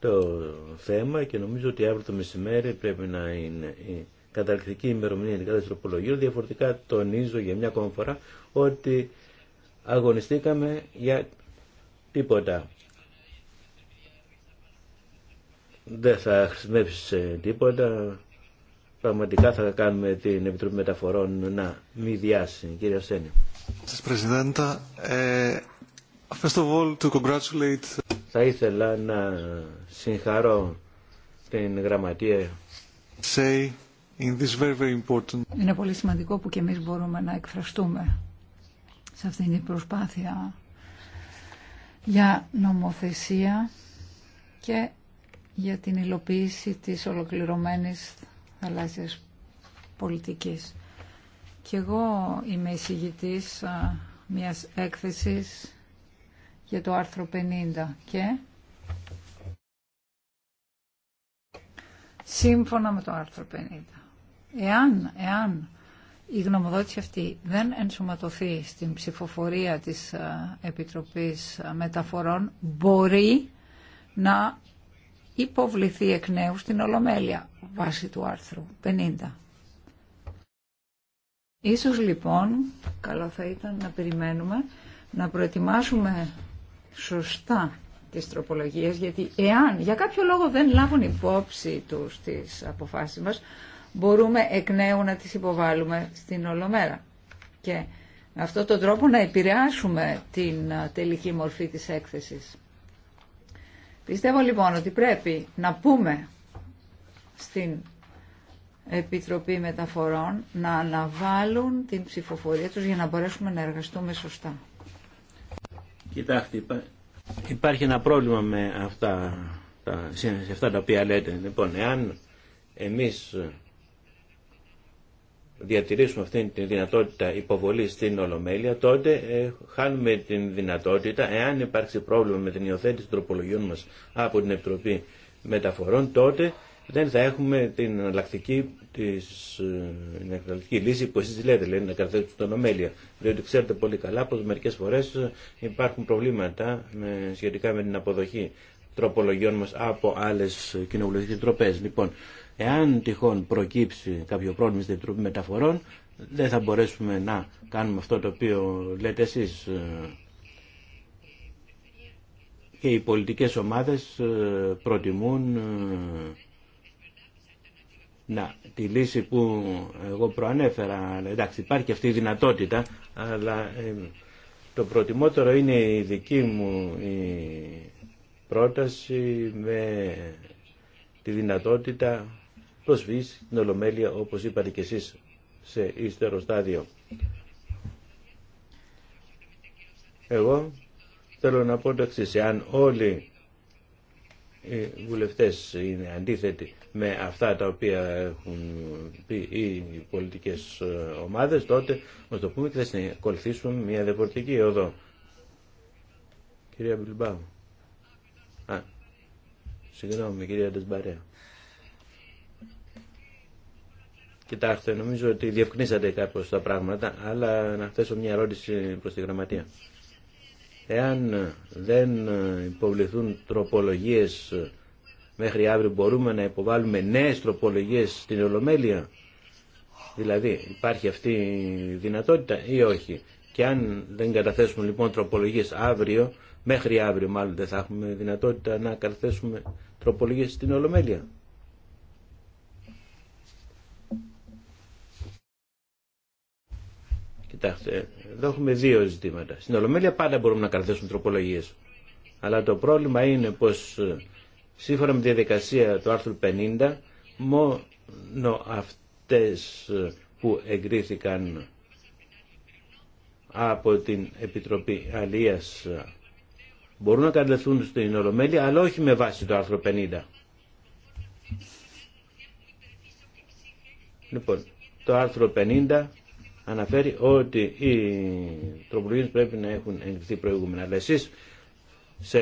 το θέμα και νομίζω ότι αύριο το μεσημέρι πρέπει να είναι η καταληκτική ημερομηνία της τροπολογίου. Διαφορετικά τονίζω για μια ακόμα φορά ότι αγωνιστήκαμε για τίποτα. δεν θα χρησιμεύσει τίποτα. Πραγματικά θα κάνουμε την Επιτροπή Μεταφορών να μη διάσει. Κύριε Ασένη. First of Θα ήθελα να συγχαρώ την γραμματεία. Say in this very, very important... Είναι πολύ σημαντικό που και εμείς μπορούμε να εκφραστούμε σε αυτήν την προσπάθεια για νομοθεσία και για την υλοποίηση της ολοκληρωμένης θαλάσσιας πολιτικής. Και εγώ είμαι εισηγητής μιας έκθεσης για το άρθρο 50 και σύμφωνα με το άρθρο 50. Εάν, εάν η γνωμοδότηση αυτή δεν ενσωματωθεί στην ψηφοφορία της Επιτροπής Μεταφορών, μπορεί να υποβληθεί εκ νέου στην Ολομέλεια βάσει του άρθρου 50. Ίσως λοιπόν, καλό θα ήταν να περιμένουμε να προετοιμάσουμε σωστά τις τροπολογίες, γιατί εάν για κάποιο λόγο δεν λάβουν υπόψη τους τις αποφάσεις μας, μπορούμε εκ νέου να τις υποβάλουμε στην Ολομέρα. Και με αυτόν τον τρόπο να επηρεάσουμε την τελική μορφή της έκθεσης. Πιστεύω λοιπόν ότι πρέπει να πούμε στην Επιτροπή Μεταφορών να αναβάλουν την ψηφοφορία τους για να μπορέσουμε να εργαστούμε σωστά. Κοιτάξτε, υπάρχει ένα πρόβλημα με αυτά, τα, σε αυτά τα οποία λέτε. Λοιπόν, εάν εμείς διατηρήσουμε αυτή τη δυνατότητα υποβολή στην Ολομέλεια, τότε ε, χάνουμε την δυνατότητα, εάν υπάρξει πρόβλημα με την υιοθέτηση τροπολογιών μας από την Επιτροπή Μεταφορών, τότε δεν θα έχουμε την εναλλακτική, της, ε, την εναλλακτική λύση που εσείς λέτε, δηλαδή να καταθέσουμε την Ολομέλεια. Διότι ξέρετε πολύ καλά πως μερικές φορές ε, υπάρχουν προβλήματα σχετικά με την αποδοχή τροπολογιών μας από άλλες κοινοβουλευτικές τροπές. Λοιπόν, Εάν τυχόν προκύψει κάποιο πρόβλημα στην Επιτροπή Μεταφορών, δεν θα μπορέσουμε να κάνουμε αυτό το οποίο λέτε εσείς. Και οι πολιτικές ομάδες ε, προτιμούν ε, να, τη λύση που εγώ προανέφερα. Εντάξει, υπάρχει αυτή η δυνατότητα, αλλά ε, το προτιμότερο είναι η δική μου πρόταση με τη δυνατότητα προσβήσει την Ολομέλεια όπως είπατε και εσείς σε ύστερο στάδιο. Εγώ θέλω να πω το εξής, εάν όλοι οι βουλευτές είναι αντίθετοι με αυτά τα οποία έχουν πει οι πολιτικές ομάδες, τότε μας το πούμε και θα συνεκολουθήσουν μια διαφορετική οδό. Κυρία Μπιλμπάου. συγγνώμη κυρία Ντεσμπαρέα. Κοιτάξτε, νομίζω ότι διευκνήσατε κάπω τα πράγματα, αλλά να θέσω μια ερώτηση προ τη Γραμματεία. Εάν δεν υποβληθούν τροπολογίε μέχρι αύριο, μπορούμε να υποβάλουμε νέε τροπολογίε στην Ολομέλεια. Δηλαδή, υπάρχει αυτή η δυνατότητα ή όχι. Και αν δεν καταθέσουμε λοιπόν τροπολογίε αύριο, μέχρι αύριο μάλλον δεν θα έχουμε δυνατότητα να καταθέσουμε τροπολογίε στην Ολομέλεια. Κοιτάξτε, εδώ έχουμε δύο ζητήματα. Στην Ολομέλεια πάντα μπορούμε να καταθέσουμε τροπολογίε. Αλλά το πρόβλημα είναι πω ε, σύμφωνα με τη διαδικασία του άρθρου 50, μόνο αυτέ ε, που εγκρίθηκαν από την Επιτροπή Αλίας ε, μπορούν να κατατεθούν στην Ολομέλεια, αλλά όχι με βάση το άρθρο 50. Λοιπόν, το άρθρο 50 αναφέρει ότι οι τροπολογίες πρέπει να έχουν εγκριθεί προηγούμενα. Αλλά εσείς σε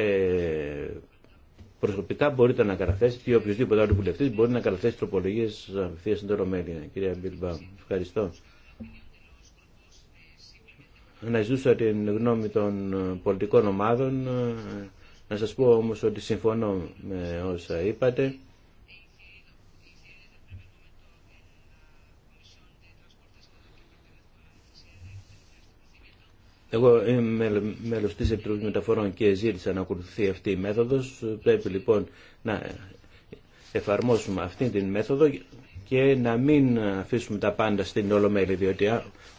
προσωπικά μπορείτε να καταθέσετε ή οποιοδήποτε άλλο βουλευτή μπορεί να καταθέσει τροπολογίες απευθεία στην Κυρία Μπιλμπά, ευχαριστώ. Να ζητούσα την γνώμη των πολιτικών ομάδων. Να σας πω όμως ότι συμφωνώ με όσα είπατε. Εγώ είμαι μέλο τη Επιτροπή Μεταφορών και ζήτησα να ακολουθεί αυτή η μέθοδο. Πρέπει λοιπόν να εφαρμόσουμε αυτή την μέθοδο και να μην αφήσουμε τα πάντα στην Ολομέλη, διότι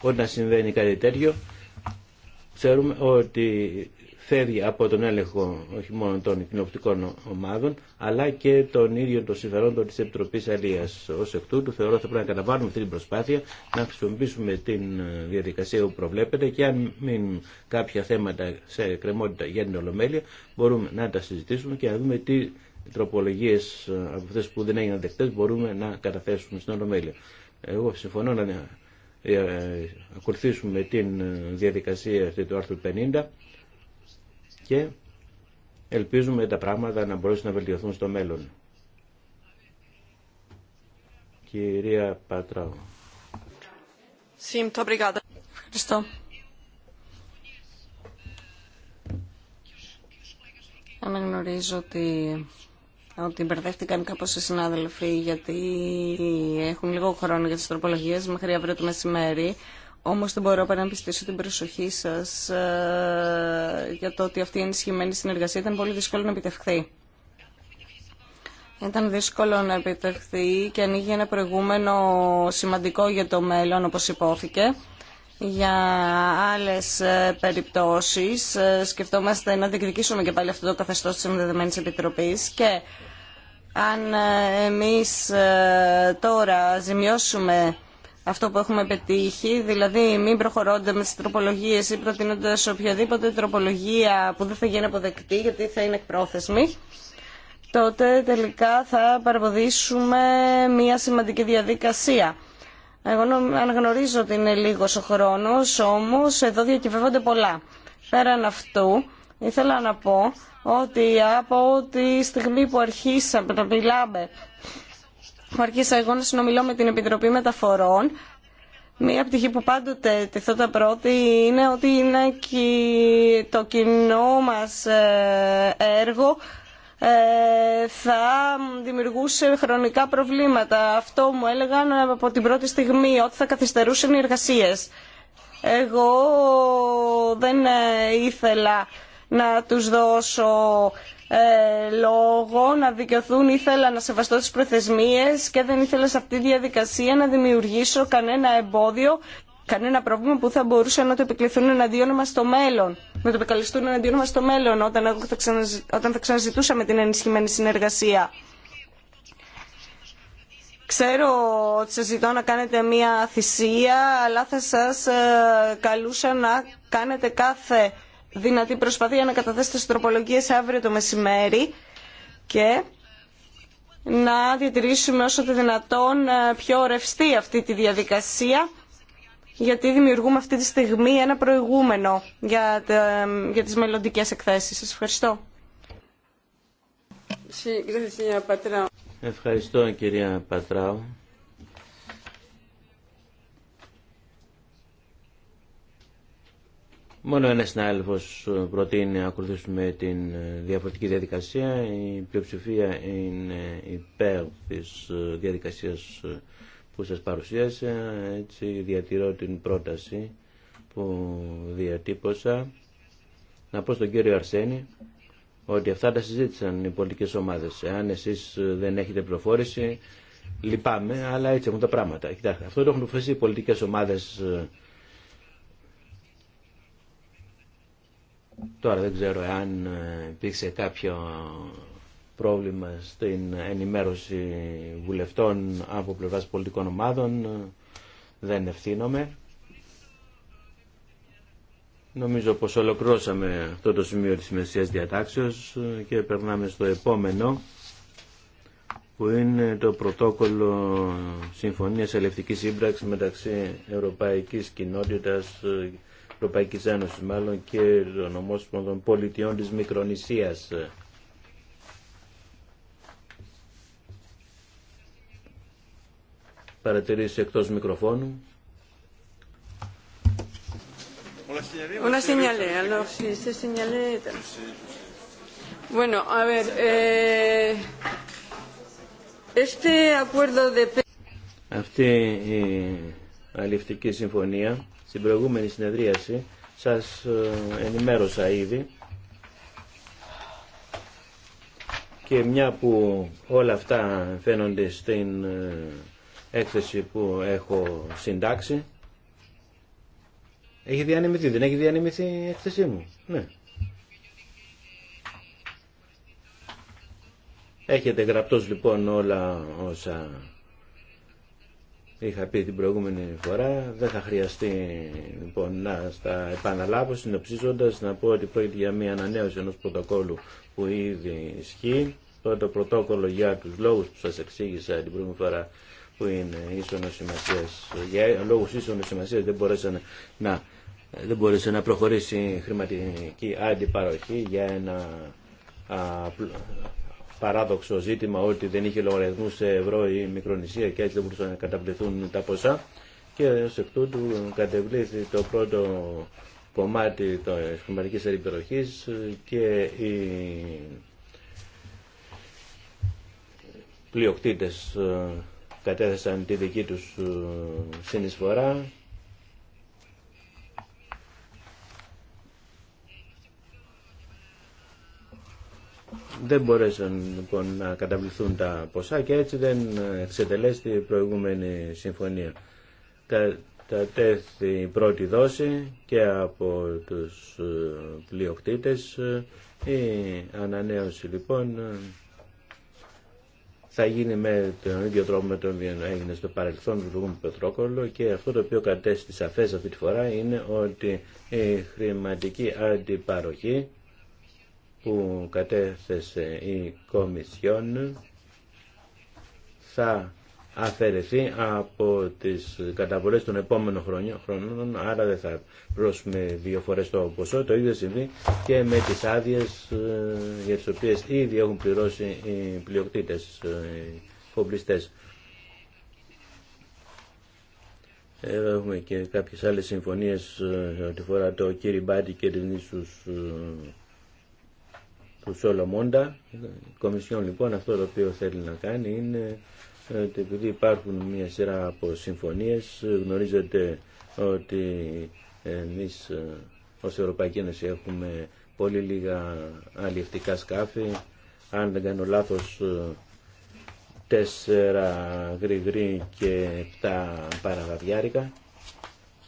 όταν συμβαίνει κάτι τέτοιο, ξέρουμε ότι φεύγει από τον έλεγχο όχι μόνο των κοινοπτικών ομάδων, αλλά και των ίδιων των συμφερόντων τη Επιτροπή Αλία. ω εκ τούτου θεωρώ θα πρέπει να καταβάλουμε αυτή την προσπάθεια, να χρησιμοποιήσουμε την ε, διαδικασία που προβλέπεται και αν μείνουν κάποια θέματα σε κρεμότητα για την Ολομέλεια, μπορούμε να τα συζητήσουμε και να δούμε τι τροπολογίε ε, από αυτέ που δεν έγιναν δεκτές μπορούμε να καταθέσουμε στην Ολομέλεια. Εγώ συμφωνώ να ε, ακολουθήσουμε την διαδικασία αυτή του άρθρου 50 και ελπίζουμε τα πράγματα να μπορέσουν να βελτιωθούν στο μέλλον. Κυρία Πατράου. Ευχαριστώ. Αναγνωρίζω ότι ότι μπερδεύτηκαν κάπως οι συνάδελφοι γιατί έχουν λίγο χρόνο για τις τροπολογίες μέχρι αύριο το μεσημέρι όμως δεν μπορώ παρά να πιστήσω την προσοχή σας ε, για το ότι αυτή η ενισχυμένη συνεργασία ήταν πολύ δύσκολο να επιτευχθεί. Ήταν δύσκολο να επιτευχθεί και ανοίγει ένα προηγούμενο σημαντικό για το μέλλον, όπως υπόθηκε. Για άλλες ε, περιπτώσεις ε, σκεφτόμαστε να διεκδικήσουμε και πάλι αυτό το καθεστώς της Ενδεδεμένης Επιτροπής και αν εμείς τώρα ζημιώσουμε αυτό που έχουμε πετύχει, δηλαδή μην προχωρώνται με τι τροπολογίε ή προτείνοντα οποιαδήποτε τροπολογία που δεν θα γίνει αποδεκτή γιατί θα είναι εκπρόθεσμη, τότε τελικά θα παραποδίσουμε μια σημαντική διαδικασία. Εγώ αναγνωρίζω ότι είναι λίγος ο χρόνος, όμως εδώ διακυβεύονται πολλά. Πέραν αυτού, ήθελα να πω ότι από τη στιγμή που αρχίσαμε να μιλάμε Έχω αρχίσει εγώ να συνομιλώ με την Επιτροπή Μεταφορών. Μία πτυχή που πάντοτε τεθώ πρώτη είναι ότι είναι και το κοινό μας ε, έργο ε, θα δημιουργούσε χρονικά προβλήματα. Αυτό μου έλεγαν από την πρώτη στιγμή, ότι θα καθυστερούσαν οι εργασίες. Εγώ δεν ε, ήθελα να τους δώσω ε, λόγο να δικαιωθούν ήθελα να σεβαστώ τις προθεσμίες και δεν ήθελα σε αυτή τη διαδικασία να δημιουργήσω κανένα εμπόδιο κανένα πρόβλημα που θα μπορούσε να το επικληθούν εναντίον μας στο μέλλον. Να το επικαλεστούν εναντίον μας στο μέλλον όταν θα, όταν θα ξαναζητούσαμε την ενισχυμένη συνεργασία. Ξέρω ότι σας ζητώ να κάνετε μία θυσία, αλλά θα σας ε, καλούσα να κάνετε κάθε δυνατή προσπαθία να καταθέσετε στις τροπολογίες αύριο το μεσημέρι και να διατηρήσουμε όσο το δυνατόν ε, πιο ρευστή αυτή τη διαδικασία γιατί δημιουργούμε αυτή τη στιγμή ένα προηγούμενο για, τα, για τις μελλοντικέ εκθέσεις. Σας ευχαριστώ. Ευχαριστώ κυρία Πατράου. Μόνο ένα συνάδελφο προτείνει να ακολουθήσουμε την ε, διαφορετική διαδικασία. Η πλειοψηφία είναι υπέρ τη ε, διαδικασίας ε, που σας παρουσίασα. Έτσι διατηρώ την πρόταση που διατύπωσα. Να πω στον κύριο Αρσένη ότι αυτά τα συζήτησαν οι πολιτικές ομάδες. Εάν εσείς δεν έχετε προφόρηση, λυπάμαι, αλλά έτσι έχουν τα πράγματα. Κοιτάξτε, αυτό το έχουν αποφασίσει οι πολιτικέ ομάδε. Τώρα δεν ξέρω αν ε, υπήρξε κάποιο πρόβλημα στην ενημέρωση βουλευτών από πλευράς πολιτικών ομάδων. Δεν ευθύνομαι. Νομίζω πως ολοκληρώσαμε αυτό το σημείο της μεσίας διατάξεως ε, και περνάμε στο επόμενο που είναι το πρωτόκολλο Συμφωνίας Ελευτικής Σύμπραξης μεταξύ Ευρωπαϊκής Κοινότητας ε, Ευρωπαϊκή Ένωση, μάλλον και των ομόσπονδων πολιτιών της Μικρονησίας. Παρατηρήσει εκτός μικροφώνου. Una señalé, alors si se señalé. Bueno, a ver, eh, este acuerdo de. Αυτή η αλληλευτική συμφωνία στην προηγούμενη συνεδρίαση σας ε, ενημέρωσα ήδη και μια που όλα αυτά φαίνονται στην ε, έκθεση που έχω συντάξει έχει διανεμηθεί, δεν έχει διανεμηθεί η έκθεσή μου. Ναι. Έχετε γραπτός λοιπόν όλα όσα είχα πει την προηγούμενη φορά. Δεν θα χρειαστεί λοιπόν να στα επαναλάβω συνοψίζοντας να πω ότι πρόκειται για μια ανανέωση ενός πρωτοκόλου που ήδη ισχύει. το πρωτόκολλο για τους λόγους που σας εξήγησα την προηγούμενη φορά που είναι ίσονο σημασίας. Για λόγους ίσονο σημασίας δεν μπορέσε να δεν μπορούσε να προχωρήσει χρηματική αντιπαροχή για ένα παράδοξο ζήτημα ότι δεν είχε λογαριασμού σε ευρώ ή μικρονησία και έτσι δεν μπορούσαν να καταβληθούν τα ποσά και ω εκ τούτου κατεβλήθη το πρώτο κομμάτι τη χρηματική περιπτωροχής και οι πλειοκτήτες ε, κατέθεσαν τη δική τους ε, συνεισφορά δεν μπορέσαν λοιπόν να καταβληθούν τα ποσά και έτσι δεν εξετελέστη η προηγούμενη συμφωνία. Κατατέθη η πρώτη δόση και από τους ε, πλειοκτήτες ε, η ανανέωση λοιπόν ε, θα γίνει με τον ίδιο τρόπο με τον οποίο έγινε στο παρελθόν του Βουλγού Πετρόκολλο και αυτό το οποίο κατέστη σαφές αυτή τη φορά είναι ότι η χρηματική αντιπαροχή που κατέθεσε η Κομισιόν θα αφαιρεθεί από τις καταβολές των επόμενων χρόνων, άρα δεν θα πρόσουμε δύο φορές το ποσό. Το ίδιο συμβεί και με τις άδειες ε, για τις οποίες ήδη έχουν πληρώσει οι πλειοκτήτες, ε, οι ε, Έχουμε και κάποιες άλλες συμφωνίες ό,τι φορά το Μπάτι και την ίσους του Σολομόντα. Η Κομισιόν λοιπόν αυτό το οποίο θέλει να κάνει είναι ε, ότι επειδή υπάρχουν μια σειρά από συμφωνίες γνωρίζετε ότι εμείς ε, ως Ευρωπαϊκή Ένωση έχουμε πολύ λίγα αλληλευτικά σκάφη αν δεν κάνω λάθος ε, τέσσερα γρηγρή και επτά παραγαδιάρικα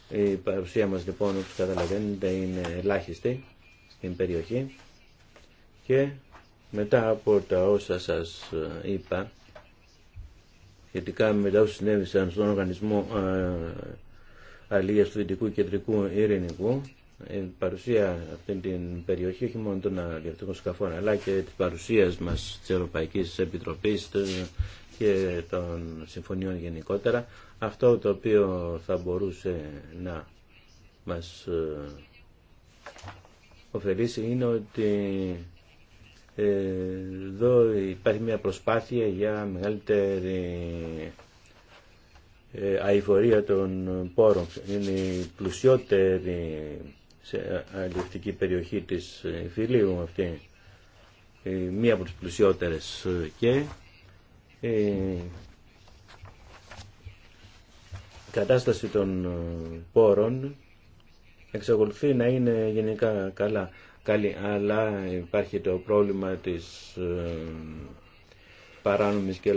η παρουσία μας λοιπόν όπως καταλαβαίνετε είναι ελάχιστη στην περιοχή και μετά από τα όσα σας ε, είπα, σχετικά με τα όσα συνέβησαν στον οργανισμό ε, αλληλείας του Δυτικού Κεντρικού Ειρηνικού, η παρουσία αυτή την περιοχή, όχι μόνο των αλληλευτικών σκαφών, αλλά και τη παρουσίας μας της Ευρωπαϊκής Επιτροπής ε, και των συμφωνιών γενικότερα, αυτό το οποίο θα μπορούσε να μας ωφελήσει είναι ότι εδώ υπάρχει μια προσπάθεια για μεγαλύτερη ε, αηφορία των πόρων. Είναι η πλουσιότερη σε αλληλευτική περιοχή της ε, Φιλίου αυτή, ε, μία από τις πλουσιότερες και η κατάσταση των πόρων εξακολουθεί να είναι γενικά καλά καλή, αλλά υπάρχει το πρόβλημα της ε, παράνομης και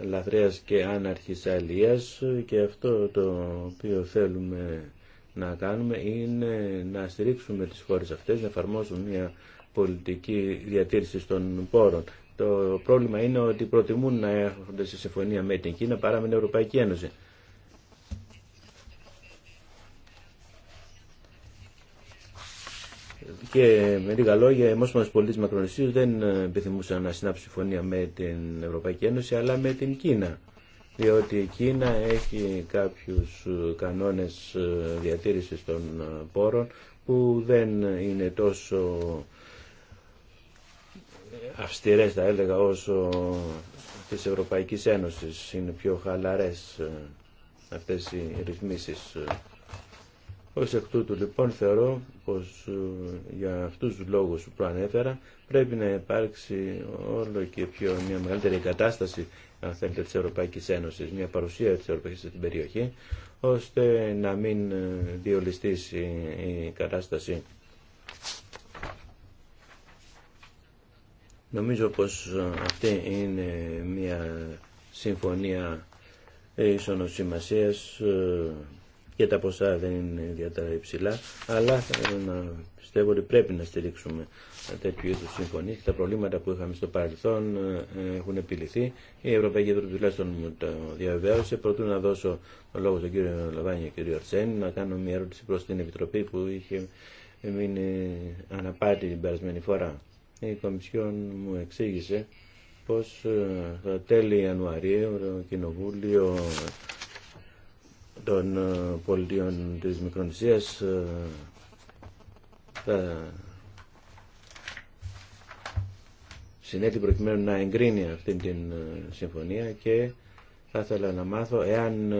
λαθρέας και άναρχης αλίας και αυτό το οποίο θέλουμε να κάνουμε είναι να στηρίξουμε τις χώρες αυτές, να εφαρμόσουν μια πολιτική διατήρηση των πόρων. Το πρόβλημα είναι ότι προτιμούν να έρχονται σε συμφωνία με την Κίνα παρά με την Ευρωπαϊκή Ένωση. και με λίγα λόγια οι μόσπονε πολίτε Μακρονησίου δεν ε, επιθυμούσαν να συνάψουν συμφωνία με την Ευρωπαϊκή Ένωση αλλά με την Κίνα διότι η Κίνα έχει κάποιους ε, κανόνες ε, διατήρησης των πόρων που δεν είναι τόσο αυστηρές θα έλεγα όσο της Ευρωπαϊκής Ένωσης είναι πιο χαλαρές αυτές οι ρυθμίσεις ως εκ τούτου λοιπόν θεωρώ πως ε, για αυτούς τους λόγους που προανέφερα, πρέπει να υπάρξει όλο και πιο μια μεγαλύτερη εγκατάσταση αν θέλετε της Ευρωπαϊκής Ένωσης, μια παρουσία της Ευρωπαϊκής στην περιοχή ώστε να μην ε, διολυστήσει η κατάσταση. Νομίζω πως ε, αυτή είναι μια συμφωνία ίσονος σημασίας και τα ποσά δεν είναι ιδιαίτερα υψηλά, αλλά πιστεύω ότι πρέπει να στηρίξουμε τέτοιου είδου συμφωνίε και τα προβλήματα που είχαμε στο παρελθόν ε, έχουν επιληθεί. Η Ευρωπαϊκή Επιτροπή τουλάχιστον μου το διαβεβαίωσε. Προτού να δώσω το λόγο στον κύριο Λαβάνια και κύριο Αρσέν, να κάνω μια ερώτηση προ την Επιτροπή που είχε μείνει αναπάτη την περασμένη φορά. Η Κομισιόν μου εξήγησε πως στα ε, τέλη Ιανουαρίου το Κοινοβούλιο των ε, πολιτείων της Μικρονησίας ε, θα προκειμένου να εγκρίνει αυτήν την ε, συμφωνία και θα ήθελα να μάθω εάν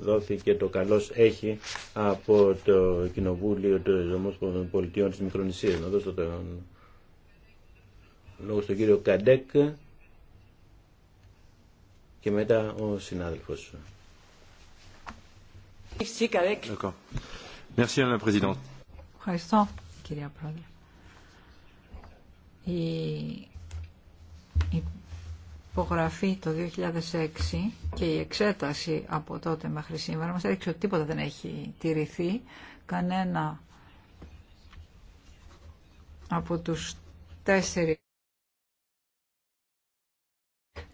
δόθηκε το καλός έχει από το Κοινοβούλιο των Πολιτείων της Μικρονησίας. Να δώσω τον λόγο στον κύριο Καντέκ και μετά ο συνάδελφος. Ευχαριστώ, κυρία Πρόεδρε. Η υπογραφή το 2006 και η εξέταση από τότε μέχρι σήμερα μας έδειξε ότι τίποτα δεν έχει τηρηθεί. Κανένα από τους τέσσερις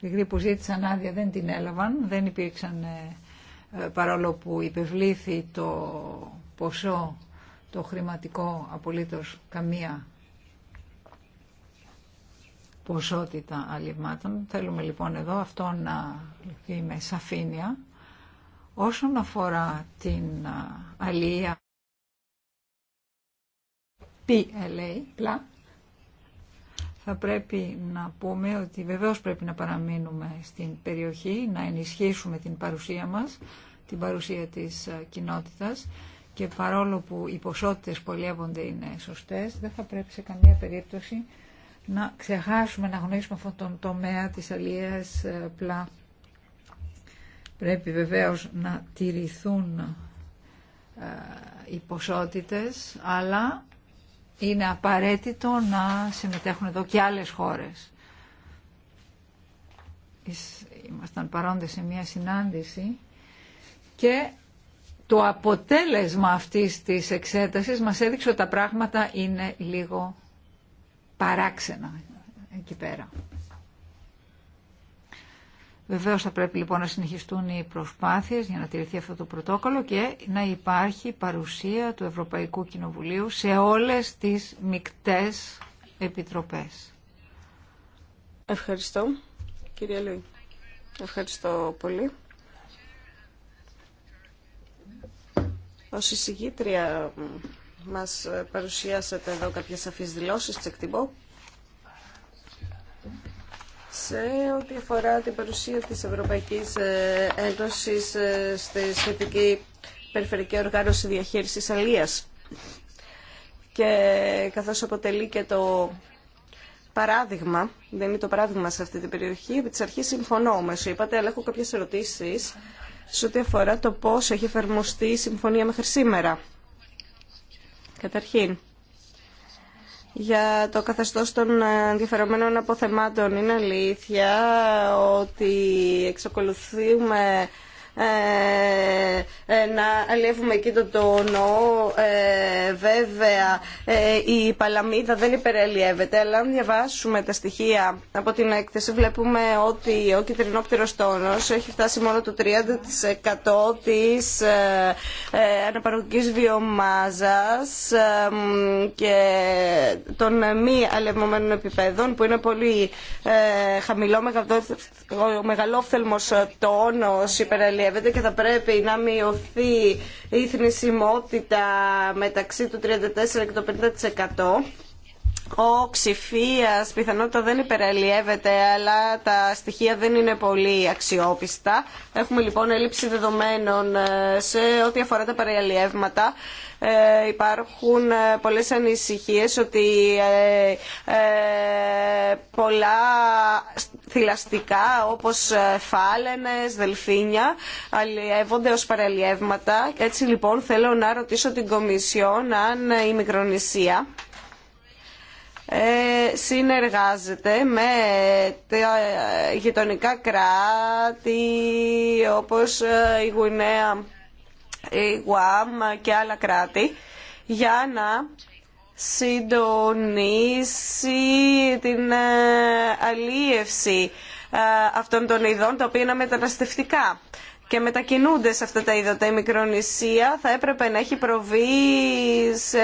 γρήγοροι που ζήτησαν άδεια δεν την έλαβαν, δεν υπήρξαν ε, ε, παρόλο που υπευλήθη το ποσό, το χρηματικό, απολύτως καμία ποσότητα αλληλμάτων. Θέλουμε λοιπόν εδώ αυτό να λυθεί με σαφήνεια. Όσον αφορά την αλληλεία PLA, θα πρέπει να πούμε ότι βεβαίως πρέπει να παραμείνουμε στην περιοχή, να ενισχύσουμε την παρουσία μας, την παρουσία της ε, κοινότητας και παρόλο που οι ποσότητες που ελεύονται είναι σωστές, δεν θα πρέπει σε καμία περίπτωση να ξεχάσουμε να γνωρίσουμε αυτόν τον τομέα της αλληλείας ε, πλά. Πρέπει βεβαίως να τηρηθούν ε, οι ποσότητες, αλλά είναι απαραίτητο να συμμετέχουν εδώ και άλλες χώρες. Ήμασταν παρόντες σε μια συνάντηση και το αποτέλεσμα αυτής της εξέτασης μας έδειξε ότι τα πράγματα είναι λίγο παράξενα εκεί πέρα. Βεβαίω θα πρέπει λοιπόν να συνεχιστούν οι προσπάθειες για να τηρηθεί αυτό το πρωτόκολλο και να υπάρχει παρουσία του Ευρωπαϊκού Κοινοβουλίου σε όλες τις μικτές επιτροπές. Ευχαριστώ. Κυρία Λουή. Ευχαριστώ πολύ. Ως εισηγήτρια μας παρουσιάσατε εδώ κάποιες σαφείς δηλώσεις, τσεκτιμπό. εκτιμώ σε ό,τι αφορά την παρουσία της Ευρωπαϊκής ε, Ένωσης ε, στη σχετική περιφερειακή οργάνωση διαχείρισης αλίας και καθώς αποτελεί και το παράδειγμα, δεν είναι το παράδειγμα σε αυτή την περιοχή, επί της αρχής συμφωνώ όμως, είπατε, αλλά έχω κάποιες ερωτήσεις σε ό,τι αφορά το πώς έχει εφαρμοστεί η συμφωνία μέχρι σήμερα. Καταρχήν, για το καθεστώς των ενδιαφερομένων αποθεμάτων. Είναι αλήθεια ότι εξακολουθούμε ε, ε, να αλλιεύουμε εκεί το τόνο. Ε, βέβαια η παλαμίδα δεν υπεραλλιεύεται, αλλά αν διαβάσουμε τα στοιχεία από την έκθεση βλέπουμε ότι ο κυτρινόπτερος τόνος έχει φτάσει μόνο το 30% της αναπαραγωγικής βιομάζας και των μη αλλιευμένων επιπέδων που είναι πολύ χαμηλό μεγαλόφθελμος τόνος υπεραλλιεύεται Βέβαια και θα πρέπει να μειωθεί η θνησιμότητα μεταξύ του 34% και του 50% ο ψηφία πιθανότητα δεν υπεραλλιεύεται, αλλά τα στοιχεία δεν είναι πολύ αξιόπιστα. Έχουμε λοιπόν έλλειψη δεδομένων ε, σε ό,τι αφορά τα παραλλιεύματα. Ε, υπάρχουν ε, πολλές ανησυχίες ότι πολλά θηλαστικά όπως φάλαινες, δελφίνια αλλιεύονται ως παραλλιεύματα. Έτσι λοιπόν θέλω να ρωτήσω την Κομισιόν αν η Μικρονησία ε, συνεργάζεται με τα γειτονικά κράτη όπως ε, η Γουινέα, η Γουάμ και άλλα κράτη για να συντονίσει την ε, αλίευση αυτών των ειδών τα οποία είναι μεταναστευτικά και μετακινούνται σε αυτά τα είδατα. Η Μικρονησία θα έπρεπε να έχει προβεί σε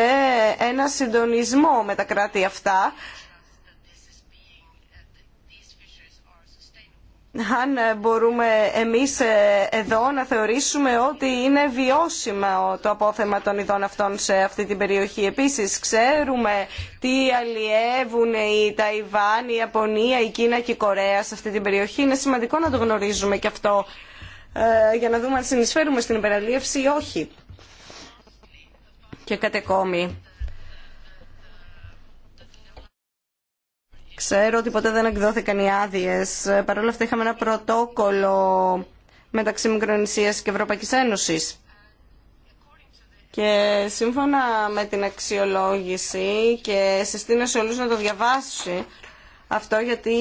ένα συντονισμό με τα κράτη αυτά αν μπορούμε εμείς ε, εδώ να θεωρήσουμε ότι είναι βιώσιμο το απόθεμα των ειδών αυτών σε αυτή την περιοχή. Επίσης ξέρουμε τι αλλιεύουν η Ταϊβάν, η Ιαπωνία, η Κίνα και η Κορέα σε αυτή την περιοχή. Είναι σημαντικό να το γνωρίζουμε και αυτό ε, για να δούμε αν συνεισφέρουμε στην υπεραλίευση ή όχι. Και κάτι ακόμη. Ξέρω ότι ποτέ δεν εκδόθηκαν οι άδειε. Ε, Παρ' όλα αυτά είχαμε ένα πρωτόκολλο μεταξύ Μικρονησίας και Ευρωπαϊκής Ένωσης. Και σύμφωνα με την αξιολόγηση και συστήνω σε όλους να το διαβάσει, αυτό γιατί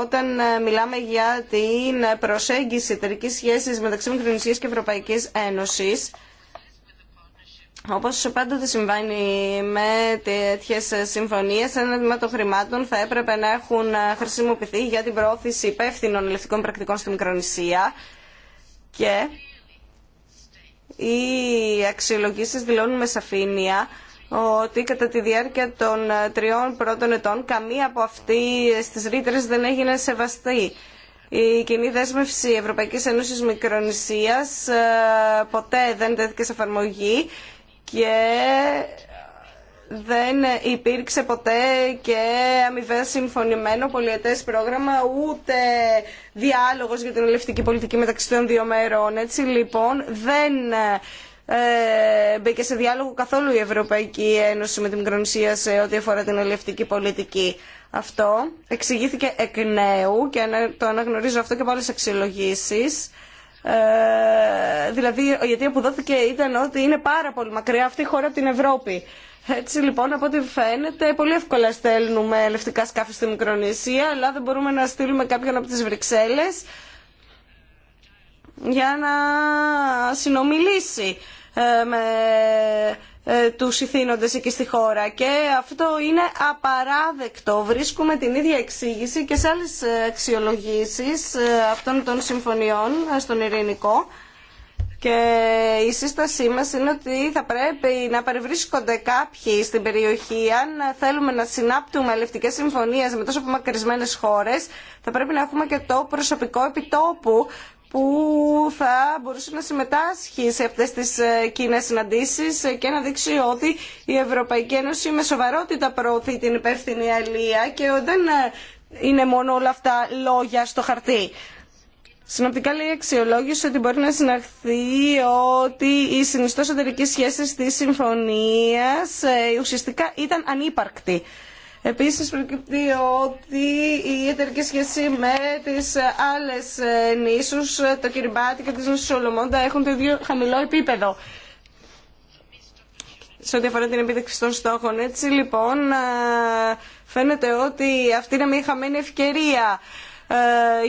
όταν ε, μιλάμε για την προσέγγιση εταιρικής σχέσης μεταξύ Μικρονησίας και Ευρωπαϊκής Ένωσης όπως πάντοτε συμβαίνει με τέτοιε συμφωνίες, ένα τμήμα των χρημάτων θα έπρεπε να έχουν ε, χρησιμοποιηθεί για την προώθηση υπεύθυνων ελευθερικών πρακτικών στη Μικρονησία και οι αξιολογήσεις δηλώνουν με σαφήνεια ότι κατά τη διάρκεια των ε, τριών πρώτων ετών καμία από αυτή τις ρήτρες δεν έγινε σεβαστή. Η κοινή δέσμευση Ευρωπαϊκής Ένωσης Μικρονησίας ε, ποτέ δεν τέθηκε σε εφαρμογή και δεν υπήρξε ποτέ και αμοιβαία συμφωνημένο πολιετές πρόγραμμα ούτε διάλογος για την ελευτική πολιτική μεταξύ των δύο μέρων. Έτσι λοιπόν δεν ε, μπήκε σε διάλογο καθόλου η Ευρωπαϊκή Ένωση με τη Μικρονησία σε ό,τι αφορά την ελευτική πολιτική. Αυτό εξηγήθηκε εκ νέου και το αναγνωρίζω αυτό και από άλλες αξιολογήσεις. Ε, δηλαδή, γιατί αποδόθηκε ήταν ότι είναι πάρα πολύ μακριά αυτή η χώρα από την Ευρώπη. Έτσι λοιπόν, από ό,τι φαίνεται, πολύ εύκολα στέλνουμε ελευτικά σκάφη στη Μικρονησία, αλλά δεν μπορούμε να στείλουμε κάποιον από τις Βρυξέλλες για να συνομιλήσει ε, με ε, του ηθήνοντες εκεί στη χώρα και αυτό είναι απαράδεκτο. Βρίσκουμε την ίδια εξήγηση και σε άλλες αξιολογήσεις ε, αυτών των συμφωνιών στον ειρηνικό και η σύστασή μας είναι ότι θα πρέπει να παρευρίσκονται κάποιοι στην περιοχή αν θέλουμε να συνάπτουμε αλληλευτικές συμφωνίες με τόσο απομακρυσμένες χώρες θα πρέπει να έχουμε και το προσωπικό επιτόπου που θα μπορούσε να συμμετάσχει σε αυτές τις ε, κοινέ συναντήσεις ε, και να δείξει ότι η Ευρωπαϊκή Ένωση με σοβαρότητα προωθεί την υπεύθυνη αλληλεία και δεν ε, είναι μόνο όλα αυτά λόγια στο χαρτί. Συνοπτικά λέει η αξιολόγηση ότι μπορεί να συναχθεί ότι οι συνιστό εταιρική σχέση της συμφωνίας ουσιαστικά ήταν ανύπαρκτη. Επίσης προκύπτει ότι η εταιρική σχέση με τις άλλες νήσους, το Κυριμπάτι και τις νήσους Σολομόντα έχουν το ίδιο χαμηλό επίπεδο σε ό,τι αφορά την επίδεξη των στόχων. Έτσι λοιπόν φαίνεται ότι αυτή είναι μια χαμένη ευκαιρία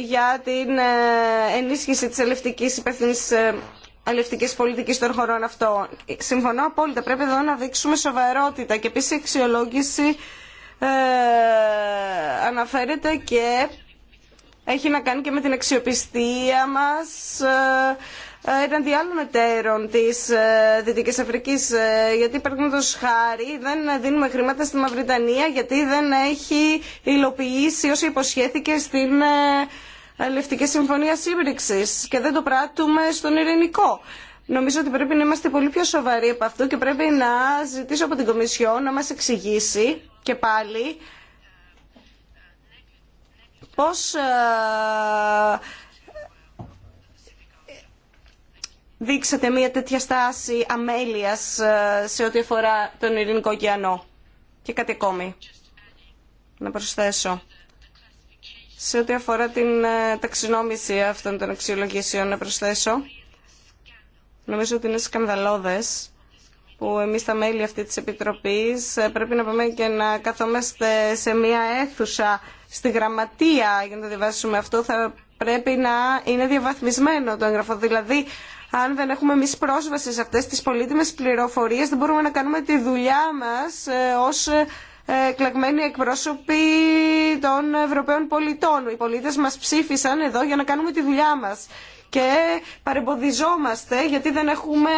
για την ενίσχυση της ελευτικής υπεύθυνης αλευτικής πολιτικής των χωρών αυτών. Συμφωνώ απόλυτα. Πρέπει εδώ να δείξουμε σοβαρότητα και επίσης αξιολόγηση ε, αναφέρεται και έχει να κάνει και με την αξιοπιστία μας έναντι ε, ε, άλλων εταίρων της Δυτικής Αφρικής γιατί το χάρη δεν δίνουμε χρήματα στη Μαυριτανία γιατί δεν έχει υλοποιήσει όσο υποσχέθηκε στην Λευτική Συμφωνία Σύμπριξης και δεν το πράττουμε στον Ειρηνικό. Νομίζω ότι πρέπει να είμαστε πολύ πιο σοβαροί από αυτού και πρέπει να ζητήσω από την Κομισιό να μας εξηγήσει και πάλι πώς ε, δείξατε μια τέτοια στάση αμέλειας ε, σε ό,τι αφορά τον ελληνικό ωκεανό. Και κάτι ακόμη να προσθέσω. Σε ό,τι αφορά την ε, ταξινόμηση αυτών των αξιολογήσεων να προσθέσω Νομίζω ότι είναι σκανδαλώδες που εμείς τα μέλη αυτή της Επιτροπής ε, πρέπει να πάμε και να καθόμαστε σε μια αίθουσα στη γραμματεία για να το διαβάσουμε αυτό θα πρέπει να είναι διαβαθμισμένο το έγγραφο. Δηλαδή, αν δεν έχουμε εμεί πρόσβαση σε αυτές τις πολύτιμες πληροφορίες δεν μπορούμε να κάνουμε τη δουλειά μας ε, ως ε, κλαγμένοι εκπρόσωποι των Ευρωπαίων πολιτών. Οι πολίτες μας ψήφισαν εδώ για να κάνουμε τη δουλειά μας και παρεμποδιζόμαστε γιατί δεν έχουμε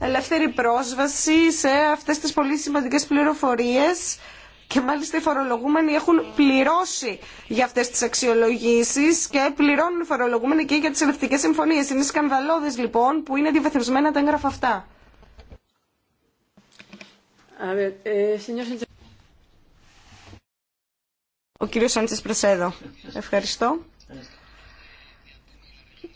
ελεύθερη πρόσβαση σε αυτές τις πολύ σημαντικές πληροφορίες και μάλιστα οι φορολογούμενοι έχουν πληρώσει για αυτέ τι αξιολογήσει και πληρώνουν οι φορολογούμενοι και για τι ελευθερικέ συμφωνίε. Είναι σκανδαλώδε λοιπόν που είναι διαβαθμισμένα τα έγγραφα αυτά. Eh, Ο κύριος Σάντσες Πρεσέδο. Ευχαριστώ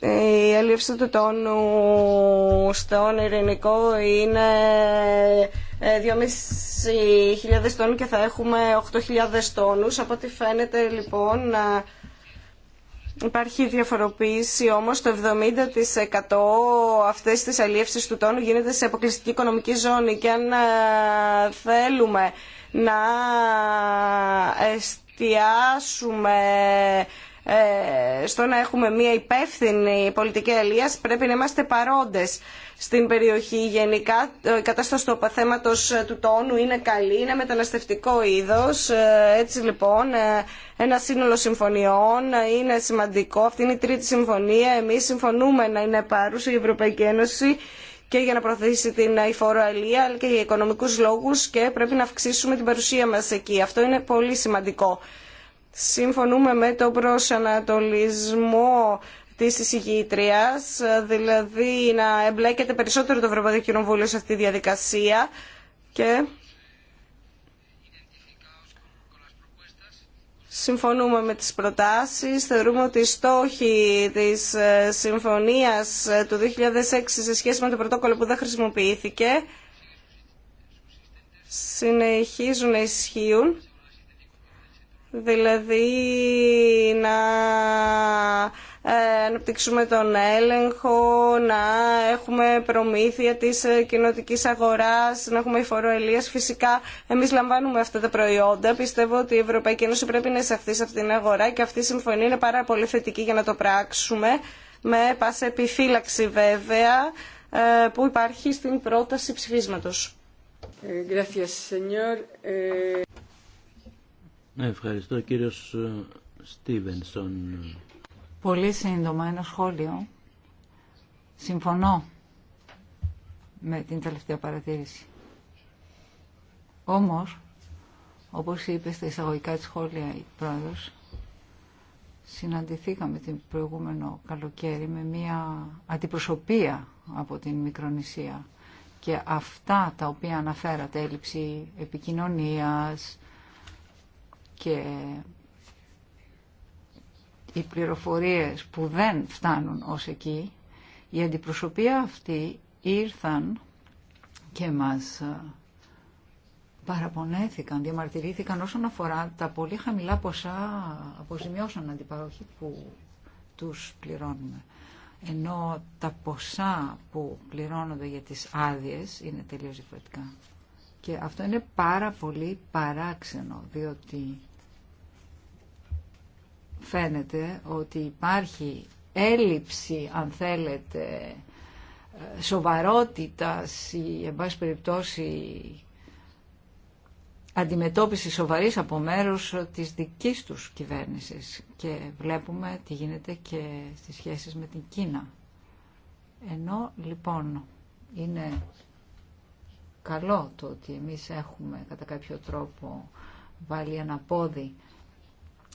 η έλλειψη του τόνου στον ειρηνικό είναι 2.500 ε, τόνου και θα έχουμε 8.000 τόνους. Από ό,τι φαίνεται λοιπόν υπάρχει διαφοροποίηση όμως το 70% αυτές τις αλλιεύσεις του τόνου γίνεται σε αποκλειστική οικονομική ζώνη και αν ε, θέλουμε να εστιάσουμε ε, στο να έχουμε μια υπεύθυνη πολιτική αλίας πρέπει να είμαστε παρόντες στην περιοχή γενικά. Η κατάσταση του παθέματος ε, του τόνου είναι καλή, είναι μεταναστευτικό είδο. Ε, έτσι λοιπόν ένα σύνολο συμφωνιών είναι σημαντικό. Αυτή είναι η τρίτη συμφωνία. Εμεί συμφωνούμε να είναι παρούσα η Ευρωπαϊκή Ένωση και για να προωθήσει την αηφόρο αλλά και για οικονομικού λόγου και πρέπει να αυξήσουμε την παρουσία μα εκεί. Αυτό είναι πολύ σημαντικό συμφωνούμε με το προσανατολισμό της εισηγήτριας, δηλαδή να εμπλέκεται περισσότερο το Ευρωπαϊκό Κοινοβούλιο σε αυτή τη διαδικασία και συμφωνούμε με τις προτάσεις. Θεωρούμε ότι οι στόχοι της ε, συμφωνίας ε, του 2006 σε σχέση με το πρωτόκολλο που δεν χρησιμοποιήθηκε συνεχίζουν να ισχύουν δηλαδή να ε, αναπτύξουμε τον έλεγχο, να έχουμε προμήθεια της ε, κοινοτικής αγοράς, να έχουμε φοροελίες. Φυσικά εμείς λαμβάνουμε αυτά τα προϊόντα. Πιστεύω ότι η Ευρωπαϊκή Ένωση πρέπει να εισαχθεί σε αυτήν την αγορά και αυτή η συμφωνία είναι πάρα πολύ θετική για να το πράξουμε. Με πάσα επιφύλαξη βέβαια ε, που υπάρχει στην πρόταση ψηφίσματος. Ευχαριστώ κύριος ε, Στίβενσον. Πολύ σύντομα ένα σχόλιο. Συμφωνώ με την τελευταία παρατήρηση. Όμως, όπως είπε στα εισαγωγικά της σχόλια η πρόεδρος, συναντηθήκαμε την προηγούμενο καλοκαίρι με μια αντιπροσωπεία από την Μικρονησία και αυτά τα οποία αναφέρατε, έλλειψη επικοινωνίας, και οι πληροφορίες που δεν φτάνουν ως εκεί, η αντιπροσωπεία αυτή ήρθαν και μας ε, παραπονέθηκαν, διαμαρτυρήθηκαν όσον αφορά τα πολύ χαμηλά ποσά αποζημιώσαν αντιπαροχή που τους πληρώνουμε. Ενώ τα ποσά που πληρώνονται για τις άδειες είναι τελείως διαφορετικά. Και αυτό είναι πάρα πολύ παράξενο, διότι φαίνεται ότι υπάρχει έλλειψη, αν θέλετε, σοβαρότητας ή, εν πάση περιπτώσει, αντιμετώπιση σοβαρής από μέρους της δικής τους κυβέρνησης. Και βλέπουμε τι γίνεται και στις σχέσεις με την Κίνα. Ενώ, λοιπόν, είναι καλό το ότι εμείς έχουμε κατά κάποιο τρόπο βάλει ένα πόδι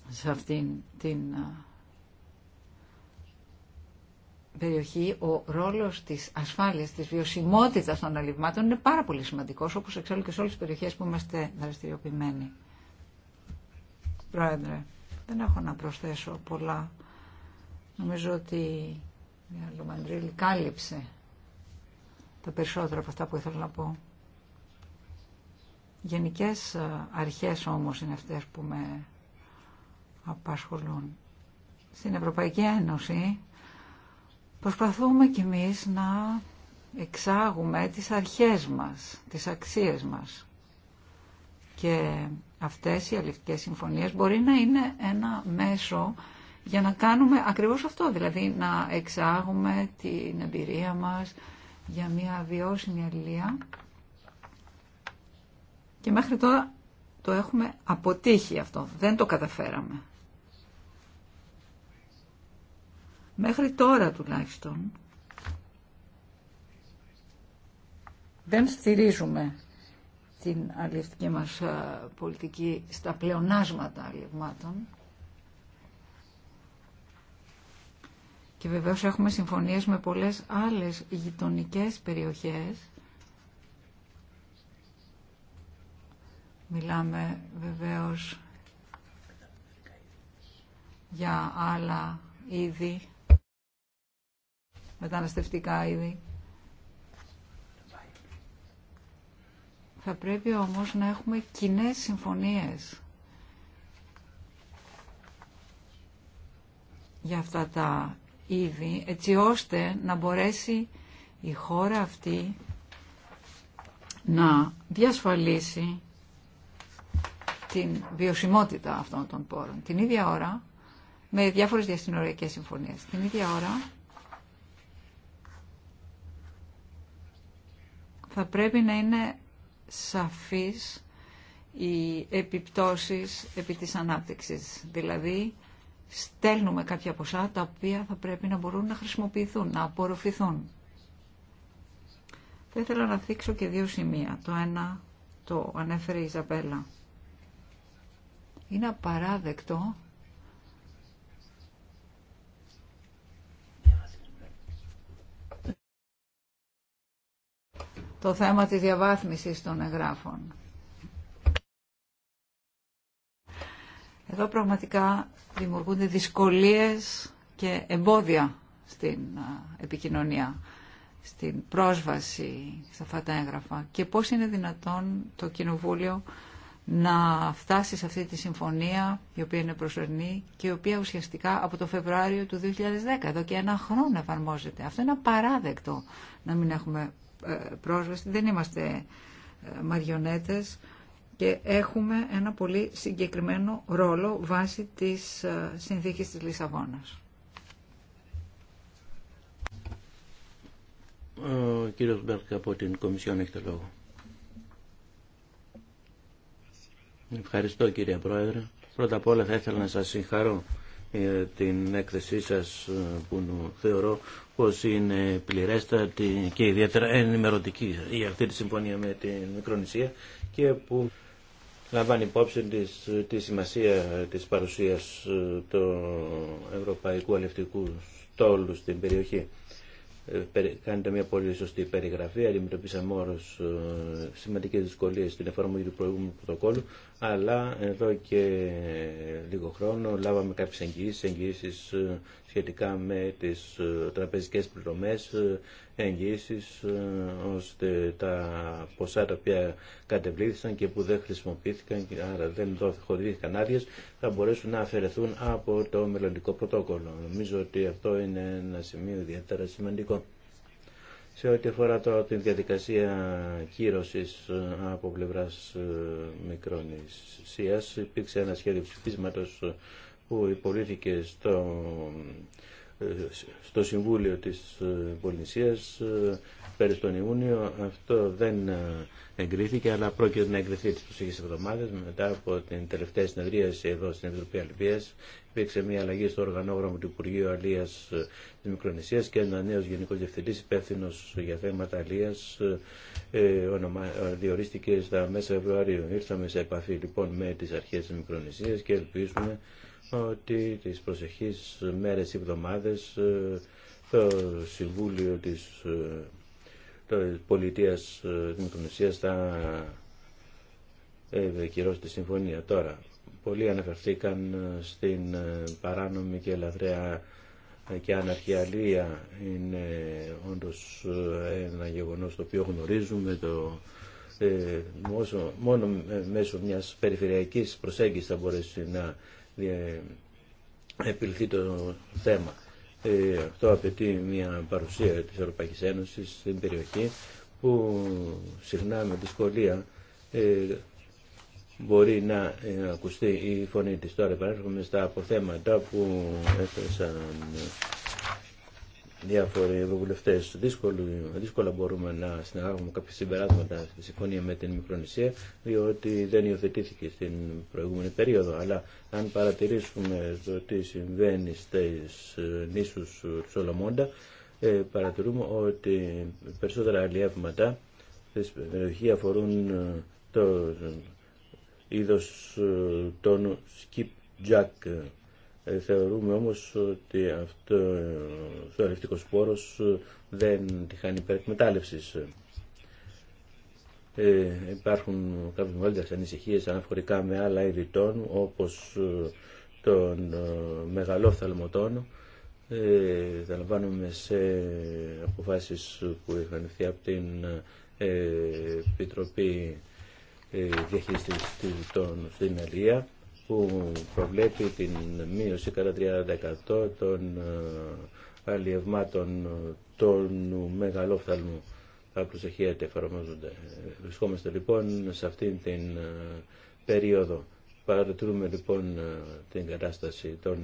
σε αυτήν την περιοχή ο ρόλος της ασφάλειας, της βιωσιμότητας των αλληλευμάτων είναι πάρα πολύ σημαντικός, όπως εξάλλου και σε όλες τις περιοχές που είμαστε δραστηριοποιημένοι. Πρόεδρε, δεν έχω να προσθέσω πολλά. Νομίζω ότι η Λομαντρίλη κάλυψε τα περισσότερα από αυτά που ήθελα να πω. Γενικές αρχές όμως είναι αυτές που με απασχολούν. Στην Ευρωπαϊκή Ένωση προσπαθούμε κι εμείς να εξάγουμε τις αρχές μας, τις αξίες μας. Και αυτές οι αληθικές συμφωνίες μπορεί να είναι ένα μέσο για να κάνουμε ακριβώς αυτό, δηλαδή να εξάγουμε την εμπειρία μας για μια βιώσιμη αλληλεία. Και μέχρι τώρα το έχουμε αποτύχει αυτό, δεν το καταφέραμε. Μέχρι τώρα τουλάχιστον δεν στηρίζουμε την αλληλευτική μας πολιτική στα πλεονάσματα αλληλευμάτων. Και βεβαίως έχουμε συμφωνίες με πολλές άλλες γειτονικέ περιοχές. Μιλάμε βεβαίως για άλλα είδη μεταναστευτικά είδη. Θα πρέπει όμως να έχουμε κοινέ συμφωνίες για αυτά τα είδη, έτσι ώστε να μπορέσει η χώρα αυτή να διασφαλίσει την βιωσιμότητα αυτών των πόρων. Την ίδια ώρα, με διάφορες διασυνοριακές συμφωνίες, την ίδια ώρα θα πρέπει να είναι σαφής οι επιπτώσεις επί της ανάπτυξης. Δηλαδή, στέλνουμε κάποια ποσά τα οποία θα πρέπει να μπορούν να χρησιμοποιηθούν, να απορροφηθούν. Θα ήθελα να θίξω και δύο σημεία. Το ένα το ανέφερε η Ιζαμπέλα. Είναι απαράδεκτο το θέμα της διαβάθμισης των εγγράφων. Εδώ πραγματικά δημιουργούνται δυσκολίες και εμπόδια στην επικοινωνία, στην πρόσβαση σε αυτά τα έγγραφα και πώς είναι δυνατόν το Κοινοβούλιο να φτάσει σε αυτή τη συμφωνία η οποία είναι προσωρινή και η οποία ουσιαστικά από το Φεβρουάριο του 2010 εδώ και ένα χρόνο εφαρμόζεται. Αυτό είναι απαράδεκτο να μην έχουμε ε, πρόσβαση, δεν είμαστε ε, μαριονέτες και έχουμε ένα πολύ συγκεκριμένο ρόλο βάσει της ε, συνθήκης της Λισαβόνας. Ο κύριος Μπέρκ από την Κομισιόν έχει λόγο. Ευχαριστώ κύριε Πρόεδρε. Πρώτα απ' όλα θα ήθελα να σας συγχαρώ ε, την έκθεσή σας ε, που θεωρώ πως είναι πληρέστατη και ιδιαίτερα ενημερωτική για αυτή τη συμφωνία με την Μικρονησία και που λαμβάνει υπόψη της, τη σημασία της παρουσίας ε, του Ευρωπαϊκού Αλευτικού Στόλου στην περιοχή. Κάνετε μια πολύ σωστή περιγραφή, αντιμετωπίσαμε όρους σημαντικές δυσκολίες στην εφαρμογή του προηγούμενου πρωτοκόλλου, αλλά εδώ και λίγο χρόνο λάβαμε κάποιες εγγυήσεις, εγγυήσεις ε, σχετικά με τις ε, τραπεζικές πληρωμές, ε, εγγυήσεις ώστε τα ποσά τα οποία κατεβλήθησαν και που δεν χρησιμοποιήθηκαν και άρα δεν χορηγήθηκαν άδειε θα μπορέσουν να αφαιρεθούν από το μελλοντικό πρωτόκολλο. Νομίζω ότι αυτό είναι ένα σημείο ιδιαίτερα σημαντικό. Σε ό,τι αφορά τώρα τη διαδικασία κύρωσης ε, από πλευράς ε, Μικρονησίας, υπήρξε ένα σχέδιο ψηφίσματος ε, που υπολήθηκε στο, στο Συμβούλιο της Πολυνησίας πέρυσι τον Ιούνιο. Αυτό δεν εγκρίθηκε, αλλά πρόκειται να εγκριθεί τις προσεχείς εβδομάδες μετά από την τελευταία συνεδρίαση εδώ στην Ευρωπαϊκή Αλβίας υπήρξε μια αλλαγή στο οργανόγραμμα του Υπουργείου Αλία ε, τη Μικρονησία και ένα νέο Γενικό Διευθυντή υπεύθυνο για θέματα Αλία ε, ε, διορίστηκε στα μέσα Φεβρουαρίου. Ήρθαμε σε επαφή λοιπόν με τι αρχέ τη Μικρονησία και ελπίζουμε ότι τις προσεχείς μέρες ή εβδομάδες το Συμβούλιο της τη Μικρονησία θα κυρώσει τη συμφωνία τώρα. Πολλοί αναφερθήκαν ε, στην ε, παράνομη και λαθρέα ε, και αναρχιαλία. Είναι όντως ένα γεγονός το οποίο γνωρίζουμε το ε, μόνο μέσω μιας περιφερειακής προσέγγισης θα μπορέσει να επιλυθεί το θέμα. Ε, αυτό απαιτεί μια παρουσία της Ευρωπαϊκής Ένωσης στην περιοχή που συχνά με δυσκολία ε, μπορεί να ε, ακουστεί η φωνή της. Τώρα επανέρχομαι στα αποθέματα που έθεσαν ε, διάφοροι ευρωβουλευτέ. Δύσκολα μπορούμε να συναγάγουμε κάποια συμπεράσματα στη συμφωνία με την Μικρονησία, διότι δεν υιοθετήθηκε στην προηγούμενη περίοδο. Αλλά αν παρατηρήσουμε το τι συμβαίνει στι ε, νήσου του Σολομόντα, παρατηρούμε ότι περισσότερα αλλιεύματα τη περιοχή αφορούν το είδος ε, τόνου skipjack. Ε, θεωρούμε όμως ότι αυτό ε, ο αλευτικός σπόρος δεν τη χάνει Ε, υπάρχουν κάποιες μεγαλύτερες ανησυχίες αναφορικά με άλλα είδη τόνου όπως τον μεγαλό θαλμοτόνο ε, θα λαμβάνουμε σε αποφάσεις που είχαν ευθεί από την ε, Επιτροπή ε, διαχείριση των στην που προβλέπει την μείωση κατά 30% των ε, αλλιευμάτων των μεγαλόφθαλμου. Θα προσεχείρεται εφαρμόζονται. Βρισκόμαστε λοιπόν σε αυτήν την ε, περίοδο. Παρατηρούμε λοιπόν την κατάσταση των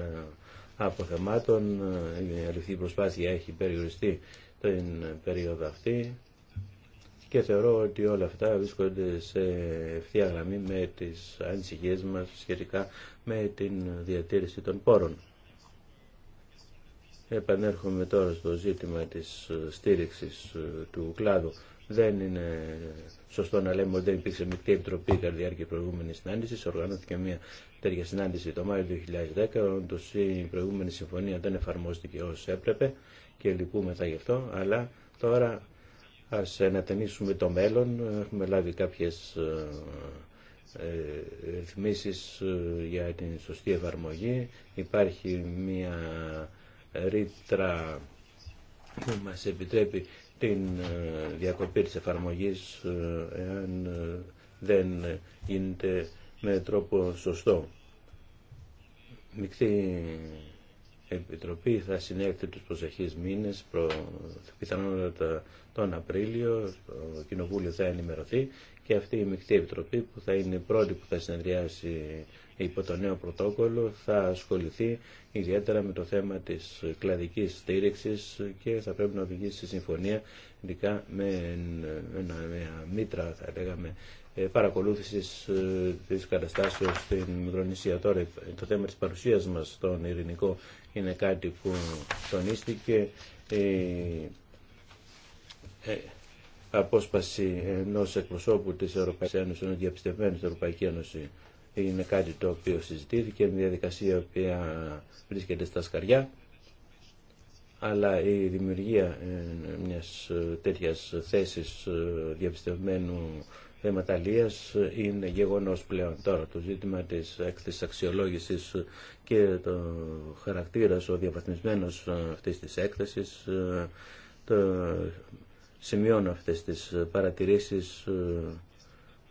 αποθεμάτων. Η αληθή προσπάθεια έχει περιοριστεί την περίοδο αυτή και θεωρώ ότι όλα αυτά βρίσκονται σε ευθεία γραμμή με τις ανησυχίες μας σχετικά με την διατήρηση των πόρων. Επανέρχομαι τώρα στο ζήτημα της στήριξης ε, του κλάδου. Δεν είναι σωστό να λέμε ότι δεν υπήρξε μεικτή επιτροπή κατά τη διάρκεια προηγούμενη συνάντηση. Οργανώθηκε μια τέτοια συνάντηση το Μάιο του 2010. Όντω η προηγούμενη συμφωνία δεν εφαρμόστηκε όσο έπρεπε και λυπούμεθα γι' αυτό. Αλλά τώρα Ας ανατενίσουμε το μέλλον. Έχουμε λάβει κάποιες ε, ε, ρυθμίσει ε, για την σωστή εφαρμογή. Υπάρχει μια ρήτρα που μας επιτρέπει την διακοπή της εφαρμογής εάν δεν γίνεται με τρόπο σωστό. Μικτή Επιτροπή θα συνέλθει τους προσεχείς μήνες, προ... πιθανότατα τον Απρίλιο, το Κοινοβούλιο θα ενημερωθεί και αυτή η μεικτή επιτροπή που θα είναι η πρώτη που θα συνεδριάσει υπό το νέο πρωτόκολλο θα ασχοληθεί ιδιαίτερα με το θέμα της κλαδικής στήριξης και θα πρέπει να οδηγήσει στη συμφωνία ειδικά με μια μήτρα θα λέγαμε ε, παρακολούθησης ε, τη καταστάσεω στην Μικρονησία. Τώρα ε, το θέμα τη παρουσίας μας στον Ειρηνικό είναι κάτι που τονίστηκε. απόσπαση ενό εκπροσώπου τη Ευρωπαϊκή Ένωση ενό διαπιστευμένου στην Ευρωπαϊκή Ένωση είναι κάτι το οποίο συζητήθηκε, μια διαδικασία η οποία βρίσκεται στα σκαριά, αλλά η δημιουργία μιας τέτοιας θέσης διαπιστευμένου αιματαλίας είναι γεγονός πλέον. Τώρα το ζήτημα της αξιολόγησης και το χαρακτήρα ο διαβαθμισμένος αυτής της έκθεσης το σημειώνω αυτές τις παρατηρήσεις ε,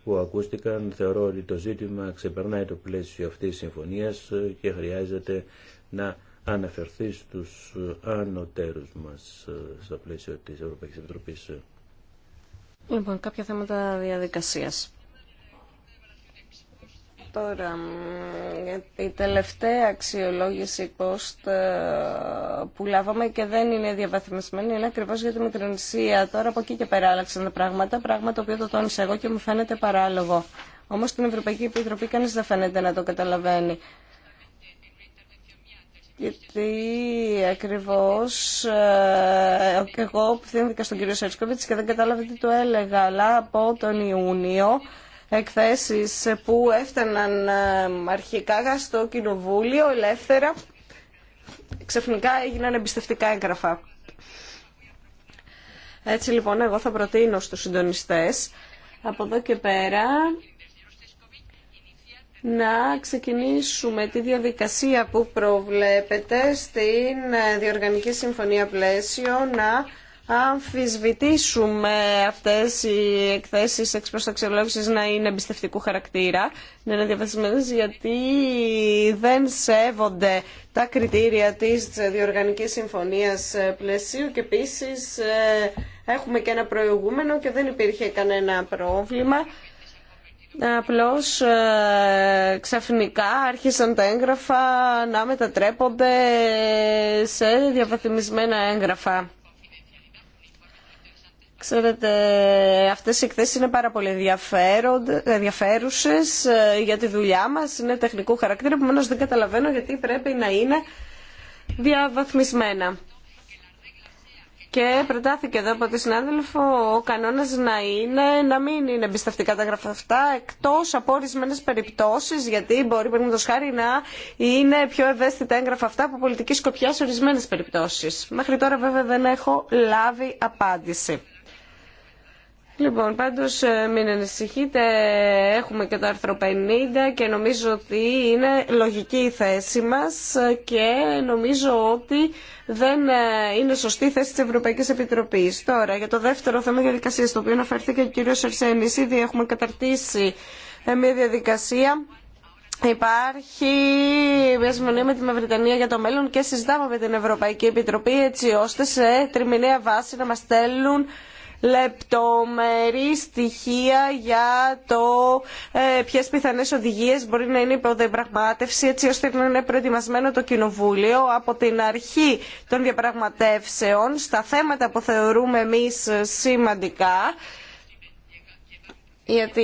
που ακούστηκαν. Θεωρώ ότι το ζήτημα ξεπερνάει το πλαίσιο αυτής της συμφωνίας και χρειάζεται να αναφερθεί στους ανωτέρους μας ε, στο πλαίσιο της Ευρωπαϊκής Επιτροπής. Λοιπόν, κάποια θέματα διαδικασίας. Τώρα, η τελευταία αξιολόγηση post ε, που λάβαμε και δεν είναι διαβαθμισμένη είναι ακριβώ για τη Μικρονησία. Τώρα από εκεί και πέρα άλλαξαν τα πράγματα, πράγμα το οποίο το τόνισα εγώ και μου φαίνεται παράλογο. Όμω στην Ευρωπαϊκή Επιτροπή κανεί δεν φαίνεται να το καταλαβαίνει γιατί ακριβώς ε, εγώ πιθύνθηκα στον κύριο Σέρσκοβιτς και δεν κατάλαβα τι του έλεγα, αλλά από τον Ιούνιο εκθέσεις που έφταναν ε, αρχικά στο Κοινοβούλιο ελεύθερα, ξαφνικά έγιναν εμπιστευτικά έγγραφα. Έτσι λοιπόν εγώ θα προτείνω στους συντονιστές από εδώ και πέρα να ξεκινήσουμε τη διαδικασία που προβλέπετε στην Διοργανική Συμφωνία Πλαίσιο να αμφισβητήσουμε αυτές οι εκθέσεις εξ προσταξιολόγησης να είναι εμπιστευτικού χαρακτήρα, να είναι διαβασμένες γιατί δεν σέβονται τα κριτήρια της Διοργανικής Συμφωνίας Πλαισίου και επίσης ε, έχουμε και ένα προηγούμενο και δεν υπήρχε κανένα πρόβλημα Απλώς ε, ξαφνικά άρχισαν τα έγγραφα να μετατρέπονται σε διαβαθμισμένα έγγραφα. Ξέρετε, αυτές οι εκθέσεις είναι πάρα πολύ ενδιαφέρουσες ε, για τη δουλειά μας, είναι τεχνικού χαρακτήρα, επομένως δεν καταλαβαίνω γιατί πρέπει να είναι διαβαθμισμένα. Και προτάθηκε εδώ από τη συνάδελφο ο κανόνα να είναι να μην είναι εμπιστευτικά τα γραφεία αυτά, εκτό από ορισμένε περιπτώσει, γιατί μπορεί, παραδείγματο χάρη, να είναι πιο ευαίσθητα έγγραφα αυτά από πολιτική σκοπιά σε ορισμένε περιπτώσει. Μέχρι τώρα, βέβαια, δεν έχω λάβει απάντηση. Λοιπόν, πάντως ε, μην ανησυχείτε, έχουμε και το άρθρο 50 και νομίζω ότι είναι λογική η θέση μας ε, και νομίζω ότι δεν ε, είναι σωστή η θέση της Ευρωπαϊκής Επιτροπής. Τώρα, για το δεύτερο θέμα διαδικασία, το οποίο αναφέρθηκε ο κύριος Σερσένη, ήδη έχουμε καταρτήσει μια διαδικασία Υπάρχει μια συμφωνία με τη Μαυριτανία για το μέλλον και συζητάμε με την Ευρωπαϊκή Επιτροπή έτσι ώστε σε τριμηνέα βάση να μας στέλνουν λεπτομερή στοιχεία για το ε, ποιες πιθανές οδηγίες μπορεί να είναι υποδεπραγμάτευση έτσι ώστε να είναι προετοιμασμένο το Κοινοβούλιο από την αρχή των διαπραγματεύσεων στα θέματα που θεωρούμε εμείς σημαντικά γιατί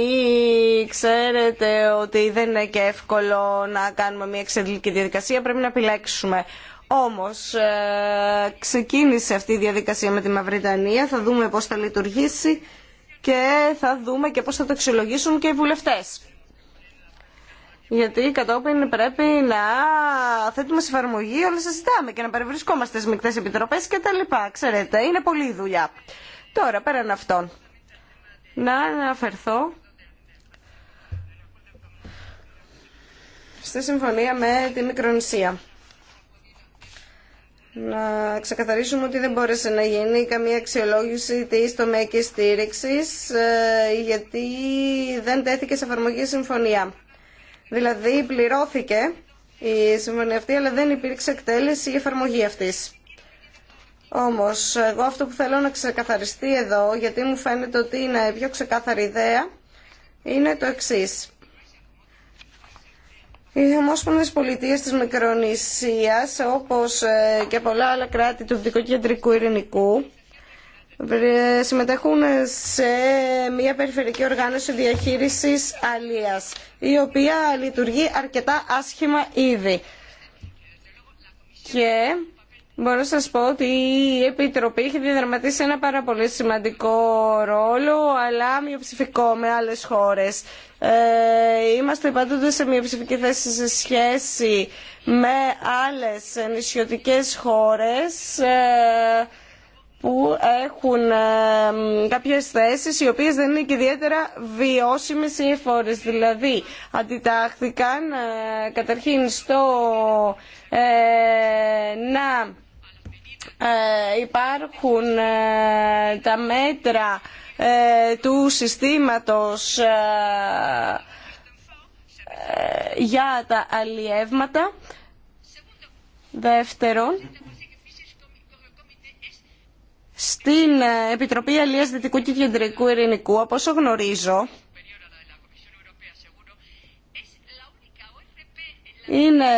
ξέρετε ότι δεν είναι και εύκολο να κάνουμε μια εξαιρετική διαδικασία, πρέπει να επιλέξουμε. Όμως ε, ξεκίνησε αυτή η διαδικασία με τη Μαυριτανία, θα δούμε πώς θα λειτουργήσει και θα δούμε και πώς θα το αξιολογήσουν και οι βουλευτές. Γιατί κατόπιν πρέπει να θέτουμε σε εφαρμογή όλα συζητάμε και να παρευρισκόμαστε στις μικτές επιτροπές και τα λοιπά. Ξέρετε, είναι πολλή δουλειά. Τώρα, πέραν αυτών, να αναφερθώ στη συμφωνία με τη Μικρονησία να ξεκαθαρίσουμε ότι δεν μπόρεσε να γίνει καμία αξιολόγηση της τομέκης στήριξη, ε, γιατί δεν τέθηκε σε εφαρμογή συμφωνία. Δηλαδή πληρώθηκε η συμφωνία αυτή αλλά δεν υπήρξε εκτέλεση ή εφαρμογή αυτής. Όμως εγώ αυτό που θέλω να ξεκαθαριστεί εδώ γιατί μου φαίνεται ότι είναι πιο ξεκάθαρη ιδέα είναι το εξής οι Ομόσπονδες Πολιτείες της Μικρονησίας, όπως ε, και πολλά άλλα κράτη του δικοκεντρικού Ειρηνικού, συμμετέχουν σε μια περιφερειακή οργάνωση διαχείρισης αλίας, η οποία λειτουργεί αρκετά άσχημα ήδη. Και Μπορώ να σας πω ότι η Επιτροπή έχει διαδραματίσει ένα πάρα πολύ σημαντικό ρόλο, αλλά μειοψηφικό με άλλες χώρες. Ε, είμαστε πάντοτε σε μειοψηφική θέση σε σχέση με άλλες νησιωτικές χώρες ε, που έχουν ε, κάποιες θέσεις οι οποίες δεν είναι και ιδιαίτερα βιώσιμες ή εφόρες. Δηλαδή, αντιτάχθηκαν ε, καταρχήν στο ε, ε, υπάρχουν ε, τα μέτρα ε, του συστήματος για τα αλλιεύματα. Δεύτερον, στην Επιτροπή Αλλίας Δυτικού και Κεντρικού Ειρηνικού, όπως γνωρίζω, είναι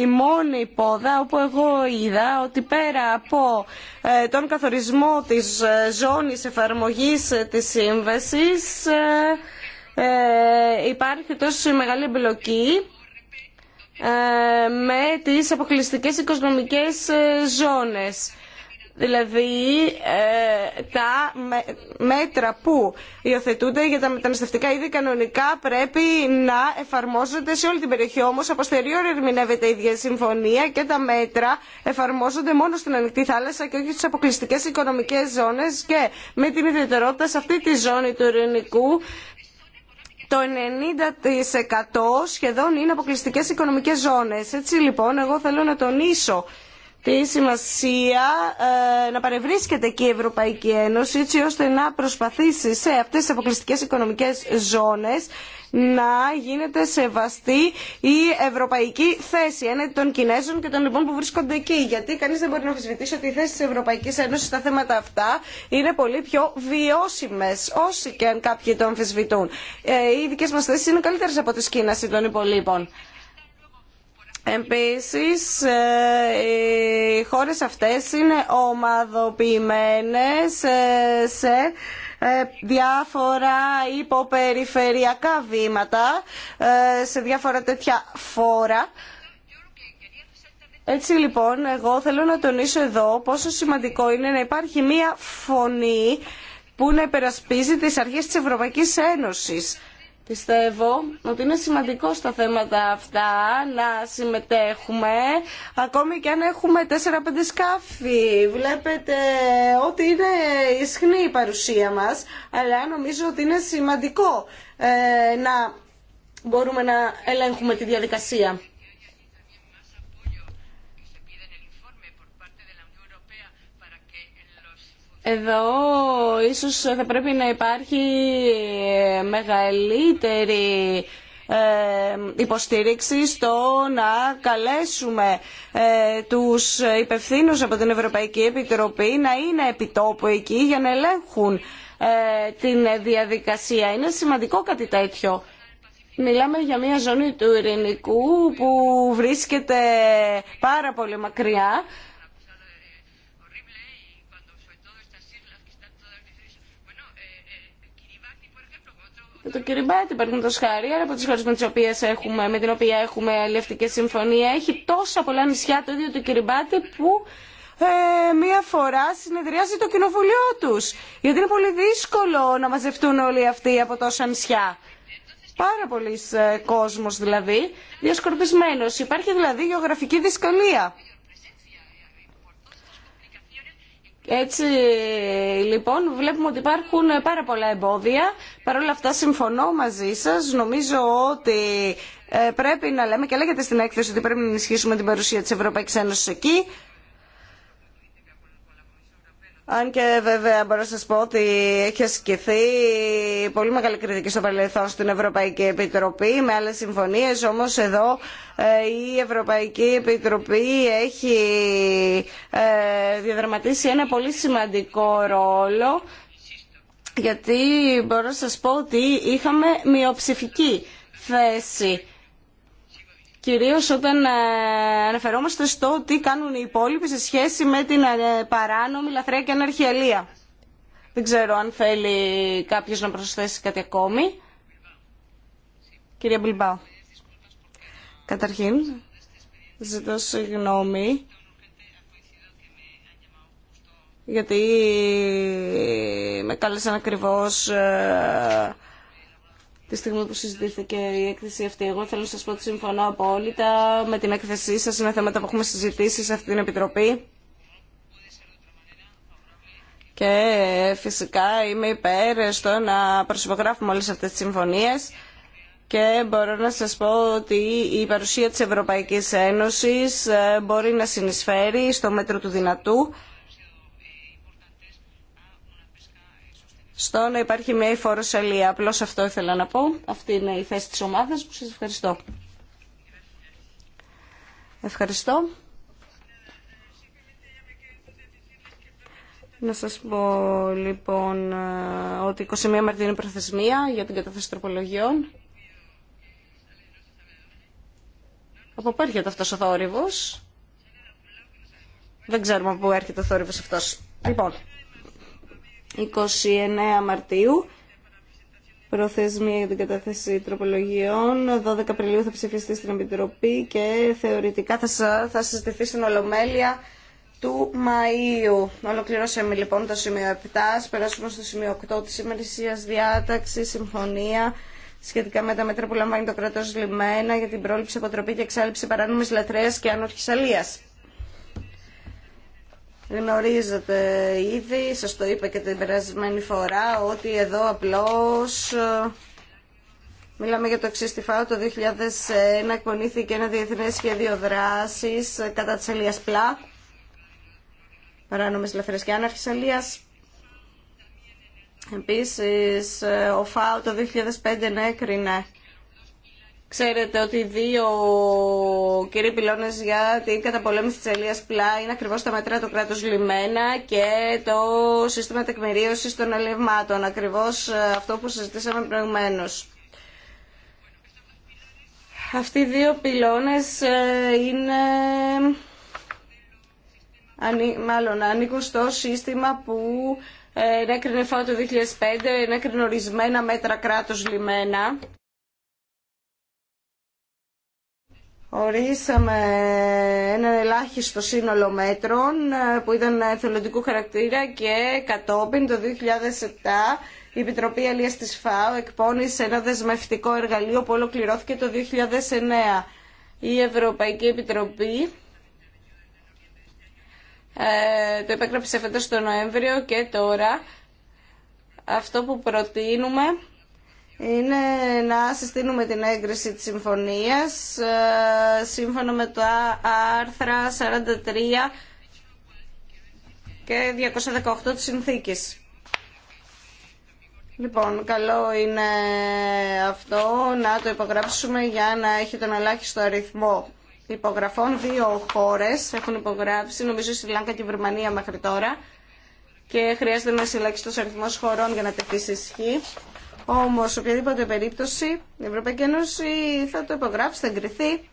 η μόνη πόδα όπου εγώ είδα ότι πέρα από ε, τον καθορισμό της ε, ζώνης εφαρμογής ε, της σύμβασης υπάρχει τόσο μεγάλη εμπλοκή με τις αποκλειστικές οικονομικές ζώνες δηλαδή ε, τα μέτρα που υιοθετούνται για τα μεταναστευτικά είδη κανονικά πρέπει να εφαρμόζονται σε όλη την περιοχή. Όμως, από ερμηνεύεται η ίδια συμφωνία και τα μέτρα εφαρμόζονται μόνο στην ανοιχτή θάλασσα και όχι στις αποκλειστικές οικονομικές ζώνες και με την ιδιαιτερότητα σε αυτή τη ζώνη του ειρηνικού το 90% σχεδόν είναι αποκλειστικές οικονομικές ζώνες. Έτσι λοιπόν εγώ θέλω να τονίσω τη σημασία ε, να παρευρίσκεται εκεί η Ευρωπαϊκή Ένωση έτσι ώστε να προσπαθήσει σε αυτές τις αποκλειστικές οικονομικές ζώνες να γίνεται σεβαστή η ευρωπαϊκή θέση έναντι των Κινέζων και των λοιπόν που βρίσκονται εκεί. Γιατί κανεί δεν μπορεί να αμφισβητήσει ότι οι θέσει τη Ευρωπαϊκή Ένωση στα θέματα αυτά είναι πολύ πιο βιώσιμε, όσοι και αν κάποιοι το αμφισβητούν. Ε, οι δικέ μα θέσει είναι καλύτερε από τη Κίνα ή των υπολείπων. Επίσης, ε, οι χώρες αυτές είναι ομαδοποιημένες ε, σε ε, διάφορα υποπεριφερειακά βήματα, σε διάφορα τέτοια φόρα. Έτσι λοιπόν, εγώ θέλω να τονίσω εδώ πόσο σημαντικό είναι να υπάρχει μία φωνή που να υπερασπίζει τις αρχές της Ευρωπαϊκής Ένωσης Πιστεύω ότι είναι σημαντικό στα θέματα αυτά να συμμετέχουμε, ακόμη και αν έχουμε 4-5 σκάφη. Βλέπετε ότι είναι ισχνή η παρουσία μας, αλλά νομίζω ότι είναι σημαντικό ε, να μπορούμε να ελέγχουμε τη διαδικασία. Εδώ ίσως θα πρέπει να υπάρχει μεγαλύτερη ε, υποστήριξη στο να καλέσουμε ε, τους υπευθύνους από την Ευρωπαϊκή Επιτροπή να είναι επιτόπου εκεί για να ελέγχουν ε, την διαδικασία. Είναι σημαντικό κάτι τέτοιο. Μιλάμε για μια ζώνη του ειρηνικού που βρίσκεται πάρα πολύ μακριά το Κυριμπάτι, παραδείγματο χάρη, αλλά από τι χώρε με, έχουμε, με την οποία έχουμε αλληλευτική συμφωνία, έχει τόσα πολλά νησιά το ίδιο το Κυριμπάτι που ε, μία φορά συνεδριάζει το κοινοβουλίο του. Γιατί είναι πολύ δύσκολο να μαζευτούν όλοι αυτοί από τόσα νησιά. Πάρα πολλοί ε, κόσμος δηλαδή, διασκορπισμένος. Υπάρχει δηλαδή γεωγραφική δυσκολία. Έτσι λοιπόν βλέπουμε ότι υπάρχουν πάρα πολλά εμπόδια. Παρ' όλα αυτά συμφωνώ μαζί σας. Νομίζω ότι ε, πρέπει να λέμε και λέγεται στην έκθεση ότι πρέπει να ενισχύσουμε την παρουσία της Ευρωπαϊκής Ένωσης εκεί. Αν και βέβαια μπορώ να σας πω ότι έχει ασκηθεί πολύ μεγάλη κριτική στο παρελθόν στην Ευρωπαϊκή Επιτροπή με άλλες συμφωνίες, όμως εδώ ε, η Ευρωπαϊκή Επιτροπή έχει ε, διαδραματίσει ένα πολύ σημαντικό ρόλο γιατί μπορώ να σας πω ότι είχαμε μειοψηφική θέση κυρίως όταν ε, αναφερόμαστε στο τι κάνουν οι υπόλοιποι σε σχέση με την ε, παράνομη λαθρέα και αναρχιαλία. Δεν ξέρω αν θέλει κάποιος να προσθέσει κάτι ακόμη. Κυρία Μπιλμπάου. Καταρχήν, ζητώ συγγνώμη γιατί με κάλεσαν ακριβώς ε, τη στιγμή που συζητήθηκε η έκθεση αυτή. Εγώ θέλω να σα πω ότι συμφωνώ απόλυτα με την έκθεσή σας. Είναι θέματα που έχουμε συζητήσει σε αυτή την Επιτροπή. Και ε, φυσικά είμαι υπέρ στο να προσυπογράφουμε όλες αυτές τις συμφωνίες και μπορώ να σας πω ότι η παρουσία της Ευρωπαϊκής Ένωσης ε, μπορεί να συνεισφέρει στο μέτρο του δυνατού στο να υπάρχει μια εφόρο αλία. Απλώ αυτό ήθελα να πω. Αυτή είναι η θέση τη ομάδα μου. Σα ευχαριστώ. Ευχαριστώ. Να σας πω λοιπόν ότι 21 Μαρτίου είναι προθεσμία για την κατάθεση τροπολογιών. Από πού έρχεται αυτός ο θόρυβος. Δεν ξέρουμε από πού έρχεται ο θόρυβος αυτός. Λοιπόν, 29 Μαρτίου. Προθεσμία για την κατάθεση τροπολογιών. 12 Απριλίου θα ψηφιστεί στην Επιτροπή και θεωρητικά θα, θα συζητηθεί στην Ολομέλεια του Μαΐου. Ολοκληρώσαμε λοιπόν το σημείο 7. Περάσουμε στο σημείο 8 της ημερησίας διάταξη, συμφωνία σχετικά με τα μέτρα που λαμβάνει το κρατός λιμένα για την πρόληψη, αποτροπή και εξάλληψη παράνομης λατρείας και άνορχης αλίας. Γνωρίζετε ήδη, σας το είπα και την περασμένη φορά, ότι εδώ απλώς ε, Μιλάμε για το εξιστιφάο το 2001 εκπονήθηκε ένα διεθνές σχέδιο δράσης ε, κατά της Ελίας Πλά, παράνομες ελευθερές και άναρχης Αλίας. Επίσης, ε, ο ΦΑΟ το 2005 έκρινε Ξέρετε ότι οι δύο κύριοι πυλώνε για την καταπολέμηση της ελία πλά είναι ακριβώς τα μέτρα του κράτους λιμένα και το σύστημα τεκμηρίωσης των ελευμάτων, ακριβώ αυτό που συζητήσαμε προηγουμένως. Αυτοί οι δύο πυλώνες ε, είναι μάλλον ανήκουν στο σύστημα που ε, ενέκρινε φάω το 2005, ενέκρινε ορισμένα μέτρα κράτος λιμένα Ορίσαμε ένα ελάχιστο σύνολο μέτρων ε, που ήταν εθελοντικού χαρακτήρα και κατόπιν το 2007 η Επιτροπή Αλίας της ΦΑΟ εκπώνησε ένα δεσμευτικό εργαλείο που ολοκληρώθηκε το 2009. Η Ευρωπαϊκή Επιτροπή ε, το επέγραψε φέτος το Νοέμβριο και τώρα αυτό που προτείνουμε είναι να συστήνουμε την έγκριση της συμφωνίας ε, σύμφωνα με το άρθρα 43 και 218 της συνθήκης. Λοιπόν, καλό είναι αυτό να το υπογράψουμε για να έχει τον ελάχιστο αριθμό υπογραφών. Δύο χώρες έχουν υπογράψει, νομίζω η Σιλάνκα και η Βερμανία μέχρι τώρα και χρειάζεται να συλλέξει ελάχιστο αριθμό χωρών για να τεθεί σε όμως, οποιαδήποτε περίπτωση, η Ευρωπαϊκή Ένωση θα το υπογράψει, θα εγκριθεί.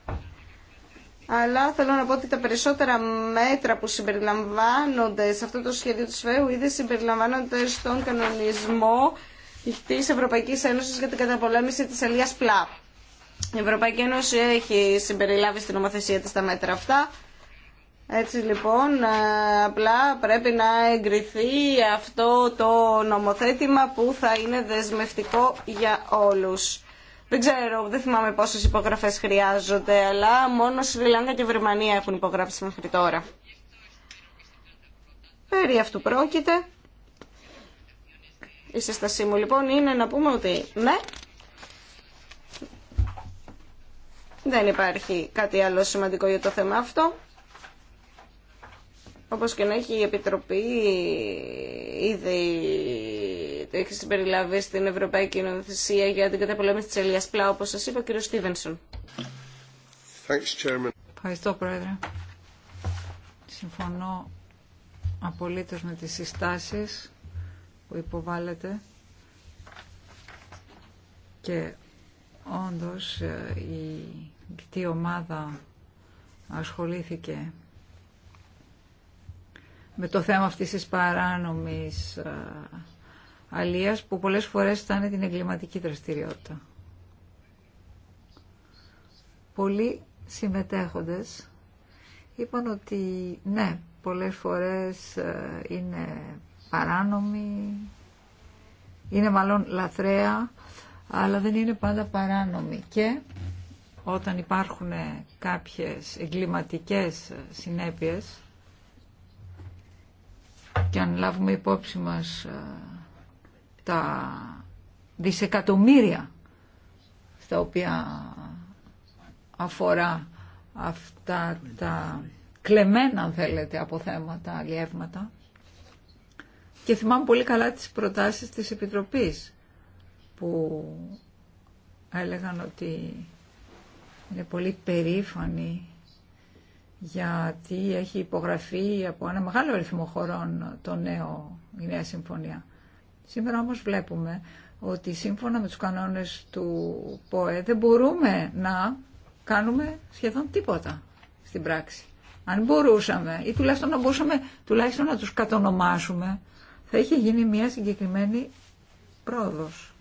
Αλλά θέλω να πω ότι τα περισσότερα μέτρα που συμπεριλαμβάνονται σε αυτό το σχέδιο του ΣΦΕΟΥ ήδη συμπεριλαμβάνονται στον κανονισμό τη Ευρωπαϊκή Ένωσης για την καταπολέμηση της Αλίας Πλά. Η Ευρωπαϊκή Ένωση έχει συμπεριλάβει στην ομοθεσία της τα μέτρα αυτά έτσι λοιπόν, ε, απλά πρέπει να εγκριθεί αυτό το νομοθέτημα που θα είναι δεσμευτικό για όλους. Δεν ξέρω, δεν θυμάμαι πόσες υπογραφές χρειάζονται, αλλά μόνο Σρι Λάγκα και Βερμανία έχουν υπογράψει μέχρι τώρα. Περί αυτού πρόκειται. Η συστασή μου λοιπόν είναι να πούμε ότι ναι, δεν υπάρχει κάτι άλλο σημαντικό για το θέμα αυτό. Όπως και να έχει η Επιτροπή ήδη το έχει συμπεριλάβει στην Ευρωπαϊκή Νομοθεσία για την καταπολέμηση της ελίας πλά, όπως σας είπε ο κ. Στίβενσον. Ευχαριστώ, Πρόεδρε. Συμφωνώ απολύτως με τις συστάσεις που υποβάλλεται και όντως ε, η δικτή ομάδα ασχολήθηκε με το θέμα αυτής της παράνομης αλίας που πολλές φορές ήταν την εγκληματική δραστηριότητα. Πολλοί συμμετέχοντες είπαν ότι ναι, πολλές φορές είναι παράνομη, είναι μάλλον λαθρέα, αλλά δεν είναι πάντα παράνομη. Και όταν υπάρχουν κάποιες εγκληματικές συνέπειες, και αν λάβουμε υπόψη μας ε, τα δισεκατομμύρια στα οποία αφορά αυτά τα κλεμμένα αν θέλετε από θέματα, αλλιεύματα και θυμάμαι πολύ καλά τις προτάσεις της Επιτροπής που έλεγαν ότι είναι πολύ περήφανοι γιατί έχει υπογραφεί από ένα μεγάλο αριθμό χωρών το νέο, η νέα συμφωνία. Σήμερα όμως βλέπουμε ότι σύμφωνα με τους κανόνες του ΠΟΕ δεν μπορούμε να κάνουμε σχεδόν τίποτα στην πράξη. Αν μπορούσαμε ή τουλάχιστον να μπορούσαμε τουλάχιστον να τους κατονομάσουμε θα είχε γίνει μια συγκεκριμένη πρόοδος.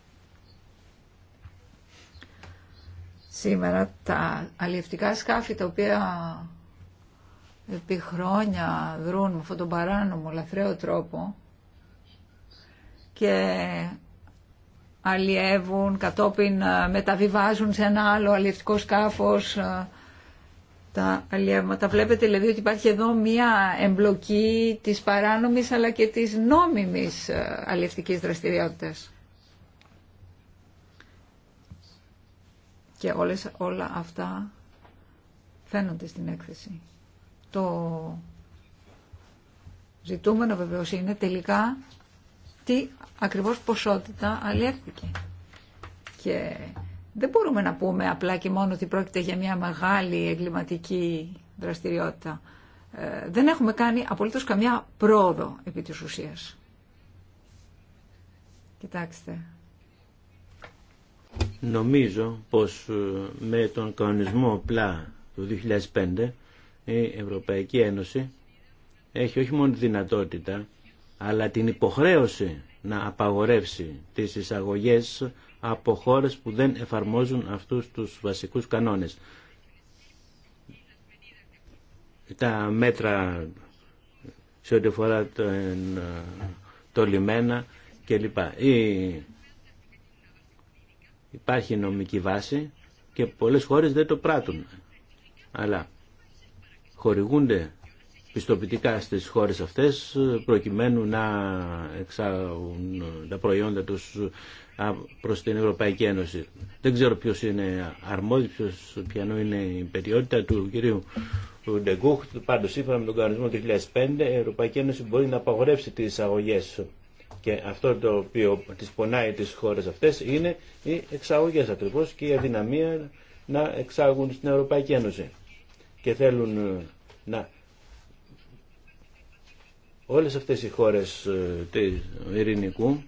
Σήμερα τα αλλιευτικά σκάφη τα οποία επί χρόνια δρούν με αυτόν τον παράνομο λαθρέο τρόπο και αλλιεύουν, κατόπιν ε, μεταβιβάζουν σε ένα άλλο αλλιευτικό σκάφος ε, τα αλλιεύματα. Βλέπετε δηλαδή ότι υπάρχει εδώ μία εμπλοκή της παράνομης αλλά και της νόμιμης ε, αλλιευτικής δραστηριότητας. Και όλες, όλα αυτά φαίνονται στην έκθεση. Το ζητούμενο βεβαίω είναι τελικά τι ακριβώς ποσότητα αλλιεύτηκε. Και δεν μπορούμε να πούμε απλά και μόνο ότι πρόκειται για μια μεγάλη εγκληματική δραστηριότητα. Ε, δεν έχουμε κάνει απολύτως καμιά πρόοδο επί της ουσίας. Κοιτάξτε. Νομίζω πως ε, με τον κανονισμό πλά του 2005 η Ευρωπαϊκή Ένωση έχει όχι μόνο τη δυνατότητα, αλλά την υποχρέωση να απαγορεύσει τις εισαγωγές από χώρες που δεν εφαρμόζουν αυτούς τους βασικούς κανόνες. Τα μέτρα σε ό,τι αφορά το λιμένα κλπ. Υπάρχει νομική βάση και πολλές χώρες δεν το πράττουν. Αλλά χορηγούνται πιστοποιητικά στις χώρες αυτές προκειμένου να εξάγουν τα προϊόντα τους προς την Ευρωπαϊκή Ένωση. Δεν ξέρω ποιος είναι αρμόδιος, ποιος είναι η περιότητα του κυρίου Ντεγκούχ. Πάντως σύμφωνα με τον κανονισμό του 2005 η Ευρωπαϊκή Ένωση μπορεί να απαγορεύσει τις εισαγωγές και αυτό το οποίο τις πονάει τις χώρες αυτές είναι οι εξαγωγές ακριβώς και η αδυναμία να εξάγουν στην Ευρωπαϊκή Ένωση και θέλουν ε, να... Όλες αυτές οι χώρες ε, του ειρηνικού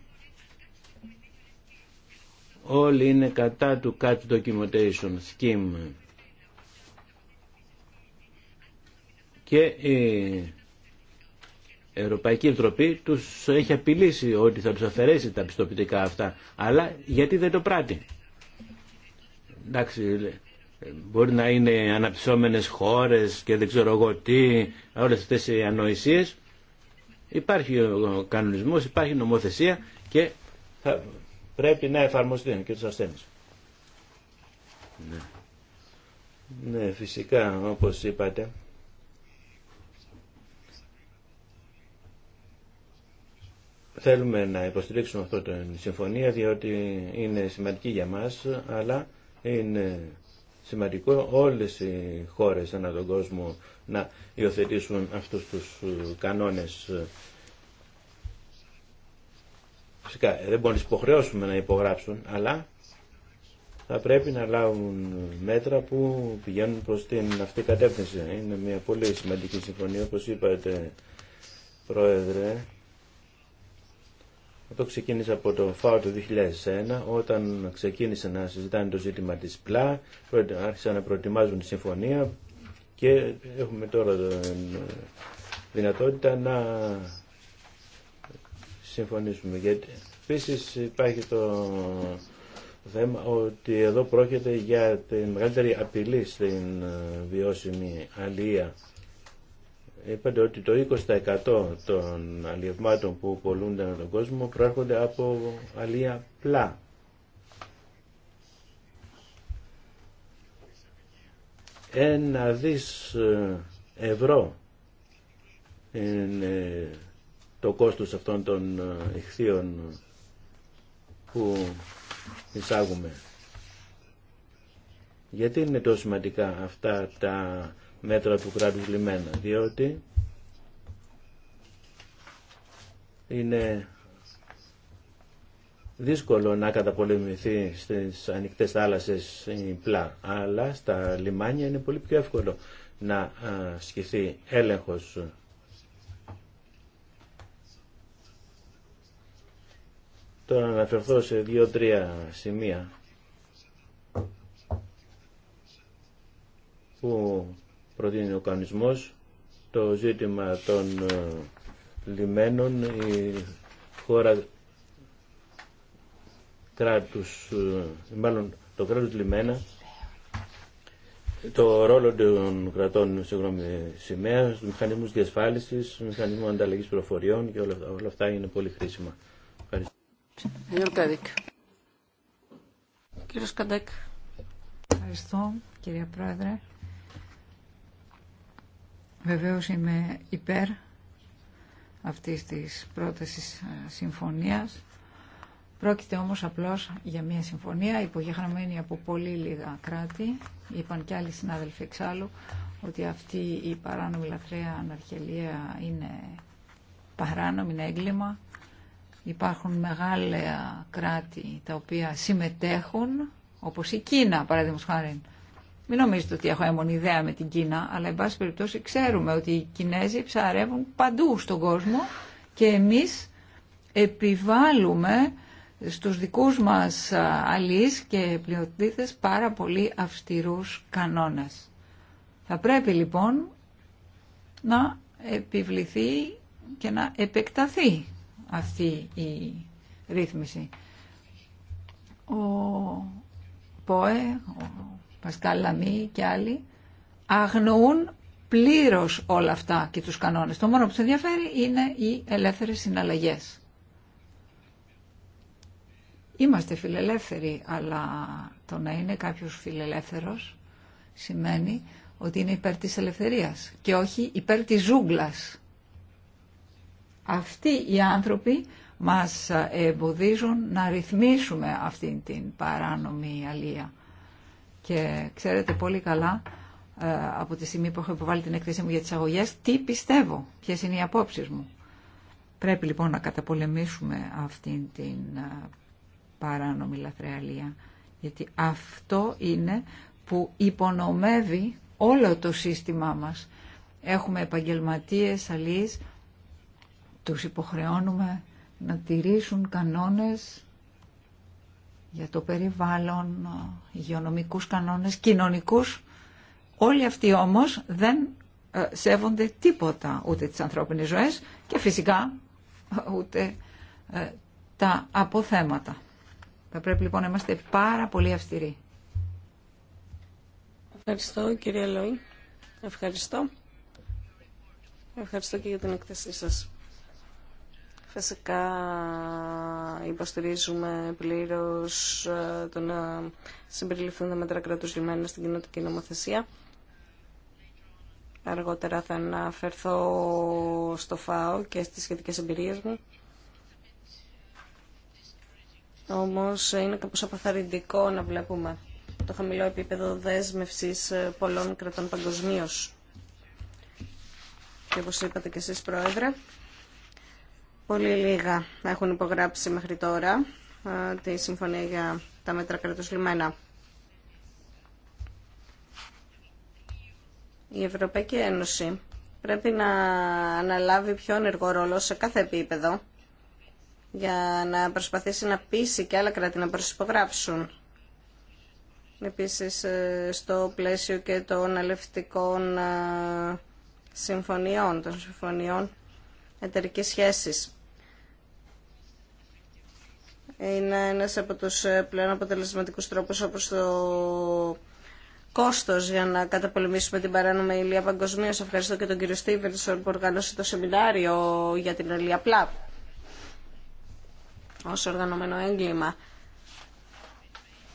όλοι είναι κατά του κάτι Documentation Scheme και η Ευρωπαϊκή Επιτροπή τους έχει απειλήσει ότι θα τους αφαιρέσει τα πιστοποιητικά αυτά αλλά γιατί δεν το πράττει εντάξει ε, μπορεί να είναι αναπτυσσόμενες χώρες και δεν ξέρω εγώ τι, όλες αυτές οι ανοησίες. Υπάρχει ο κανονισμός, υπάρχει νομοθεσία και πρέπει να εφαρμοστεί και τους ασθένους. Ναι. ναι, φυσικά όπως είπατε. Θέλουμε να υποστηρίξουμε αυτό την συμφωνία διότι είναι σημαντική για μας, αλλά είναι σημαντικό όλες οι χώρες ανά τον κόσμο να υιοθετήσουν αυτούς τους ε, κανόνες. Φυσικά ε, δεν μπορούμε να υποχρεώσουμε να υπογράψουν, αλλά θα πρέπει να λάβουν μέτρα που πηγαίνουν προς την αυτή κατεύθυνση. Είναι μια πολύ σημαντική συμφωνία, όπως είπατε, Πρόεδρε, αυτό ξεκίνησε από το ΦΑΟ του 2001, όταν ξεκίνησε να συζητάνε το ζήτημα της ΠΛΑ, άρχισαν να προετοιμάζουν τη συμφωνία και έχουμε τώρα την ε, δυνατότητα να συμφωνήσουμε. Γιατί επίση υπάρχει το θέμα ότι εδώ πρόκειται για τη μεγαλύτερη απειλή στην ε, βιώσιμη αλληλεία είπατε ότι το 20% των αλλιευμάτων που πολλούνται ανά τον κόσμο προέρχονται από αλλία πλά. Ένα δις ε, ευρώ είναι το κόστος αυτών των ε, ηχθείων που εισάγουμε. Γιατί είναι τόσο σημαντικά αυτά τα μέτρα του κράτους λιμένα, διότι είναι δύσκολο να καταπολεμηθεί στις ανοιχτές θάλασσες η πλά, αλλά στα λιμάνια είναι πολύ πιο εύκολο να σκηθεί έλεγχος Τώρα να αναφερθώ σε δύο-τρία σημεία που προτείνει ο κανονισμός, το ζήτημα των ε, λιμένων, η χώρα κράτους, ε, μάλλον το κράτος λιμένα, το ρόλο των κρατών συγγνώμη, σημαία, του μηχανισμού διασφάλιση, του μηχανισμού ανταλλαγή προφοριών και όλα, αυτά είναι πολύ χρήσιμα. Ευχαριστώ. Κύριος Καντέκ. Ευχαριστώ, κυρία Πρόεδρε. Βεβαίως είμαι υπέρ αυτής της πρότασης ε, συμφωνίας. Πρόκειται όμως απλώς για μια συμφωνία υπογεγραμμένη από πολύ λίγα κράτη. Είπαν και άλλοι συνάδελφοι εξάλλου ότι αυτή η παράνομη λαθρέα αναρχελία είναι παράνομη, είναι έγκλημα. Υπάρχουν μεγάλα κράτη τα οποία συμμετέχουν, όπως η Κίνα παραδείγματος χάρη, μην νομίζετε ότι έχω έμονη ιδέα με την Κίνα, αλλά εν πάση περιπτώσει ξέρουμε ότι οι Κινέζοι ψαρεύουν παντού στον κόσμο και εμείς επιβάλλουμε στους δικούς μας αλείς και πλειοτήτες πάρα πολύ αυστηρούς κανόνες. Θα πρέπει λοιπόν να επιβληθεί και να επεκταθεί αυτή η ρύθμιση. Ο ΠΟΕ, ο Πασκάλ Λαμή και άλλοι, αγνοούν πλήρω όλα αυτά και τους κανόνε. Το μόνο που τους ενδιαφέρει είναι οι ελεύθερε συναλλαγέ. Είμαστε φιλελεύθεροι, αλλά το να είναι κάποιο φιλελεύθερος σημαίνει ότι είναι υπέρ της ελευθερίας και όχι υπέρ της ζούγκλας. Αυτοί οι άνθρωποι μας εμποδίζουν να ρυθμίσουμε αυτήν την παράνομη αλία. Και ξέρετε πολύ καλά ε, από τη στιγμή που έχω υποβάλει την έκθεσή μου για τις αγωγές τι πιστεύω, ποιε είναι οι απόψει μου. Πρέπει λοιπόν να καταπολεμήσουμε αυτήν την ε, παράνομη λαθρεαλία γιατί αυτό είναι που υπονομεύει όλο το σύστημά μας. Έχουμε επαγγελματίες αλείς, τους υποχρεώνουμε να τηρήσουν κανόνες για το περιβάλλον, υγειονομικούς κανόνες, κοινωνικούς. Όλοι αυτοί όμως δεν ε, σέβονται τίποτα ούτε τις ανθρώπινες ζωές και φυσικά ε, ούτε ε, τα αποθέματα. Θα πρέπει λοιπόν να είμαστε πάρα πολύ αυστηροί. Ευχαριστώ κύριε Λόι. Ευχαριστώ. Ευχαριστώ και για την εκθεσή σας. Φυσικά υποστηρίζουμε πλήρως ε, το να συμπεριληφθούν τα μέτρα κρατούς λιμένα στην κοινωτική νομοθεσία. Αργότερα θα αναφερθώ στο ΦΑΟ και στις σχετικές εμπειρίες μου. Όμως είναι κάπως απαθαρρυντικό να βλέπουμε το χαμηλό επίπεδο δέσμευσης ε, πολλών κρατών παγκοσμίω. Και όπως είπατε και εσείς Πρόεδρε, Πολύ λίγα έχουν υπογράψει μέχρι τώρα ε, τη συμφωνία για τα μέτρα κράτους λιμένα. Η Ευρωπαϊκή Ένωση πρέπει να αναλάβει πιο ενεργό ρόλο σε κάθε επίπεδο για να προσπαθήσει να πείσει και άλλα κράτη να προσυπογράψουν. Επίσης, ε, στο πλαίσιο και των αλευτικών ε, συμφωνιών, των συμφωνιών εταιρικής σχέσης είναι ένας από τους ε, πλέον αποτελεσματικούς τρόπους όπως το κόστος για να καταπολεμήσουμε την παράνομη ηλία παγκοσμίω. Ευχαριστώ και τον κύριο Στίβενσον που οργάνωσε το σεμινάριο για την ηλία πλά ως οργανωμένο έγκλημα.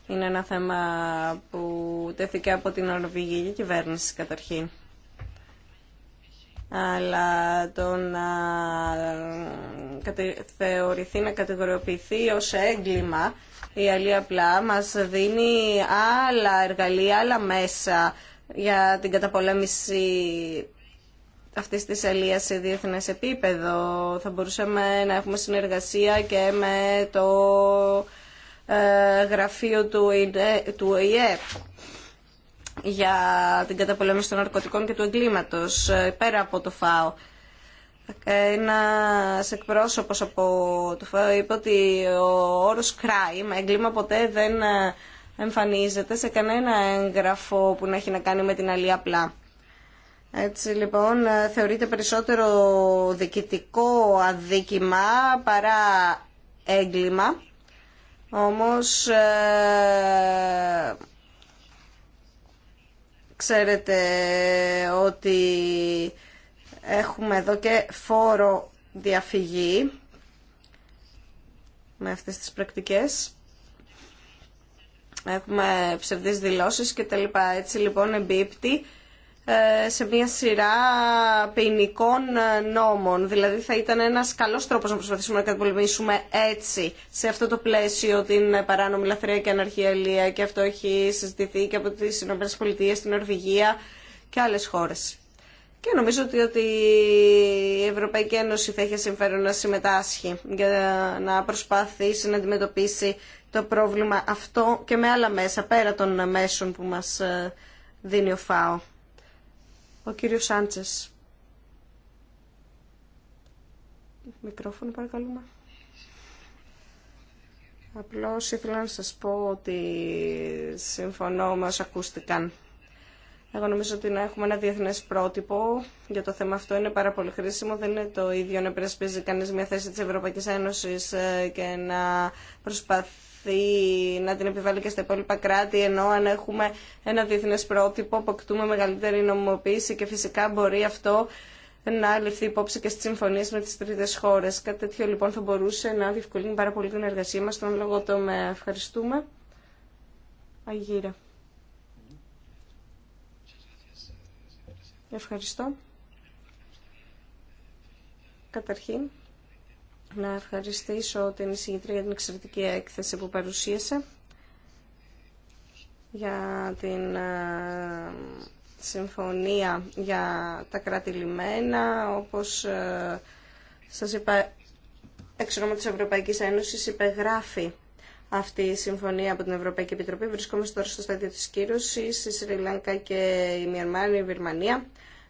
Είναι ένα θέμα που τέθηκε από την Ορβηγική κυβέρνηση καταρχήν αλλά το να ε, θεωρηθεί να κατηγοριοποιηθεί ως έγκλημα η άλλη απλά μας δίνει άλλα εργαλεία, άλλα μέσα για την καταπολέμηση αυτή τη αλία σε διεθνέ επίπεδο. Θα μπορούσαμε να έχουμε συνεργασία και με το ε, γραφείο του ΟΗΕ για την καταπολέμηση των ναρκωτικών και του εγκλήματος ε, πέρα από το ΦΑΟ. Ε, Ένα εκπρόσωπο από το ΦΑΟ είπε ότι ο όρος crime, εγκλήμα ποτέ δεν ε, εμφανίζεται σε κανένα έγγραφο που να έχει να κάνει με την άλλη απλά. Έτσι λοιπόν θεωρείται περισσότερο διοικητικό αδίκημα παρά έγκλημα. Όμως Ξέρετε ότι έχουμε εδώ και φόρο διαφυγή με αυτές τις πρακτικές. Έχουμε ψευδείς δηλώσεις και τα λοιπά. Έτσι λοιπόν εμπίπτει ε, σε μια σειρά ποινικών ε, νόμων. Δηλαδή θα ήταν ένας καλός τρόπος να προσπαθήσουμε να καταπολεμήσουμε έτσι σε αυτό το πλαίσιο την ε, παράνομη λαθρεία και αναρχιαλία και αυτό έχει συζητηθεί και από τις ΗΠΑ, την Ορβηγία και άλλες χώρες. Και νομίζω ότι, ότι η Ευρωπαϊκή Ένωση θα έχει συμφέρον να συμμετάσχει για να προσπαθήσει να αντιμετωπίσει το πρόβλημα αυτό και με άλλα μέσα πέρα των μέσων που μας δίνει ο ΦΑΟ. Ο κύριος Σάντσες. Μικρόφωνο παρακαλούμε. Απλώς ήθελα να σας πω ότι συμφωνώ μας ακούστηκαν. Εγώ νομίζω ότι να έχουμε ένα διεθνέ πρότυπο για το θέμα αυτό είναι πάρα πολύ χρήσιμο. Δεν είναι το ίδιο να υπερασπίζει κανεί μια θέση τη Ευρωπαϊκή Ένωση ε, και να προσπαθεί να την επιβάλλει και στα υπόλοιπα κράτη. Ενώ αν έχουμε ένα διεθνέ πρότυπο, αποκτούμε μεγαλύτερη νομιμοποίηση και φυσικά μπορεί αυτό να ληφθεί υπόψη και στι συμφωνίε με τι τρίτε χώρε. Κάτι τέτοιο λοιπόν θα μπορούσε να διευκολύνει πάρα πολύ την εργασία μα στον λόγο το με Ευχαριστούμε. Αγύρα. Ευχαριστώ. Καταρχήν, να ευχαριστήσω την εισηγητρία την εξαιρετική έκθεση που παρουσίασε για την ε, συμφωνία για τα κράτη λιμένα, όπως ε, σας είπα, εξ ονόμα της Ευρωπαϊκής Ένωσης υπεγράφει αυτή η συμφωνία από την Ευρωπαϊκή Επιτροπή. Βρισκόμαστε τώρα στο στάδιο της κύρωσης, η Σρι Λάνκα και η Μιανμάρ, η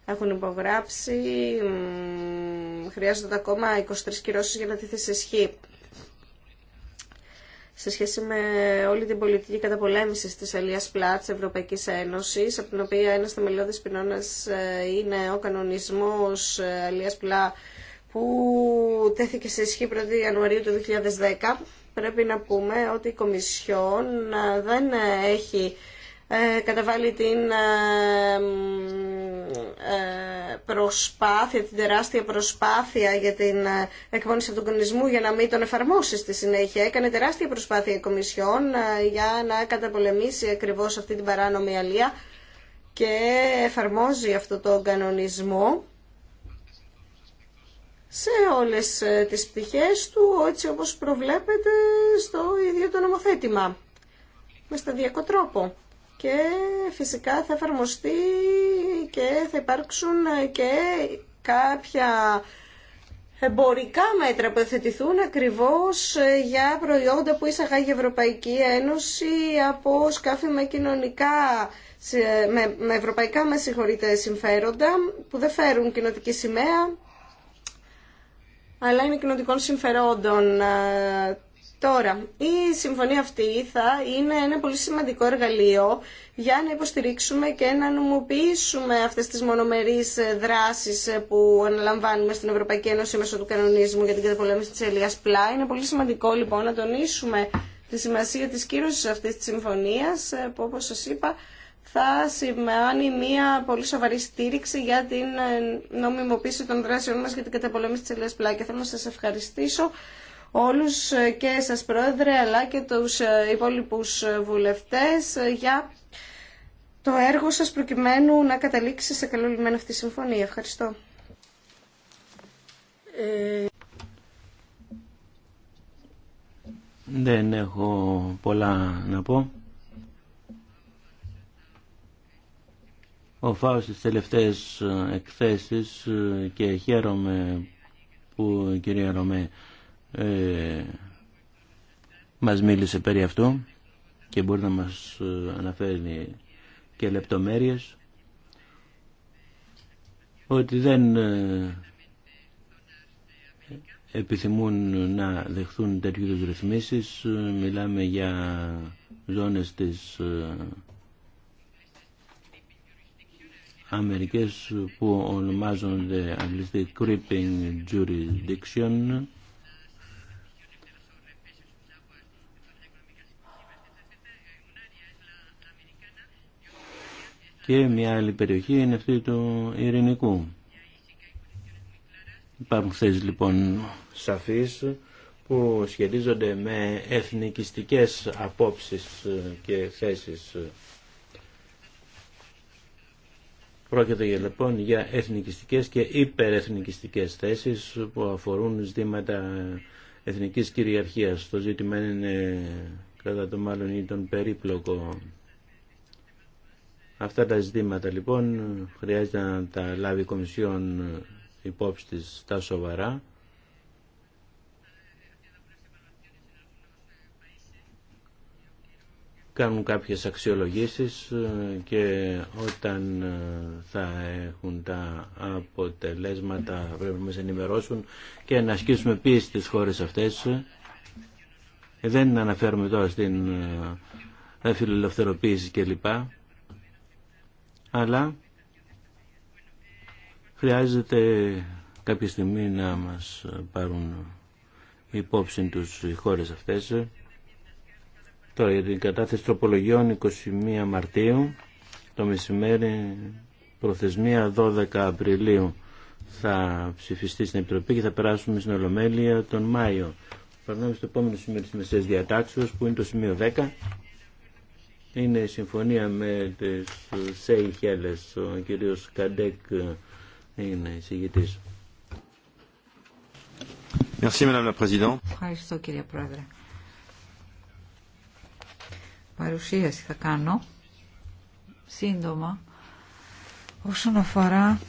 έχουν υπογράψει. Χρειάζονται ακόμα 23 κυρώσεις για να τήθει σε ισχύ. Σε σχέση με όλη την πολιτική καταπολέμηση τη Ελία Πλάτ τη Ευρωπαϊκή Ένωση, από την οποία ένα θεμελιώδη πυλώνα ε, είναι ο κανονισμό Ελία Πλά που τέθηκε σε ισχύ 1η Ιανουαρίου του 2010, πρέπει να πούμε ότι η Κομισιόν ε, δεν έχει ε, καταβάλει την ε, ε, προσπάθεια, την τεράστια προσπάθεια για την εκπόνηση του κονισμού για να μην τον εφαρμόσει στη συνέχεια. Έκανε τεράστια προσπάθεια η Κομισιόν για να καταπολεμήσει ακριβώς αυτή την παράνομη αλία και εφαρμόζει αυτό το κανονισμό σε όλες τις πτυχές του, έτσι όπως προβλέπεται στο ίδιο το νομοθέτημα, με σταδιακό τρόπο και φυσικά θα εφαρμοστεί και θα υπάρξουν και κάποια εμπορικά μέτρα που εθετηθούν ακριβώς ε, για προϊόντα που εισαγάγει η Ευρωπαϊκή Ένωση από σκάφη με κοινωνικά, με, με ευρωπαϊκά με συμφέροντα που δεν φέρουν κοινοτική σημαία αλλά είναι κοινωνικών συμφερόντων. Ε, Τώρα, η συμφωνία αυτή θα είναι ένα πολύ σημαντικό εργαλείο για να υποστηρίξουμε και να νομοποιήσουμε αυτές τις μονομερείς δράσεις που αναλαμβάνουμε στην Ευρωπαϊκή Ένωση μέσω του κανονισμού για την καταπολέμηση της ελίας πλά. Είναι πολύ σημαντικό λοιπόν να τονίσουμε τη σημασία της κύρωσης αυτής της συμφωνίας που όπως σας είπα θα σημαίνει μια πολύ σοβαρή στήριξη για την νομιμοποίηση των δράσεων μας για την καταπολέμηση της ελίας πλά. Και θέλω να σας ευχαριστήσω όλους και σας πρόεδρε αλλά και τους ε, υπόλοιπους ε, βουλευτές ε, για το έργο σας προκειμένου να καταλήξει σε καλό λιμένο αυτή η συμφωνία. Ευχαριστώ. Δεν έχω πολλά να πω. Ο Φάου στις τελευταίες εκθέσεις και χαίρομαι που κυρία Ρωμέ ε, μας μίλησε περί αυτού και μπορεί να μας ε, αναφέρει και λεπτομέρειες ότι δεν ε, επιθυμούν να δεχθούν τέτοιου είδους ρυθμίσεις. Ε, μιλάμε για ζώνες της Αμερικές που ονομάζονται αγγλιστή Creeping Jurisdiction και μια άλλη περιοχή είναι αυτή του Ειρηνικού. Υπάρχουν θέσει λοιπόν σαφείς που σχετίζονται με εθνικιστικές απόψεις και θέσεις. Πρόκειται λοιπόν για εθνικιστικές και υπερεθνικιστικές θέσεις που αφορούν ζητήματα εθνικής κυριαρχίας. Το ζήτημα είναι κατά το μάλλον ή τον περίπλοκο Αυτά τα ζητήματα λοιπόν χρειάζεται να τα λάβει η Κομισιόν υπόψη της τα σοβαρά. Κάνουν κάποιες αξιολογήσεις ε, και όταν ε, θα έχουν τα αποτελέσματα πρέπει να μας ενημερώσουν και να ασκήσουμε πίεση στις χώρες αυτές. Ε, δεν αναφέρουμε τώρα στην και κλπ αλλά χρειάζεται κάποια στιγμή να μας πάρουν υπόψη τους οι χώρες αυτές. Τώρα για την κατάθεση τροπολογιών 21 Μαρτίου, το μεσημέρι προθεσμία 12 Απριλίου θα ψηφιστεί στην Επιτροπή και θα περάσουμε στην Ολομέλεια τον Μάιο. Περνάμε στο επόμενο σημείο της Διατάξεως που είναι το σημείο 10 είναι η συμφωνία με τις Σέιχελες. Ο κύριος Καντέκ είναι εισηγητής. Ευχαριστώ κύριε Πρόεδρε. Παρουσίαση θα κάνω σύντομα όσον αφορά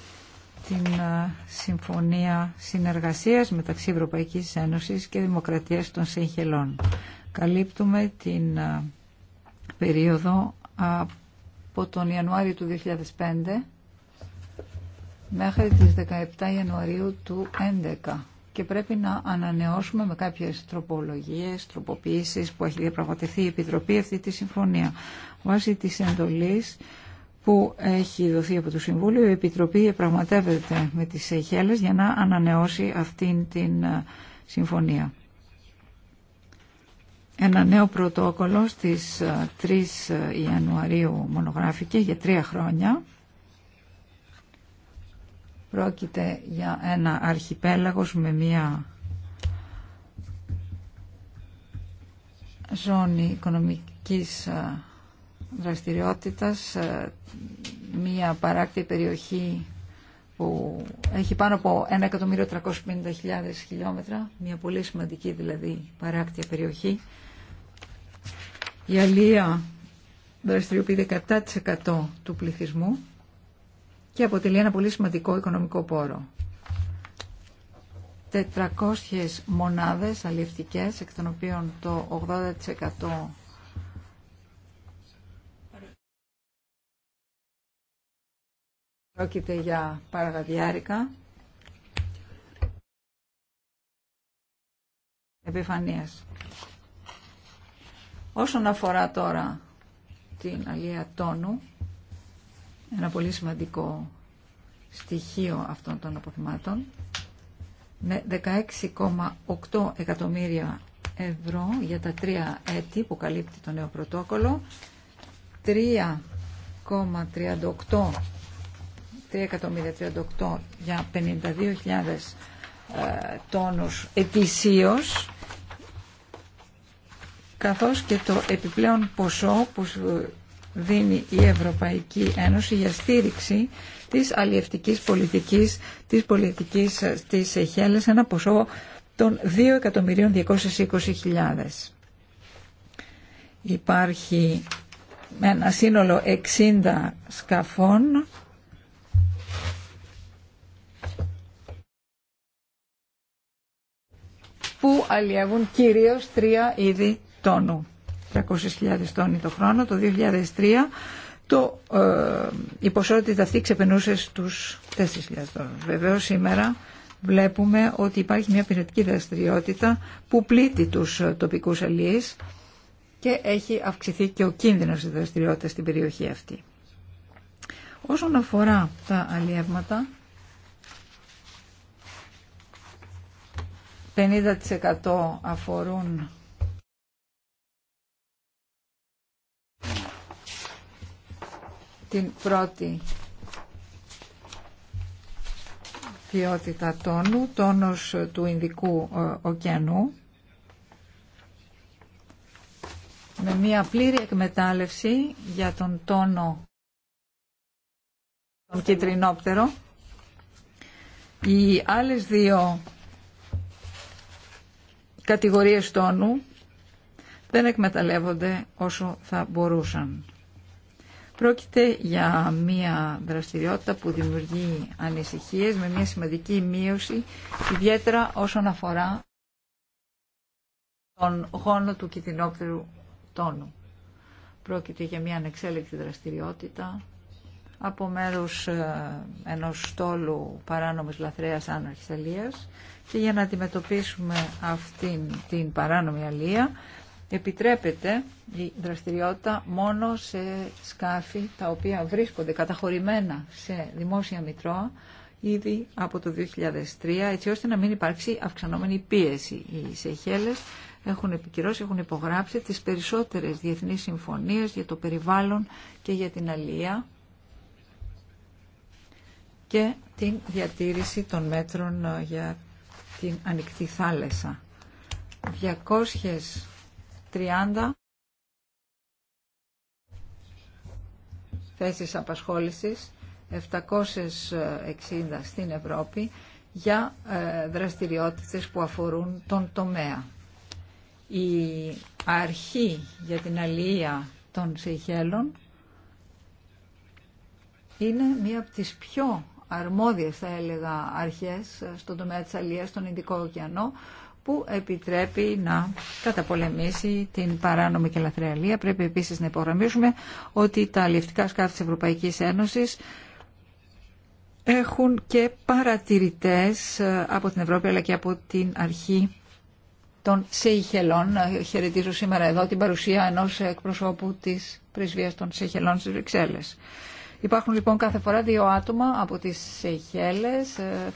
την ε, Συμφωνία Συνεργασίας μεταξύ Ευρωπαϊκής Ένωσης και Δημοκρατίας των ΣΕΙΧΕΛΩΝ. Καλύπτουμε την ε, περίοδο από τον Ιανουάριο του 2005 μέχρι τις 17 Ιανουαρίου του 2011 και πρέπει να ανανεώσουμε με κάποιες τροπολογίες, τροποποιήσεις που έχει διαπραγματευτεί η Επιτροπή αυτή τη συμφωνία. Βάσει της εντολής που έχει δοθεί από το Συμβούλιο, η Επιτροπή διαπραγματεύεται με τις Σεϊχέλες για να ανανεώσει αυτήν την ε, συμφωνία. Ένα νέο πρωτόκολλο στις 3 ε, ε, Ιανουαρίου μονογράφηκε για τρία χρόνια. Πρόκειται για ένα αρχιπέλαγος με μια ζώνη οικονομικής ε, δραστηριότητας, μια παράκτη περιοχή που έχει πάνω από 1.350.000 χιλιόμετρα, μια πολύ σημαντική δηλαδή παράκτη περιοχή η Αλία δραστηριοποιεί 17% του πληθυσμού και αποτελεί ένα πολύ σημαντικό οικονομικό πόρο. 400 μονάδες αλληλευτικές, εκ των οποίων το 80% πρόκειται για παραγαδιάρικα επιφανείας. Όσον αφορά τώρα την αλία τόνου, ένα πολύ σημαντικό στοιχείο αυτών των αποθυμάτων, με 16,8 εκατομμύρια ευρώ για τα τρία έτη που καλύπτει το νέο πρωτόκολλο, 3,38 εκατομμύρια για 52.000 ε, τόνους ετησίως καθώς και το επιπλέον ποσό που δίνει η Ευρωπαϊκή Ένωση για στήριξη της αλλιευτικής πολιτικής, της πολιτικής της Εχέλες, ένα ποσό των 2.220.000. Υπάρχει ένα σύνολο 60 σκαφών που αλλιεύουν κυρίως τρία είδη τόνου, 300.000 τόνοι το χρόνο. Το 2003 το, ε, η ποσότητα αυτή ξεπενούσε στους 4.000 τόνους. Βεβαίως σήμερα βλέπουμε ότι υπάρχει μια πειρατική δραστηριότητα που πλήττει τους ε, τοπικούς αλληλείς και έχει αυξηθεί και ο κίνδυνος της δραστηριότητας στην περιοχή αυτή. Όσον αφορά τα αλλιεύματα, 50% αφορούν την πρώτη ποιότητα τόνου, τόνος του Ινδικού ε, ωκεανού, με μια πλήρη εκμετάλλευση για τον τόνο τον κίτρινόπτερο Οι άλλες δύο κατηγορίες τόνου δεν εκμεταλλεύονται όσο θα μπορούσαν. Πρόκειται για μια δραστηριότητα που δημιουργεί ανησυχίες με μια σημαντική μείωση, ιδιαίτερα όσον αφορά τον γόνο του κοιτινόπτερου τόνου. Πρόκειται για μια ανεξέλεκτη δραστηριότητα από μέρους ε, ενός στόλου παράνομης λαθρέας άναρχης αλίας και για να αντιμετωπίσουμε αυτήν την παράνομη αλία επιτρέπεται η δραστηριότητα μόνο σε σκάφη τα οποία βρίσκονται καταχωρημένα σε δημόσια μητρώα ήδη από το 2003 έτσι ώστε να μην υπάρξει αυξανόμενη πίεση. Οι Σεχέλες έχουν επικυρώσει, έχουν υπογράψει τις περισσότερες διεθνείς συμφωνίες για το περιβάλλον και για την αλία και την διατήρηση των μέτρων ε, για την ανοιχτή θάλασσα. 30 θέσεις απασχόλησης, 760 στην Ευρώπη, για ε, δραστηριότητες που αφορούν τον τομέα. Η αρχή για την αλληλεία των Σεϊχέλων είναι μία από τις πιο αρμόδιες, θα έλεγα, αρχές ε, στον τομέα της αλληλείας στον Ινδικό ωκεανό, που επιτρέπει να καταπολεμήσει την παράνομη και λαθρεαλία. Πρέπει επίσης να υπογραμμίσουμε ότι τα αλληλευτικά σκάφη της Ευρωπαϊκής Ένωσης έχουν και παρατηρητές ε, από την Ευρώπη αλλά και από την αρχή των Σεϊχελών. Χαιρετίζω σήμερα εδώ την παρουσία ενός εκπροσώπου της πρεσβείας των Σεϊχελών στις Βρυξέλλες. Υπάρχουν λοιπόν κάθε φορά δύο άτομα από τις Σεϊχέλες ε,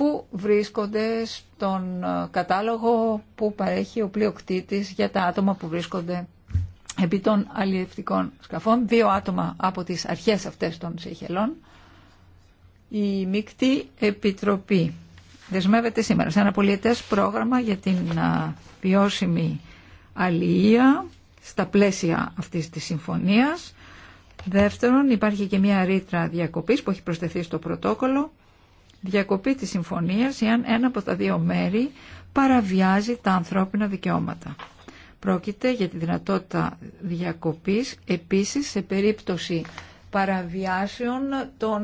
που βρίσκονται στον ε, κατάλογο που παρέχει ο πλειοκτήτης για τα άτομα που βρίσκονται επί των αλληλευτικών σκαφών. Δύο άτομα από τις αρχές αυτές των Σεχελών. Η Μικτή Επιτροπή δεσμεύεται σήμερα σε ένα πολιετές πρόγραμμα για την ε, βιώσιμη αλληλεία στα πλαίσια αυτής της συμφωνίας. Δεύτερον, υπάρχει και μια ρήτρα διακοπής που έχει προσθεθεί στο πρωτόκολλο διακοπή της συμφωνίας εάν ένα από τα δύο μέρη παραβιάζει τα ανθρώπινα δικαιώματα. Πρόκειται για τη δυνατότητα διακοπής επίσης σε περίπτωση παραβιάσεων των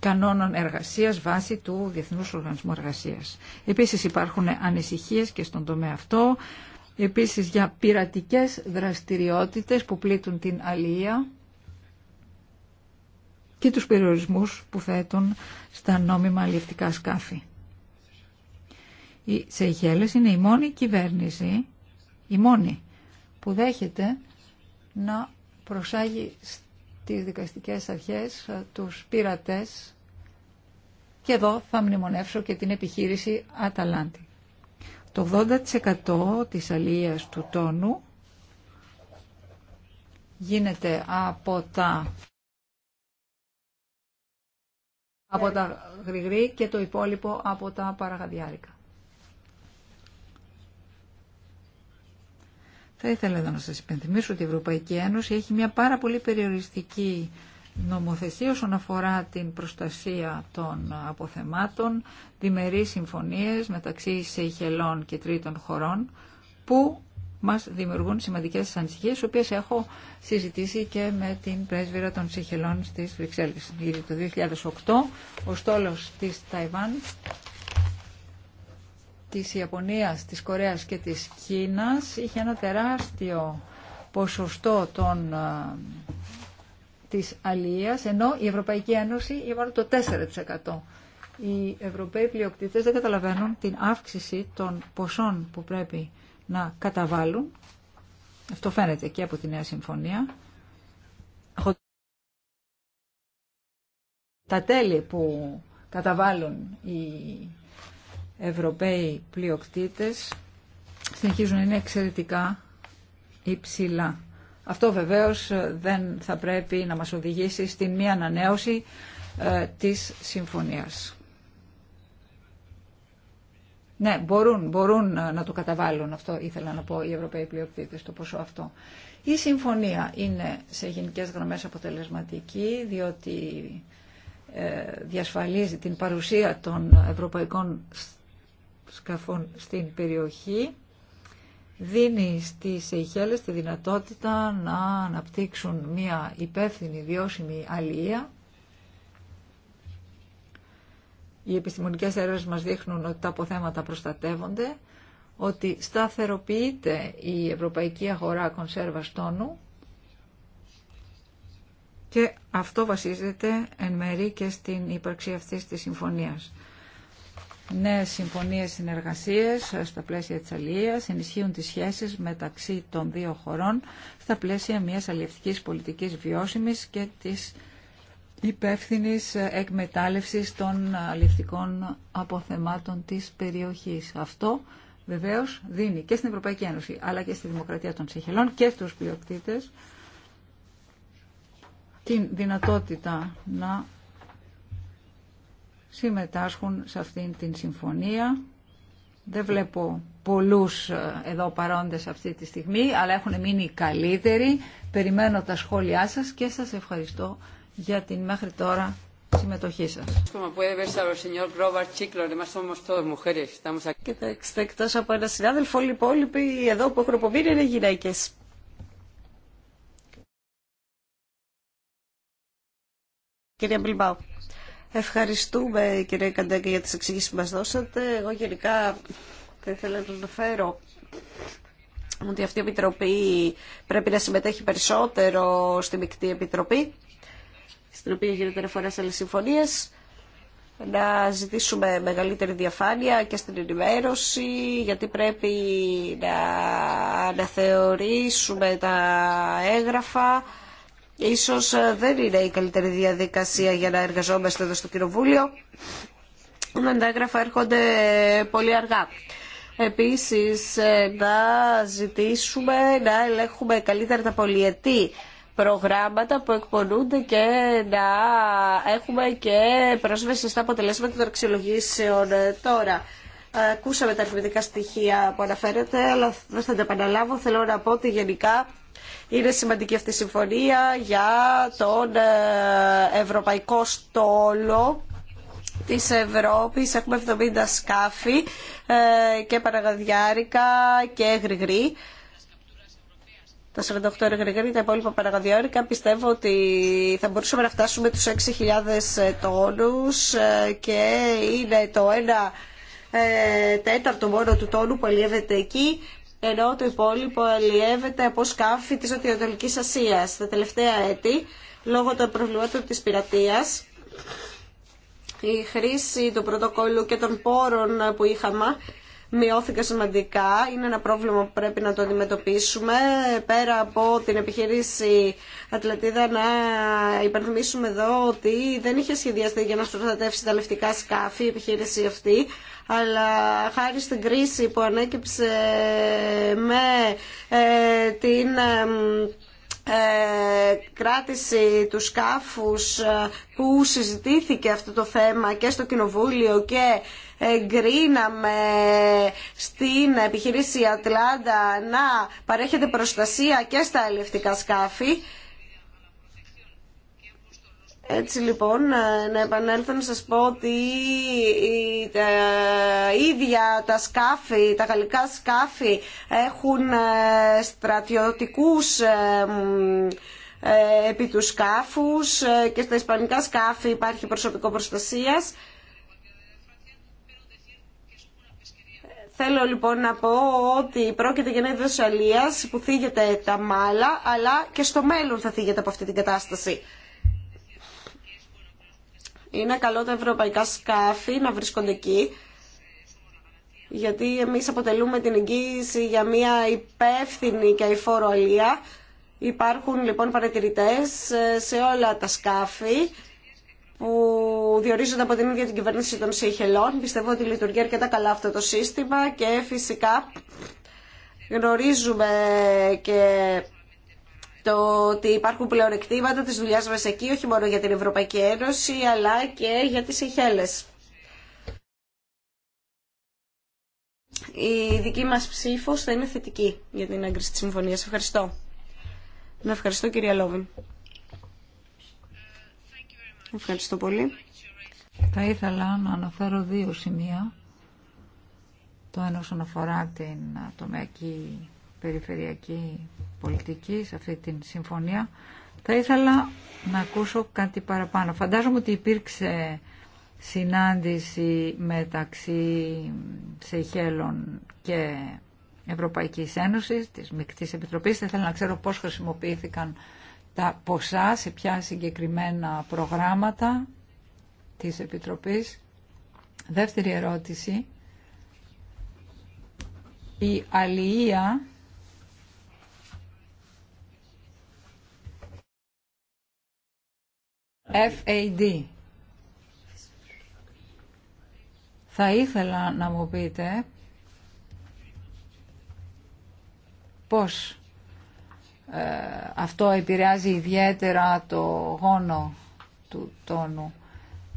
κανόνων εργασίας βάσει του Διεθνούς Οργανισμού Εργασίας. Επίσης υπάρχουν ανησυχίες και στον τομέα αυτό, επίσης για πειρατικές δραστηριότητες που πλήττουν την αλληλεία και τους περιορισμούς που θέτουν στα νόμιμα αλληλευτικά σκάφη. Οι Σεϊχέλες είναι η μόνη κυβέρνηση, η μόνη που δέχεται να προσάγει στις δικαστικές αρχές ε, τους πειρατές και εδώ θα μνημονεύσω και την επιχείρηση Αταλάντη. Το 80% της αλίας του τόνου γίνεται από τα από τα γρηγρή και το υπόλοιπο από τα παραγαδιάρικα. Θα ήθελα εδώ να σας υπενθυμίσω ότι η Ευρωπαϊκή Ένωση έχει μια πάρα πολύ περιοριστική νομοθεσία όσον αφορά την προστασία των αποθεμάτων, διμερείς συμφωνίες μεταξύ Σεϊχελών και τρίτων χωρών, που Μα δημιουργούν σημαντικέ ανησυχίε οι οποίες έχω συζητήσει και με την πρέσβυρα των Σιχελών στις Βρυξέλλες. το 2008 ο στόλο τη Ταϊβάν, τη Ιαπωνία, τη Κορέα και τη Κίνα, είχε ένα τεράστιο ποσοστό των, της αλίας, ενώ η Ευρωπαϊκή Ένωση είχε μόνο το 4% οι Ευρωπαίοι πλειοκτήτες δεν καταλαβαίνουν την αύξηση των ποσών που πρέπει να καταβάλουν, αυτό φαίνεται και από τη Νέα Συμφωνία, τα τέλη που καταβάλουν οι Ευρωπαίοι πλειοκτήτες συνεχίζουν να είναι εξαιρετικά υψηλά. Αυτό βεβαίως ε, δεν θα πρέπει να μας οδηγήσει στην μία ανανέωση ε, της συμφωνίας. Ναι, μπορούν, μπορούν να το καταβάλουν αυτό, ήθελα να πω, οι Ευρωπαίοι πλειοκτήτε, το ποσό αυτό. Η συμφωνία είναι σε γενικέ γραμμές αποτελεσματική, διότι ε, διασφαλίζει την παρουσία των ευρωπαϊκών σκαφών στην περιοχή, δίνει στις αιχέλες τη δυνατότητα να αναπτύξουν μια υπεύθυνη βιώσιμη αλληλεία Οι επιστημονικές έρευνες μας δείχνουν ότι τα αποθέματα προστατεύονται, ότι σταθεροποιείται η ευρωπαϊκή αγορά κονσέρβα τόνου και αυτό βασίζεται εν μέρη και στην ύπαρξη αυτής της συμφωνίας. Νέες συμφωνίες συνεργασίες στα πλαίσια της αλληλείας ενισχύουν τις σχέσεις μεταξύ των δύο χωρών στα πλαίσια μιας αλληλευτικής πολιτικής βιώσιμης και της υπεύθυνη εκμετάλλευση των αληφτικών αποθεμάτων της περιοχής. Αυτό βεβαίως δίνει και στην Ευρωπαϊκή Ένωση αλλά και στη Δημοκρατία των Σεχελών και στους πλειοκτήτες την δυνατότητα να συμμετάσχουν σε αυτήν την συμφωνία. Δεν βλέπω πολλούς ε, εδώ παρόντες αυτή τη στιγμή, αλλά έχουν μείνει καλύτεροι. Περιμένω τα σχόλιά σας και σας ευχαριστώ για την μέχρι τώρα συμμετοχή σας. Κοιτάξτε, εκτό από ένα συνάδελφο, όλοι οι υπόλοιποι εδώ που έχουν είναι γυναίκες. Κυρία Μπλμπάου, Ευχαριστούμε κύριε Καντέκη για τις εξηγήσεις που μας δώσατε. Εγώ γενικά θα ήθελα να αναφέρω ότι αυτή η Επιτροπή πρέπει να συμμετέχει περισσότερο στη Μικτή Επιτροπή στην οποία γίνεται αναφορά σε άλλε συμφωνίες, να ζητήσουμε μεγαλύτερη διαφάνεια και στην ενημέρωση, γιατί πρέπει να αναθεωρήσουμε τα έγγραφα. Ίσως ε, δεν είναι η καλύτερη διαδικασία για να εργαζόμαστε εδώ στο Κοινοβούλιο, όταν τα έγγραφα έρχονται πολύ αργά. Επίσης, ε, να ζητήσουμε να ελέγχουμε καλύτερα τα πολιετή, προγράμματα που εκπονούνται και να έχουμε και πρόσβαση στα αποτελέσματα των αξιολογήσεων ε, τώρα. Ακούσαμε τα αρνητικά στοιχεία που αναφέρετε, αλλά δεν θα τα επαναλάβω. Θέλω να πω ότι γενικά είναι σημαντική αυτή η συμφωνία για τον ε, ευρωπαϊκό στόλο της Ευρώπης. Έχουμε 70 σκάφη ε, και παραγαδιάρικα και γρηγρή τα 48 εργαλεία, τα υπόλοιπα παραγαδιόρικα. Πιστεύω ότι θα μπορούσαμε να φτάσουμε τους 6.000 ε, τόνους ε, και είναι το ένα ε, τέταρτο μόνο του τόνου που αλλιεύεται εκεί ενώ το υπόλοιπο αλλιεύεται από σκάφη της Νοτιοανατολικής Ασίας. Τα τελευταία έτη, λόγω των προβλημάτων της πειρατεία, η χρήση του πρωτοκόλλου και των πόρων που είχαμε μειώθηκε σημαντικά. Είναι ένα πρόβλημα που πρέπει να το αντιμετωπίσουμε. Πέρα από την επιχειρήση Ατλαντίδα, να υπενθυμίσουμε εδώ ότι δεν είχε σχεδιαστεί για να προστατεύσει τα λευτικά σκάφη η επιχείρηση αυτή. Αλλά χάρη στην κρίση που ανέκυψε με ε, την ε, κράτηση του σκάφους ε, που συζητήθηκε αυτό το θέμα και στο Κοινοβούλιο και εγκρίναμε στην επιχειρήση Ατλάντα να παρέχεται προστασία και στα ελευτικά σκάφη. Έτσι λοιπόν, ε, να επανέλθω να σας πω ότι τα ίδια τα σκάφη, τα γαλλικά σκάφη έχουν ε, στρατιωτικούς ε, επί του σκάφους και στα ισπανικά σκάφη υπάρχει προσωπικό προστασίας Θέλω λοιπόν να πω ότι πρόκειται για ένα είδο που θίγεται τα μάλα, αλλά και στο μέλλον θα θίγεται από αυτή την κατάσταση. Είναι καλό τα ευρωπαϊκά σκάφη να βρίσκονται εκεί, γιατί εμείς αποτελούμε την εγγύηση για μια υπεύθυνη και αηφόρο αλεία. Υπάρχουν λοιπόν παρατηρητές ε, σε όλα τα σκάφη που διορίζονται από την ίδια την κυβέρνηση των ΣΥΧΕΛΟΝ. Πιστεύω ότι λειτουργεί αρκετά καλά αυτό το σύστημα και φυσικά γνωρίζουμε και το ότι υπάρχουν πλεονεκτήματα της δουλειάς μας εκεί, όχι μόνο για την Ευρωπαϊκή Ένωση, αλλά και για τις ΣΥΧΕΛΕΣ. Η δική μας ψήφος θα είναι θετική για την έγκριση της συμφωνίας. Ευχαριστώ. Να ευχαριστώ κυρία Λόβιν. Ευχαριστώ πολύ. Θα ήθελα να αναφέρω δύο σημεία. Το ένα όσον αφορά την τομεακή περιφερειακή πολιτική σε αυτή τη συμφωνία. Θα ήθελα να ακούσω κάτι παραπάνω. Φαντάζομαι ότι υπήρξε συνάντηση μεταξύ Σεϊχέλων και Ευρωπαϊκής Ένωσης, της Μικτής Επιτροπής. Θα ήθελα να ξέρω πώς χρησιμοποιήθηκαν τα ποσά, σε ποια συγκεκριμένα προγράμματα της Επιτροπής. Δεύτερη ερώτηση. Η αλληλεία FAD. Θα ήθελα να μου πείτε πώς ε, αυτό επηρεάζει ιδιαίτερα το γόνο του τόνου.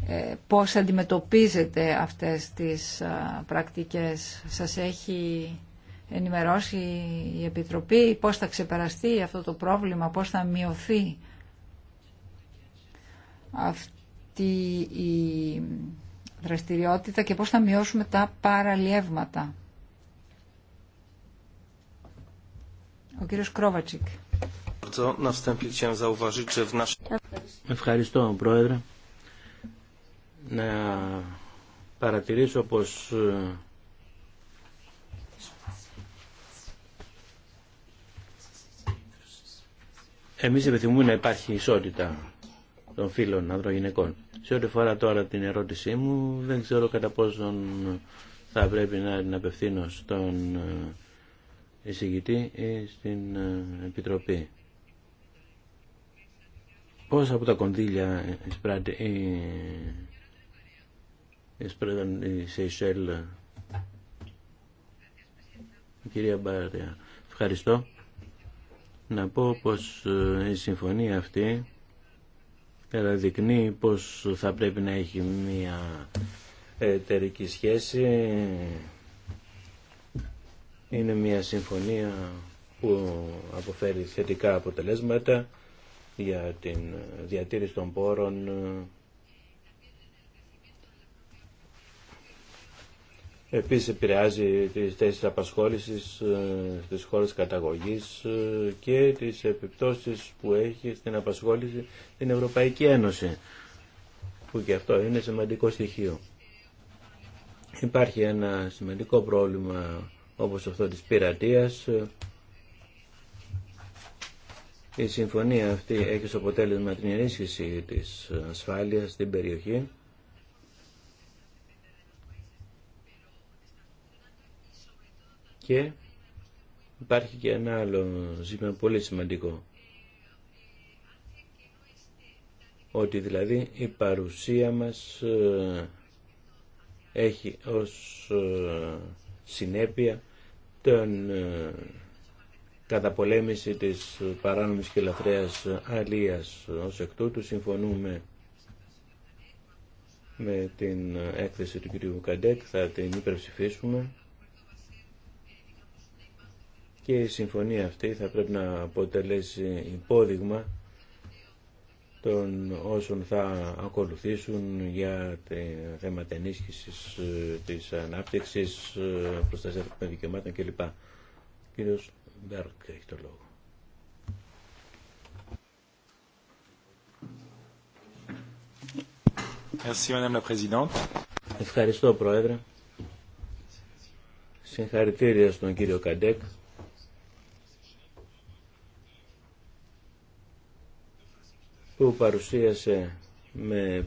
Ε, πώς αντιμετωπίζετε αυτές τις ε, πρακτικές. Σας έχει ενημερώσει η Επιτροπή. Πώς θα ξεπεραστεί αυτό το πρόβλημα. Πώς θα μειωθεί αυτή η δραστηριότητα και πώς θα μειώσουμε τα παραλιεύματα. Ο κύριος Κρόβατσικ. Ευχαριστώ, Πρόεδρε. Να παρατηρήσω πως ε, εμείς επιθυμούμε να υπάρχει ισότητα των φίλων ανδρογυναικών. Σε ό,τι φορά τώρα την ερώτησή μου, δεν ξέρω κατά πόσον θα πρέπει να την απευθύνω στον ε, εισηγητή ή ε, στην ε, Επιτροπή. Πώς από τα κονδύλια ε, εισπράττει η εισπράττει η σεισελ Μπάρια. Ευχαριστώ. Να πω πως η συμφωνία αυτή καταδεικνύει πως θα πρέπει να έχει μια εταιρική σχέση είναι μια συμφωνία που αποφέρει θετικά αποτελέσματα για την διατήρηση των πόρων Επίσης επηρεάζει τις θέσεις απασχόλησης ε, στις χώρες καταγωγής ε, και τις επιπτώσεις που έχει στην απασχόληση την Ευρωπαϊκή Ένωση, που και αυτό είναι σημαντικό στοιχείο. Υπάρχει ένα σημαντικό πρόβλημα όπως αυτό της πειρατείας. Η συμφωνία αυτή έχει ως αποτέλεσμα την ενίσχυση της ασφάλειας στην περιοχή. Και υπάρχει και ένα άλλο ζήτημα πολύ σημαντικό. Ότι δηλαδή η παρουσία μας ε, έχει ως ε, συνέπεια την ε, καταπολέμηση της παράνομης και λαθρέας αλίας. Ως εκ τούτου συμφωνούμε με την έκθεση του κ. Καντέκ, θα την υπερψηφίσουμε και η συμφωνία αυτή θα πρέπει να αποτελέσει υπόδειγμα των όσων θα ακολουθήσουν για τα θέματα ενίσχυση ε, της ανάπτυξης, ε, προστασία των δικαιωμάτων κλπ. Κύριος Μπέρκ έχει το λόγο. Ευχαριστώ Πρόεδρε. Συγχαρητήρια στον κύριο Καντέκ που παρουσίασε με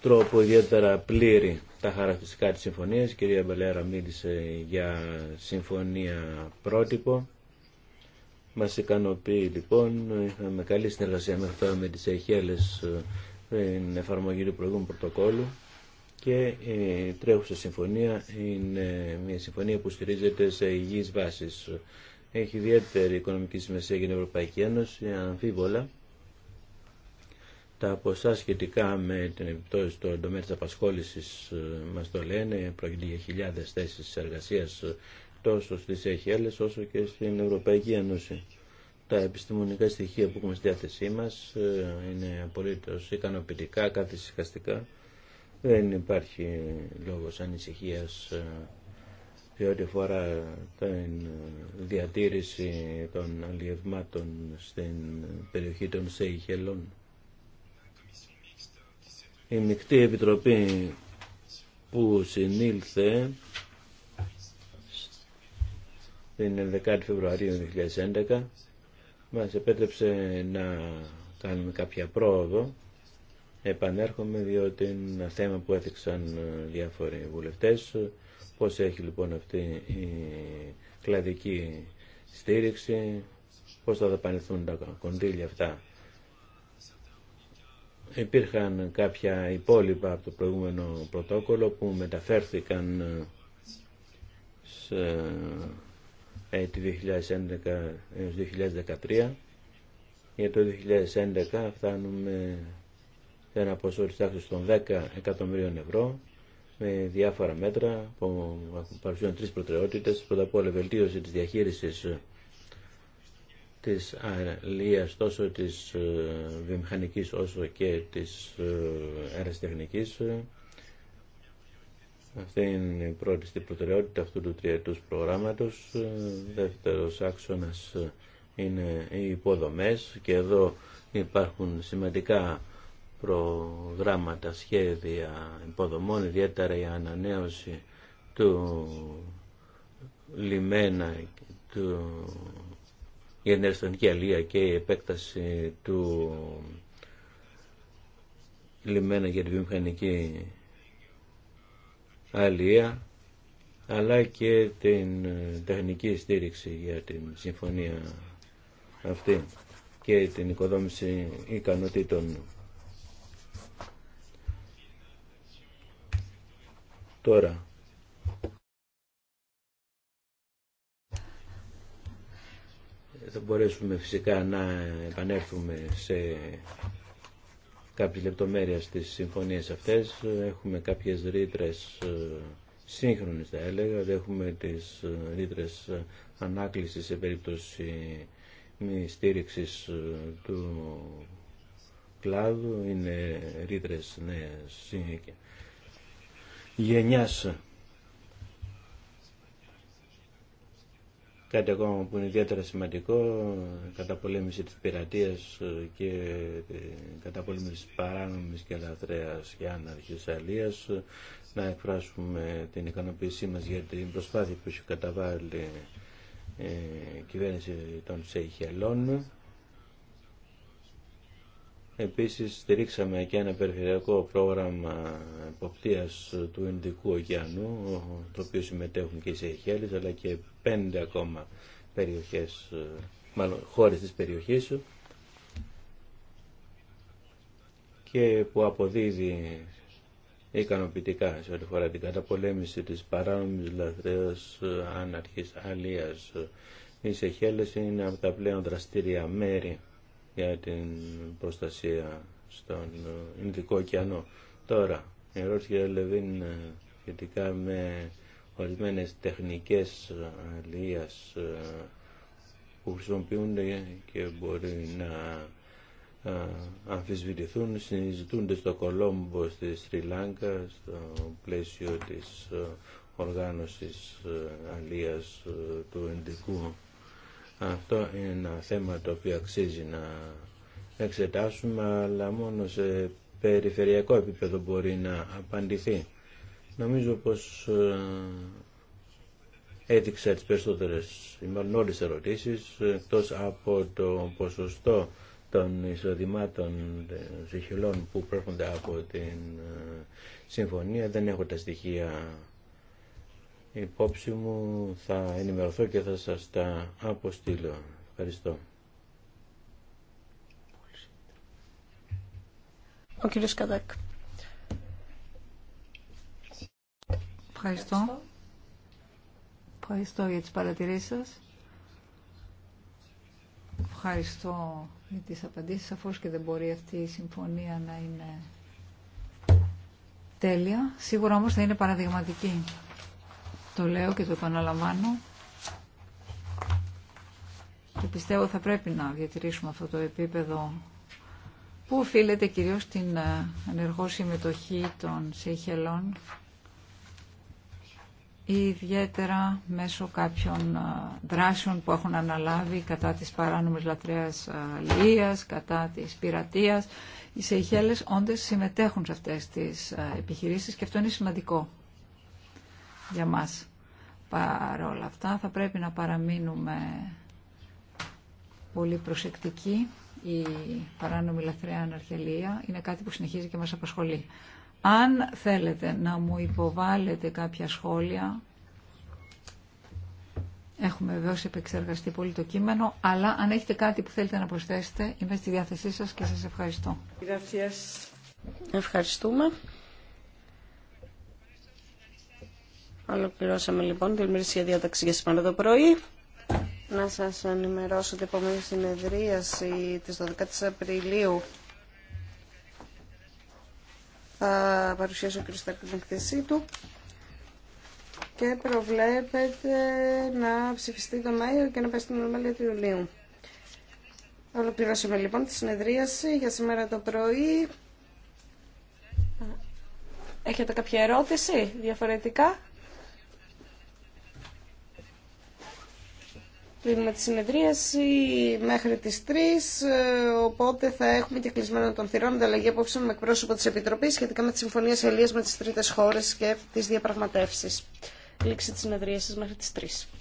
τρόπο ιδιαίτερα πλήρη τα χαρακτηριστικά της συμφωνίας. Η κυρία Μπελέρα μίλησε για συμφωνία πρότυπο. Μας ικανοποιεί λοιπόν, είχαμε καλή συνεργασία με με τις Αιχέλες ε, την εφαρμογή του προηγούμενου πρωτοκόλλου και η τρέχουσα συμφωνία είναι μια συμφωνία που στηρίζεται σε υγιείς βάσεις. Έχει ιδιαίτερη οικονομική σημασία για την Ευρωπαϊκή Ένωση, αμφίβολα τα ποσά σχετικά με την επιπτώση στον τομέα της απασχόλησης ε, μας το λένε, πρόκειται για χιλιάδες θέσεις εργασίας ε, τόσο στις ΕΧΕΛΕΣ όσο και στην Ευρωπαϊκή Ένωση. Τα επιστημονικά στοιχεία που έχουμε στη διάθεσή μας ε, είναι απολύτως ικανοποιητικά, καθησυχαστικά. Δεν υπάρχει λόγος ανησυχίας σε ό,τι αφορά την διατήρηση των αλλιευμάτων στην περιοχή των ΣΕΙΧΕΛΟΝ η μεικτή επιτροπή που συνήλθε την 11η Φεβρουαρίου 2011 μας επέτρεψε να κάνουμε κάποια πρόοδο. Επανέρχομαι διότι είναι ένα θέμα που έθιξαν διάφοροι βουλευτές. Πώς έχει λοιπόν αυτή η κλαδική στήριξη, πώς θα δαπανηθούν τα κονδύλια αυτά. Υπήρχαν κάποια υπόλοιπα από το προηγούμενο πρωτόκολλο που μεταφέρθηκαν ε, σε έτη 2011 έως 2013. Για το 2011 φτάνουμε σε ένα ποσό της τάξης των 10 εκατομμυρίων ευρώ με διάφορα μέτρα που παρουσιάζουν τρεις προτεραιότητες. Πρώτα απ' όλα βελτίωση της διαχείρισης της αερολίας τόσο της ε, βιομηχανικής όσο και της ε, αεραστεχνικής. Ε, αυτή είναι η πρώτη στην προτεραιότητα αυτού του τριετούς προγράμματος. Δεύτερος άξονας είναι οι υποδομές και εδώ υπάρχουν σημαντικά προγράμματα, σχέδια υποδομών, ιδιαίτερα η ανανέωση του λιμένα του για την αλία και η επέκταση του λιμένα για την βιομηχανική αλία αλλά και την τεχνική στήριξη για την συμφωνία αυτή και την οικοδόμηση ικανοτήτων. Τώρα, θα μπορέσουμε φυσικά να επανέλθουμε σε κάποιες λεπτομέρειες στις συμφωνίες αυτές. Έχουμε κάποιες ρήτρες ε, σύγχρονες θα έλεγα, έχουμε τις ε, ρήτρες ε, ανάκλησης σε περίπτωση μη στήριξη του κλάδου, είναι ρήτρες ναι, σύγχρονες γενιάς Κάτι ακόμα που είναι ιδιαίτερα σημαντικό, κατά πολέμηση της πειρατείας και κατά της παράνομης και λαθρέας και άναρχης αλίας. Να εκφράσουμε την ικανοποίησή μας για την προσπάθεια που έχει καταβάλει ε, η κυβέρνηση των Σεϊχελών. Επίσης στηρίξαμε και ένα περιφερειακό πρόγραμμα εποπτείας του Ινδικού ωκεανού, το οποίο συμμετέχουν και οι Σεϊχέλες αλλά και πέντε ακόμα περιοχές, ε, μάλλον χώρες της περιοχής και που αποδίδει ικανοποιητικά σε όλη φορά την καταπολέμηση της παράνομης λαθρέας άναρχης ε, αλίας. Ε, η Σεχέλες είναι από τα πλέον δραστήρια μέρη για την προστασία στον Ινδικό ωκεανό. Τώρα, η ερώτηση για Λεβίν σχετικά με ορισμένες τεχνικές αλληλεία ε, που χρησιμοποιούνται και μπορεί να ε, αμφισβητηθούν συζητούνται στο Κολόμπο, στη Σρι Λάγκα, στο πλαίσιο της ε, οργάνωσης αλίας του ενδικού Αυτό είναι ένα θέμα το οποίο αξίζει να εξετάσουμε, αλλά μόνο σε περιφερειακό επίπεδο μπορεί να απαντηθεί. Νομίζω πως ε, έδειξα τις περισσότερες, μάλλον όλες ερωτήσεις, ε, εκτός από το ποσοστό των εισοδημάτων ζυχελών ε, που προέρχονται από την συμφωνία. Δεν έχω τα στοιχεία υπόψη μου. Θα ενημερωθώ και θα σας τα αποστείλω. Ευχαριστώ. Ο κύριος Ευχαριστώ. για τις παρατηρήσεις σας. Ευχαριστώ για τις απαντήσεις. Σαφώς και δεν μπορεί αυτή η συμφωνία να είναι τέλεια. Σίγουρα όμως θα είναι παραδειγματική. Το λέω και το επαναλαμβάνω. Και πιστεύω θα πρέπει να διατηρήσουμε αυτό το επίπεδο που οφείλεται κυρίως στην ε, ενεργό συμμετοχή των Σεϊχελών ή ιδιαίτερα μέσω κάποιων δράσεων που έχουν αναλάβει κατά της παράνομης λατρείας λίας, κατά της πειρατείας. Οι Σεϊχέλες όντες συμμετέχουν σε αυτές τις επιχειρήσεις και αυτό είναι σημαντικό για μας. Παρ' όλα αυτά θα πρέπει να παραμείνουμε πολύ προσεκτικοί. Η παράνομη λατρεία αναρχελία είναι κάτι που συνεχίζει και μας απασχολεί. Αν θέλετε να μου υποβάλλετε κάποια σχόλια, έχουμε βεβαίω επεξεργαστεί πολύ το κείμενο, αλλά αν έχετε κάτι που θέλετε να προσθέσετε, είμαι στη διάθεσή σας και σας ευχαριστώ. Ευχαριστούμε. Ολοκληρώσαμε λοιπόν την ημερησία διάταξη για σήμερα το πρωί. Να σας ενημερώσω την επόμενη συνεδρίαση της 12 Απριλίου θα παρουσιάσει ο κ. την εκθεσή του και προβλέπεται να ψηφιστεί το Μάιο και να πάει στην Ολομέλεια του Ιουλίου. Ολοκληρώσαμε λοιπόν τη συνεδρίαση για σήμερα το πρωί. Έχετε κάποια ερώτηση διαφορετικά. κλείνουμε τη συνεδρίαση μέχρι τις 3, ε, οπότε θα έχουμε και κλεισμένο των θυρών ανταλλαγή απόψε με εκπρόσωπο της Επιτροπής σχετικά με τις συμφωνίες ελίας με τις τρίτες χώρες και τις διαπραγματεύσεις. Λήξη της συνεδρίασης μέχρι τις 3.